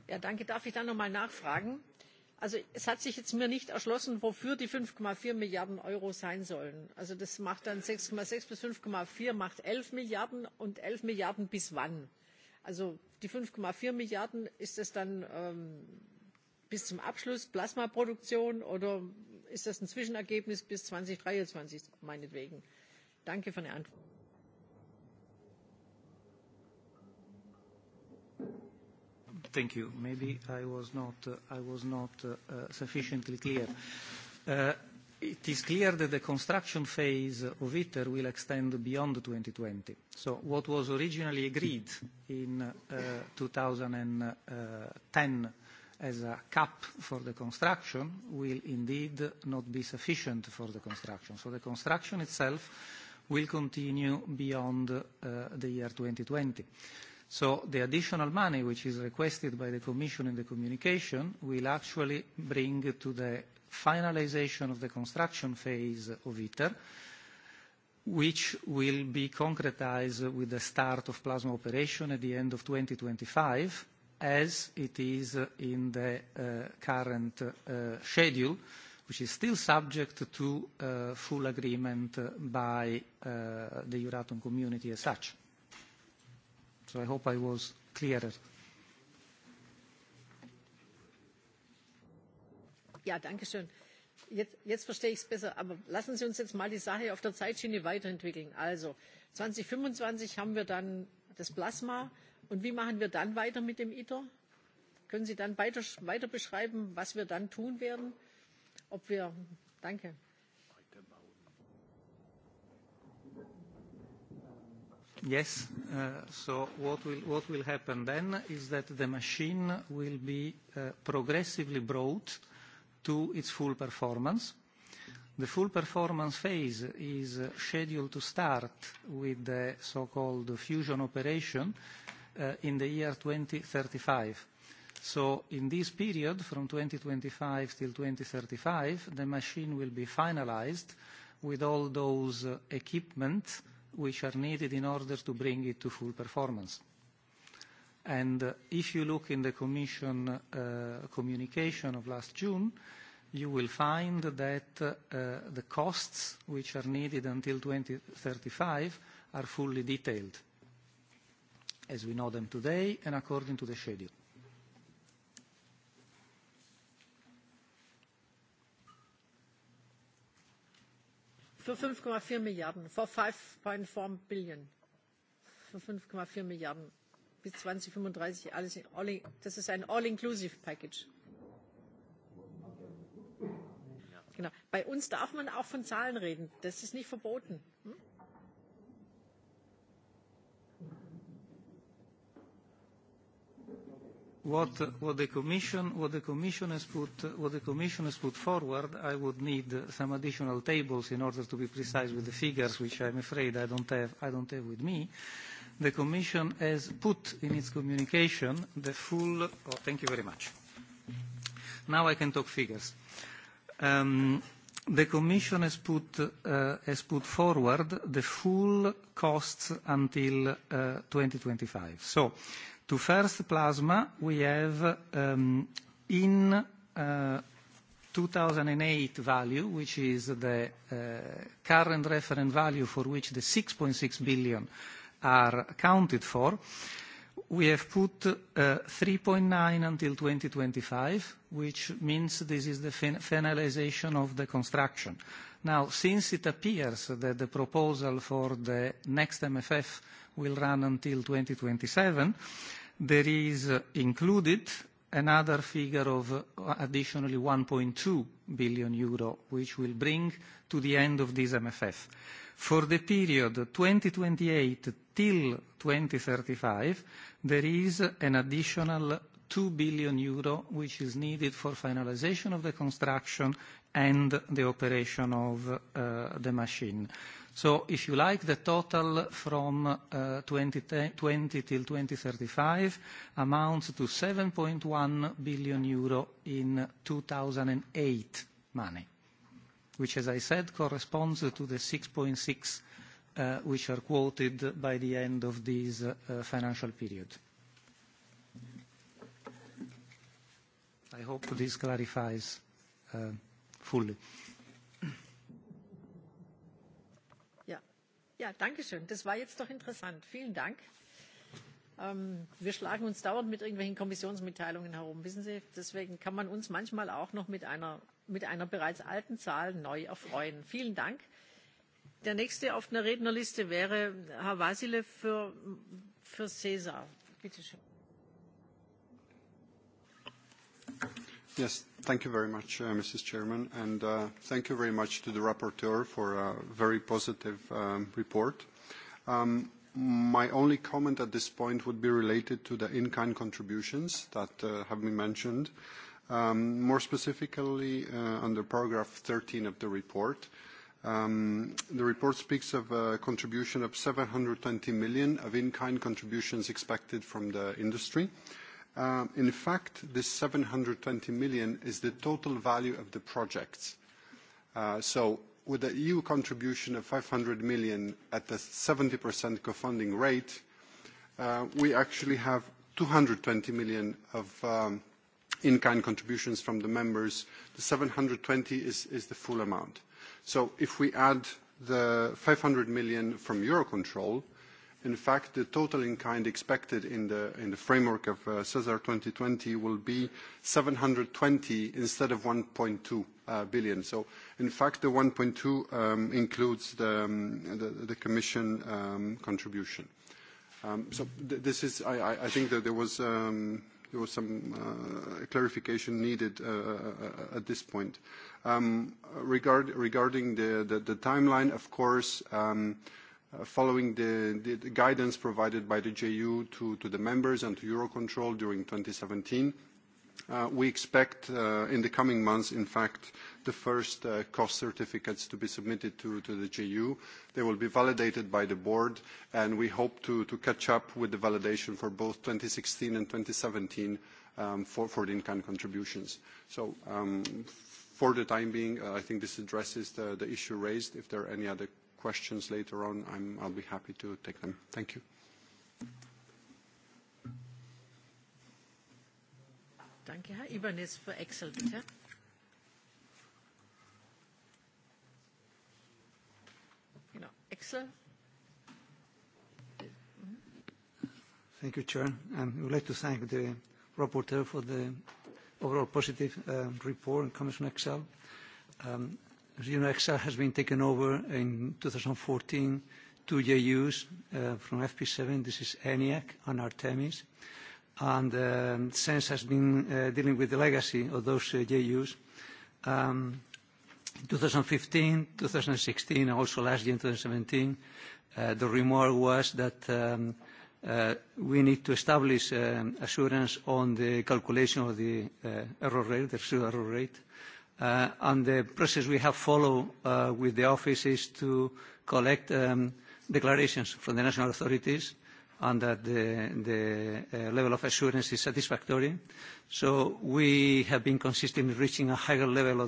Ja, danke. Darf ich da noch mal nachfragen? Also es hat sich jetzt mir nicht erschlossen, wofür die fünf vier Milliarden Euro sein sollen. Also das macht dann sechs 6,6 bis vier macht elf Milliarden und elf Milliarden bis wann? Also die fünf vier Milliarden ist das dann ähm, bis zum Abschluss Plasmaproduktion oder ist das ein Zwischenergebnis bis zweitausenddreiundzwanzig meinetwegen? Danke für eine Antwort. Thank you. Maybe I was not, uh, uh, uh, sufficiently clear. It is clear that the construction phase of ITER will extend beyond 2020. So what was originally agreed in 2010 as a cap for the construction will indeed not be sufficient for the construction. So the construction itself will continue beyond the year 2020. So the additional money which is requested by the Commission in the communication will actually bring to the finalization of the construction phase of ITER, which will be concretized with the start of plasma operation at the end of 2025, as it is in the uh, current uh, schedule, which is still subject to uh, full agreement by uh, the Euratom community as such. I hope I was clearer. Ja, danke schön. Jetzt, jetzt verstehe ich es besser. Aber lassen Sie uns jetzt mal die Sache auf der Zeitschiene weiterentwickeln. Also 2025 haben wir dann das Plasma. Und wie machen wir dann weiter mit dem ITER? Können Sie dann weiter, weiter beschreiben, was wir dann tun werden? Ob wir, danke. Yes. Uh, so what will, what will happen then is that the machine will be uh, progressively brought to its full performance. The full performance phase is uh, scheduled to start with the so-called fusion operation uh, in the year 2035. So in this period, from 2025 till 2035, the machine will be finalized with all those uh, equipment which are needed in order to bring it to full performance. And uh, if you look in the Commission uh, communication of last June, you will find that uh, the costs which are needed until 2035 are fully detailed as we know them today and according to the schedule. 5,4 Milliarden, for 5.4 Billion, For 5,4 Milliarden bis 2035. Alles in, all in, das ist ein All-Inclusive-Package. Genau. Bei uns darf man auch von Zahlen reden. Das ist nicht verboten. Hm? what, the commission, has put, forward, I would need some additional tables in order to be precise with the figures, which I'm afraid I don't have, with me. The Commission has put in its communication the full... Oh, thank you very much. Now I can talk figures. Um, the Commission uh, has put, forward the full costs until 2025. Uh, so To first plasma, we have um, in 2008 uh, value, which is the uh, current reference value for which the 6.6 billion are accounted for, we have put uh, 3.9 until 2025, which means this is the finalization of the construction. Now, since it appears that the proposal for the next MFF will run until 2027, there is uh, included another figure of uh, additionally 1.2 billion euro, which will bring to the end of this MFF. For the period 2028 till 2035, there is an additional 2 billion euro, which is needed for finalization of the construction and the operation of uh, the machine. So if you like, the total from 2020 uh, till 2035 amounts to 7.1 billion euro in 2008 money, which, as I said, corresponds to the 6.6 billion uh, which are quoted by the end of this uh, financial period. I hope this clarifies fully. Ja, danke schön. Das war jetzt doch interessant. Vielen Dank. Ähm, wir schlagen uns dauernd mit irgendwelchen Kommissionsmitteilungen herum, wissen Sie. Deswegen kann man uns manchmal auch noch mit einer, mit einer bereits alten Zahl neu erfreuen. Vielen Dank. Der nächste auf der Rednerliste wäre Herr Vasile für, für Cäsar. Bitte schön. Yes. Thank you very much, uh, Mrs. Chairman, and uh, thank you very much to the rapporteur for a very positive um, report. Um, my only comment at this point would be related to the in-kind contributions that uh, have been mentioned. Um, more specifically, uh, under paragraph 13 of the report, Um, the report speaks of a contribution of 720 million of in-kind contributions expected from the industry. Uh, Uh, in fact, this 720 million is the total value of the projects. Uh, so with the EU contribution of 500 million at a 70% co-funding rate, uh, we actually have 220 million of um, in-kind contributions from the members. The 720 million is the full amount. So if we add the 500 million from Eurocontrol, In fact, the total in-kind expected in the, framework of SESAR uh, Cesar 2020 will be 720 instead of 1.2 uh, billion. So in fact, the 1.2 um, includes the, um, commission um, contribution. So this is, I, think that there was, some uh, clarification needed at this point. regarding the timeline, of course, Uh, following the, guidance provided by the JU to, the members and to Eurocontrol during 2017. Uh, we expect uh, in the coming months, in fact, the first cost certificates to be submitted to, the JU. They will be validated by the board, and we hope to, catch up with the validation for both 2016 and 2017 um, for, the in-kind contributions. So, um, for the time being, I think this addresses the issue raised. If there are any other questions later on, I'm, I'll be happy to take them. Thank you. Danke, Herr Ibanez for Excel, bitte. Genau, Excel. Thank you, Chair. I um, would like to thank the rapporteur for the overall positive uh, report on Commission Excel. Um, As you know, XR has been taken over in 2014, two JUs uh, from FP7. This is ENIAC and Artemis. Um, and uh, Sense has been uh, dealing with the legacy of those JUs. 2015, 2016, and also last year in 2017, uh, the remark was that um, we need to establish um, assurance on the calculation of the error rate, the true error rate, Uh, the process we have followed uh, with the office is to collect um, declarations from the national authorities and that the, uh, level of assurance is satisfactory. we have been consistently reaching a higher level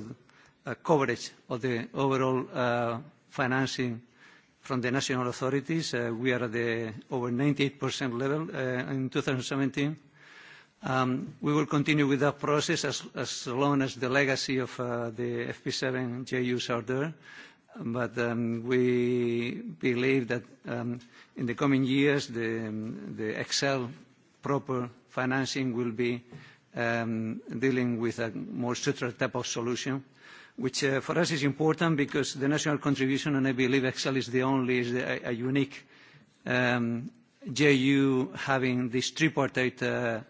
of coverage of the overall financing from the national authorities. We are at the over 98% level in 2017 Um, we will continue with that process as, long as the legacy of uh, the FP7 JUs are there. But um, we believe that um, in the coming years, the, the Excel proper financing will be dealing with a more structured type of solution, which uh, for us is important because the national contribution, and I believe Excel is the only, is a, unique JU having this tripartite uh,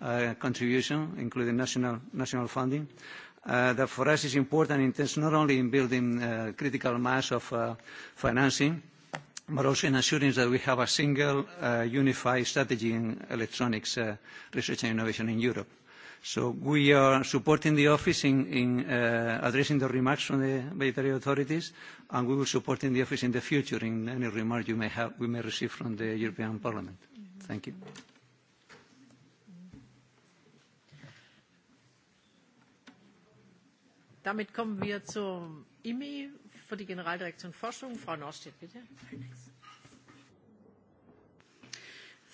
Uh, contribution, including national, national funding, uh, that for us is important in terms not only in building uh, critical mass of uh, financing, but also in assuring that we have a single uh, unified strategy in electronics uh, research and innovation in Europe. So we are supporting the office in, in uh, addressing the remarks from the military authorities, and we will support in the office in the future in any remark you may have, we may receive from the European Parliament. Thank you. Damit kommen wir zum IMI für die Generaldirektion Forschung. Frau Norstedt, bitte.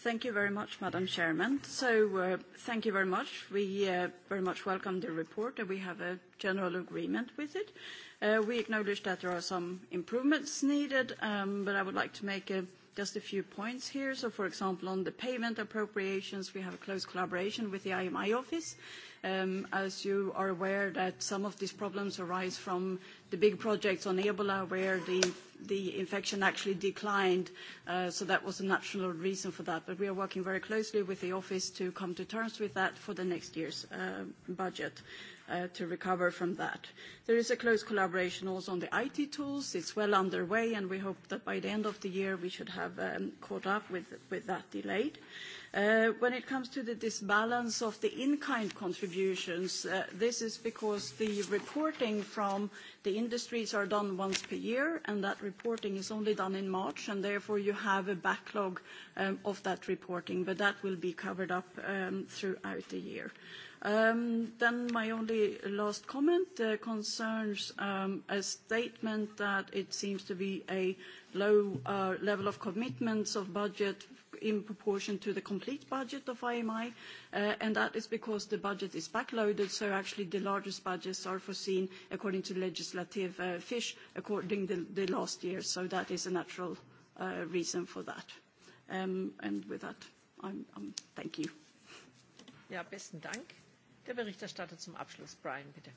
Thank you very much, Madam Chairman. So, uh, thank you very much. We uh, very much welcome the report, and we have a general agreement with it. Uh, we acknowledge that there are some improvements needed, um, but I would like to make a uh, just a few points here. So, for example, on the payment appropriations, we have a close collaboration with the IMI office, Um, as you are aware, that some of these problems arise from the big projects on Ebola, where the, infection actually declined. Uh, so that was a natural reason for that. But we are working very closely with the office to come to terms with that for the next year's uh, budget. Uh, to recover from that. There is a close collaboration also on the IT tools. It's well underway, and we hope that by the end of the year, we should have um, caught up with, that delay. Uh, when it comes to the disbalance of the in-kind contributions, uh, this is because the reporting from the industries are done once per year, and that reporting is only done in March, and therefore you have a backlog um, of that reporting, but that will be covered up um, throughout the year. Um, then my only last comment uh, concerns a statement that it seems to be a low level of commitments of budget in proportion to the complete budget of IMI, uh, and that is because the budget is backloaded, so actually the largest budgets are foreseen according to legislative uh, fish according to the, the last year. So that is a natural uh, reason for that. Um, and with that, I'm, I'm thank you. Ja, besten Dank. Der Berichterstatter zum Abschluss, Brian, bitte.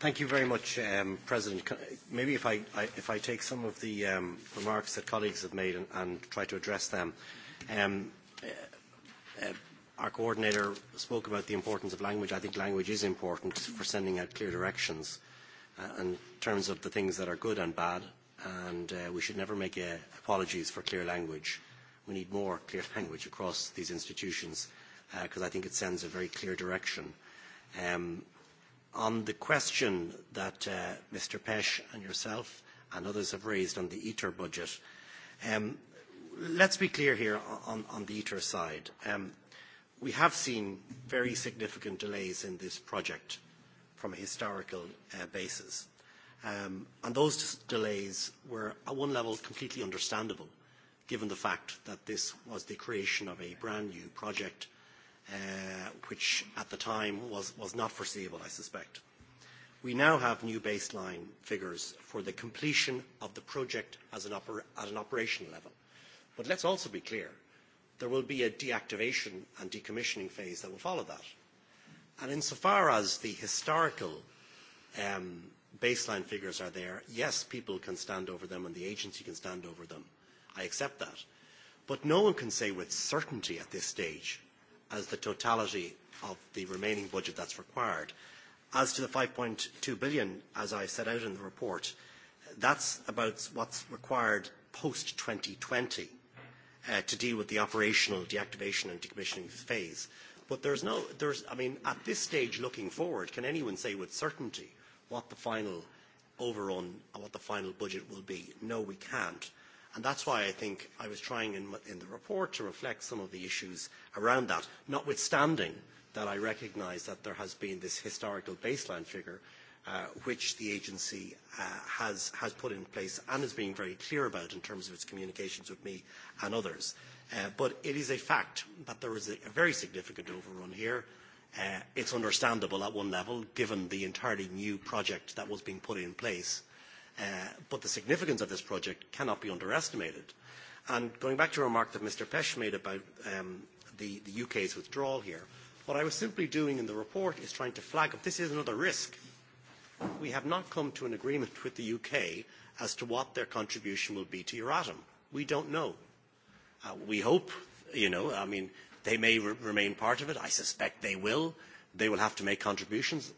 Thank you very much, um, President. Maybe if I, I, if I take some of the um, remarks that colleagues have made and, and try to address them. Um, uh, uh, our coordinator spoke about the importance of language. I think language is important for sending out clear directions uh, in terms of the things that are good and bad, and uh, we should never make uh, apologies for clear language. We need more clear language across these institutions because uh, I think it sends a very clear direction. Um, on the question that uh, Mr. Pech and yourself and others have raised on the ITER budget, um, let's be clear here on, on the ITER side. Um, we have seen very significant delays in this project from a historical uh, basis. Um, and those delays were, at one level, completely understandable, given the fact that this was the creation of a brand new project – Uh, which at the time was, was not foreseeable, I suspect. We now have new baseline figures for the completion of the project as an at an operational level. But let's also be clear, there will be a deactivation and decommissioning phase that will follow that. And insofar as the historical um, baseline figures are there, yes, people can stand over them and the agency can stand over them. I accept that. But no one can say with certainty at this stage as the totality of the remaining budget that's required. As to the 5.2 billion, as I set out in the report, that's about what's required post-2020 uh, to deal with the operational deactivation and decommissioning phase. But there's no, there's, I mean, at this stage looking forward, can anyone say with certainty what the final overrun and what the final budget will be? No, we can't. And that's why I think I was trying in, in the report to reflect some of the issues around that, notwithstanding that I recognise that there has been this historical baseline figure uh, which the agency uh, has, has put in place and is being very clear about in terms of its communications with me and others. Uh, but it is a fact that there is a, a very significant overrun here. Uh, it's understandable at one level, given the entirely new project that was being put in place Uh, but the significance of this project cannot be underestimated. And going back to a remark that Mr. Pesch made about um, the, the UK's withdrawal here, what I was simply doing in the report is trying to flag up this is another risk. We have not come to an agreement with the UK as to what their contribution will be to Euratom. We don't know. Uh, we hope, you know, I mean, they may re- remain part of it. I suspect they will. They will have to make contributions.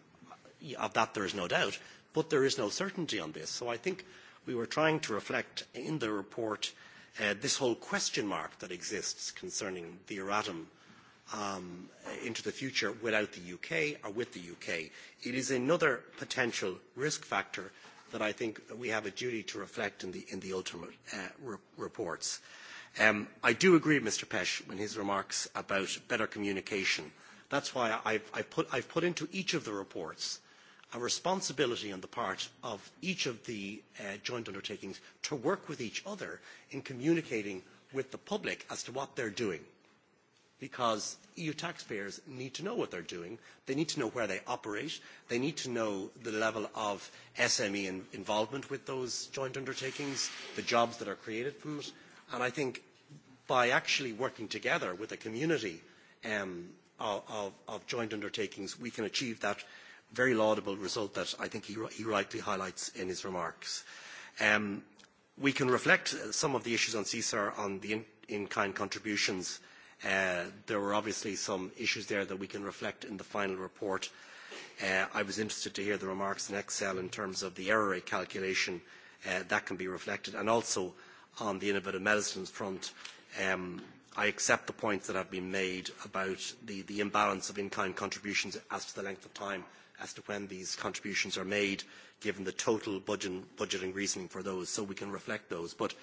Of that, there is no doubt but there is no certainty on this. So I think we were trying to reflect in the report uh, this whole question mark that exists concerning the erratum um, into the future without the UK or with the UK. It is another potential risk factor that I think we have a duty to reflect in the, in the ultimate uh, re reports. Um, I do agree with Mr. Pesh in his remarks about better communication. That's why I've, I've, put, I've put into each of the reports a responsibility on the part of each of the uh, joint undertakings to work with each other in communicating with the public as to what they're doing. Because EU taxpayers need to know what they're doing, they need to know where they operate, they need to know the level of SME in involvement with those joint undertakings, the jobs that are created from it. And I think by actually working together with a community um, of, of, of joint undertakings, we can achieve that very laudable result that I think he, he rightly highlights in his remarks. Um, we can reflect uh, some of the issues on CSAR on the in, kind contributions. Uh, there were obviously some issues there that we can reflect in the final report. Uh, I was interested to hear the remarks in Excel in terms of the error rate calculation uh, that can be reflected, and also on the innovative medicines front. Um, I accept the points that have been made about the, the imbalance of in-kind contributions as to the length of time as to when these contributions are made, given the total budget, budgeting reasoning for those, so we can reflect those. But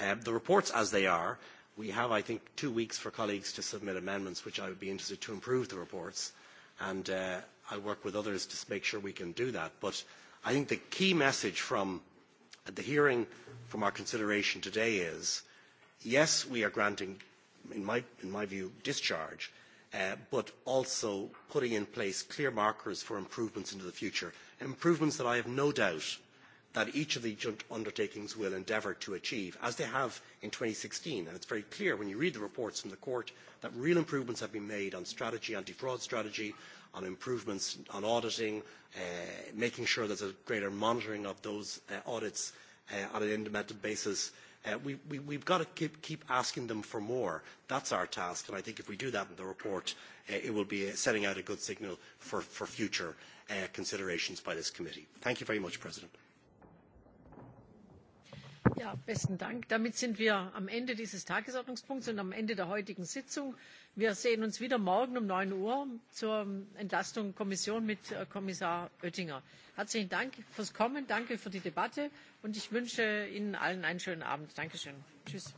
um, the reports as they are, we have, I think, two weeks for colleagues to submit amendments, which I would be interested to improve the reports. And uh, I work with others to make sure we can do that. But I think the key message from the hearing, from our consideration today is, yes, we are granting, in my, in my view, discharge, Uh, but also putting in place clear markers for improvements into the future, improvements that I have no doubt that each of the joint undertakings will endeavour to achieve, as they have in 2016. And it's very clear when you read the reports from the court that real improvements have been made on strategy, anti-fraud strategy, on improvements on auditing, uh, making sure there's a greater monitoring of those uh, audits uh, on an independent basis, Uh, we, we, we've got to keep, keep asking them for more. That's our task, and I think if we do that in the report, uh, it will be uh, setting out a good signal for, for future uh, considerations by this committee. Thank you very much, President. Ja, besten Dank. Damit sind wir am Ende dieses Tagesordnungspunkts und am Ende der heutigen Sitzung. Wir sehen uns wieder morgen um 9 Uhr zur Entlastung Kommission mit äh, Kommissar Oettinger. Herzlichen Dank fürs Kommen, danke für die Debatte und ich wünsche Ihnen allen einen schönen Abend. Dankeschön. Tschüss.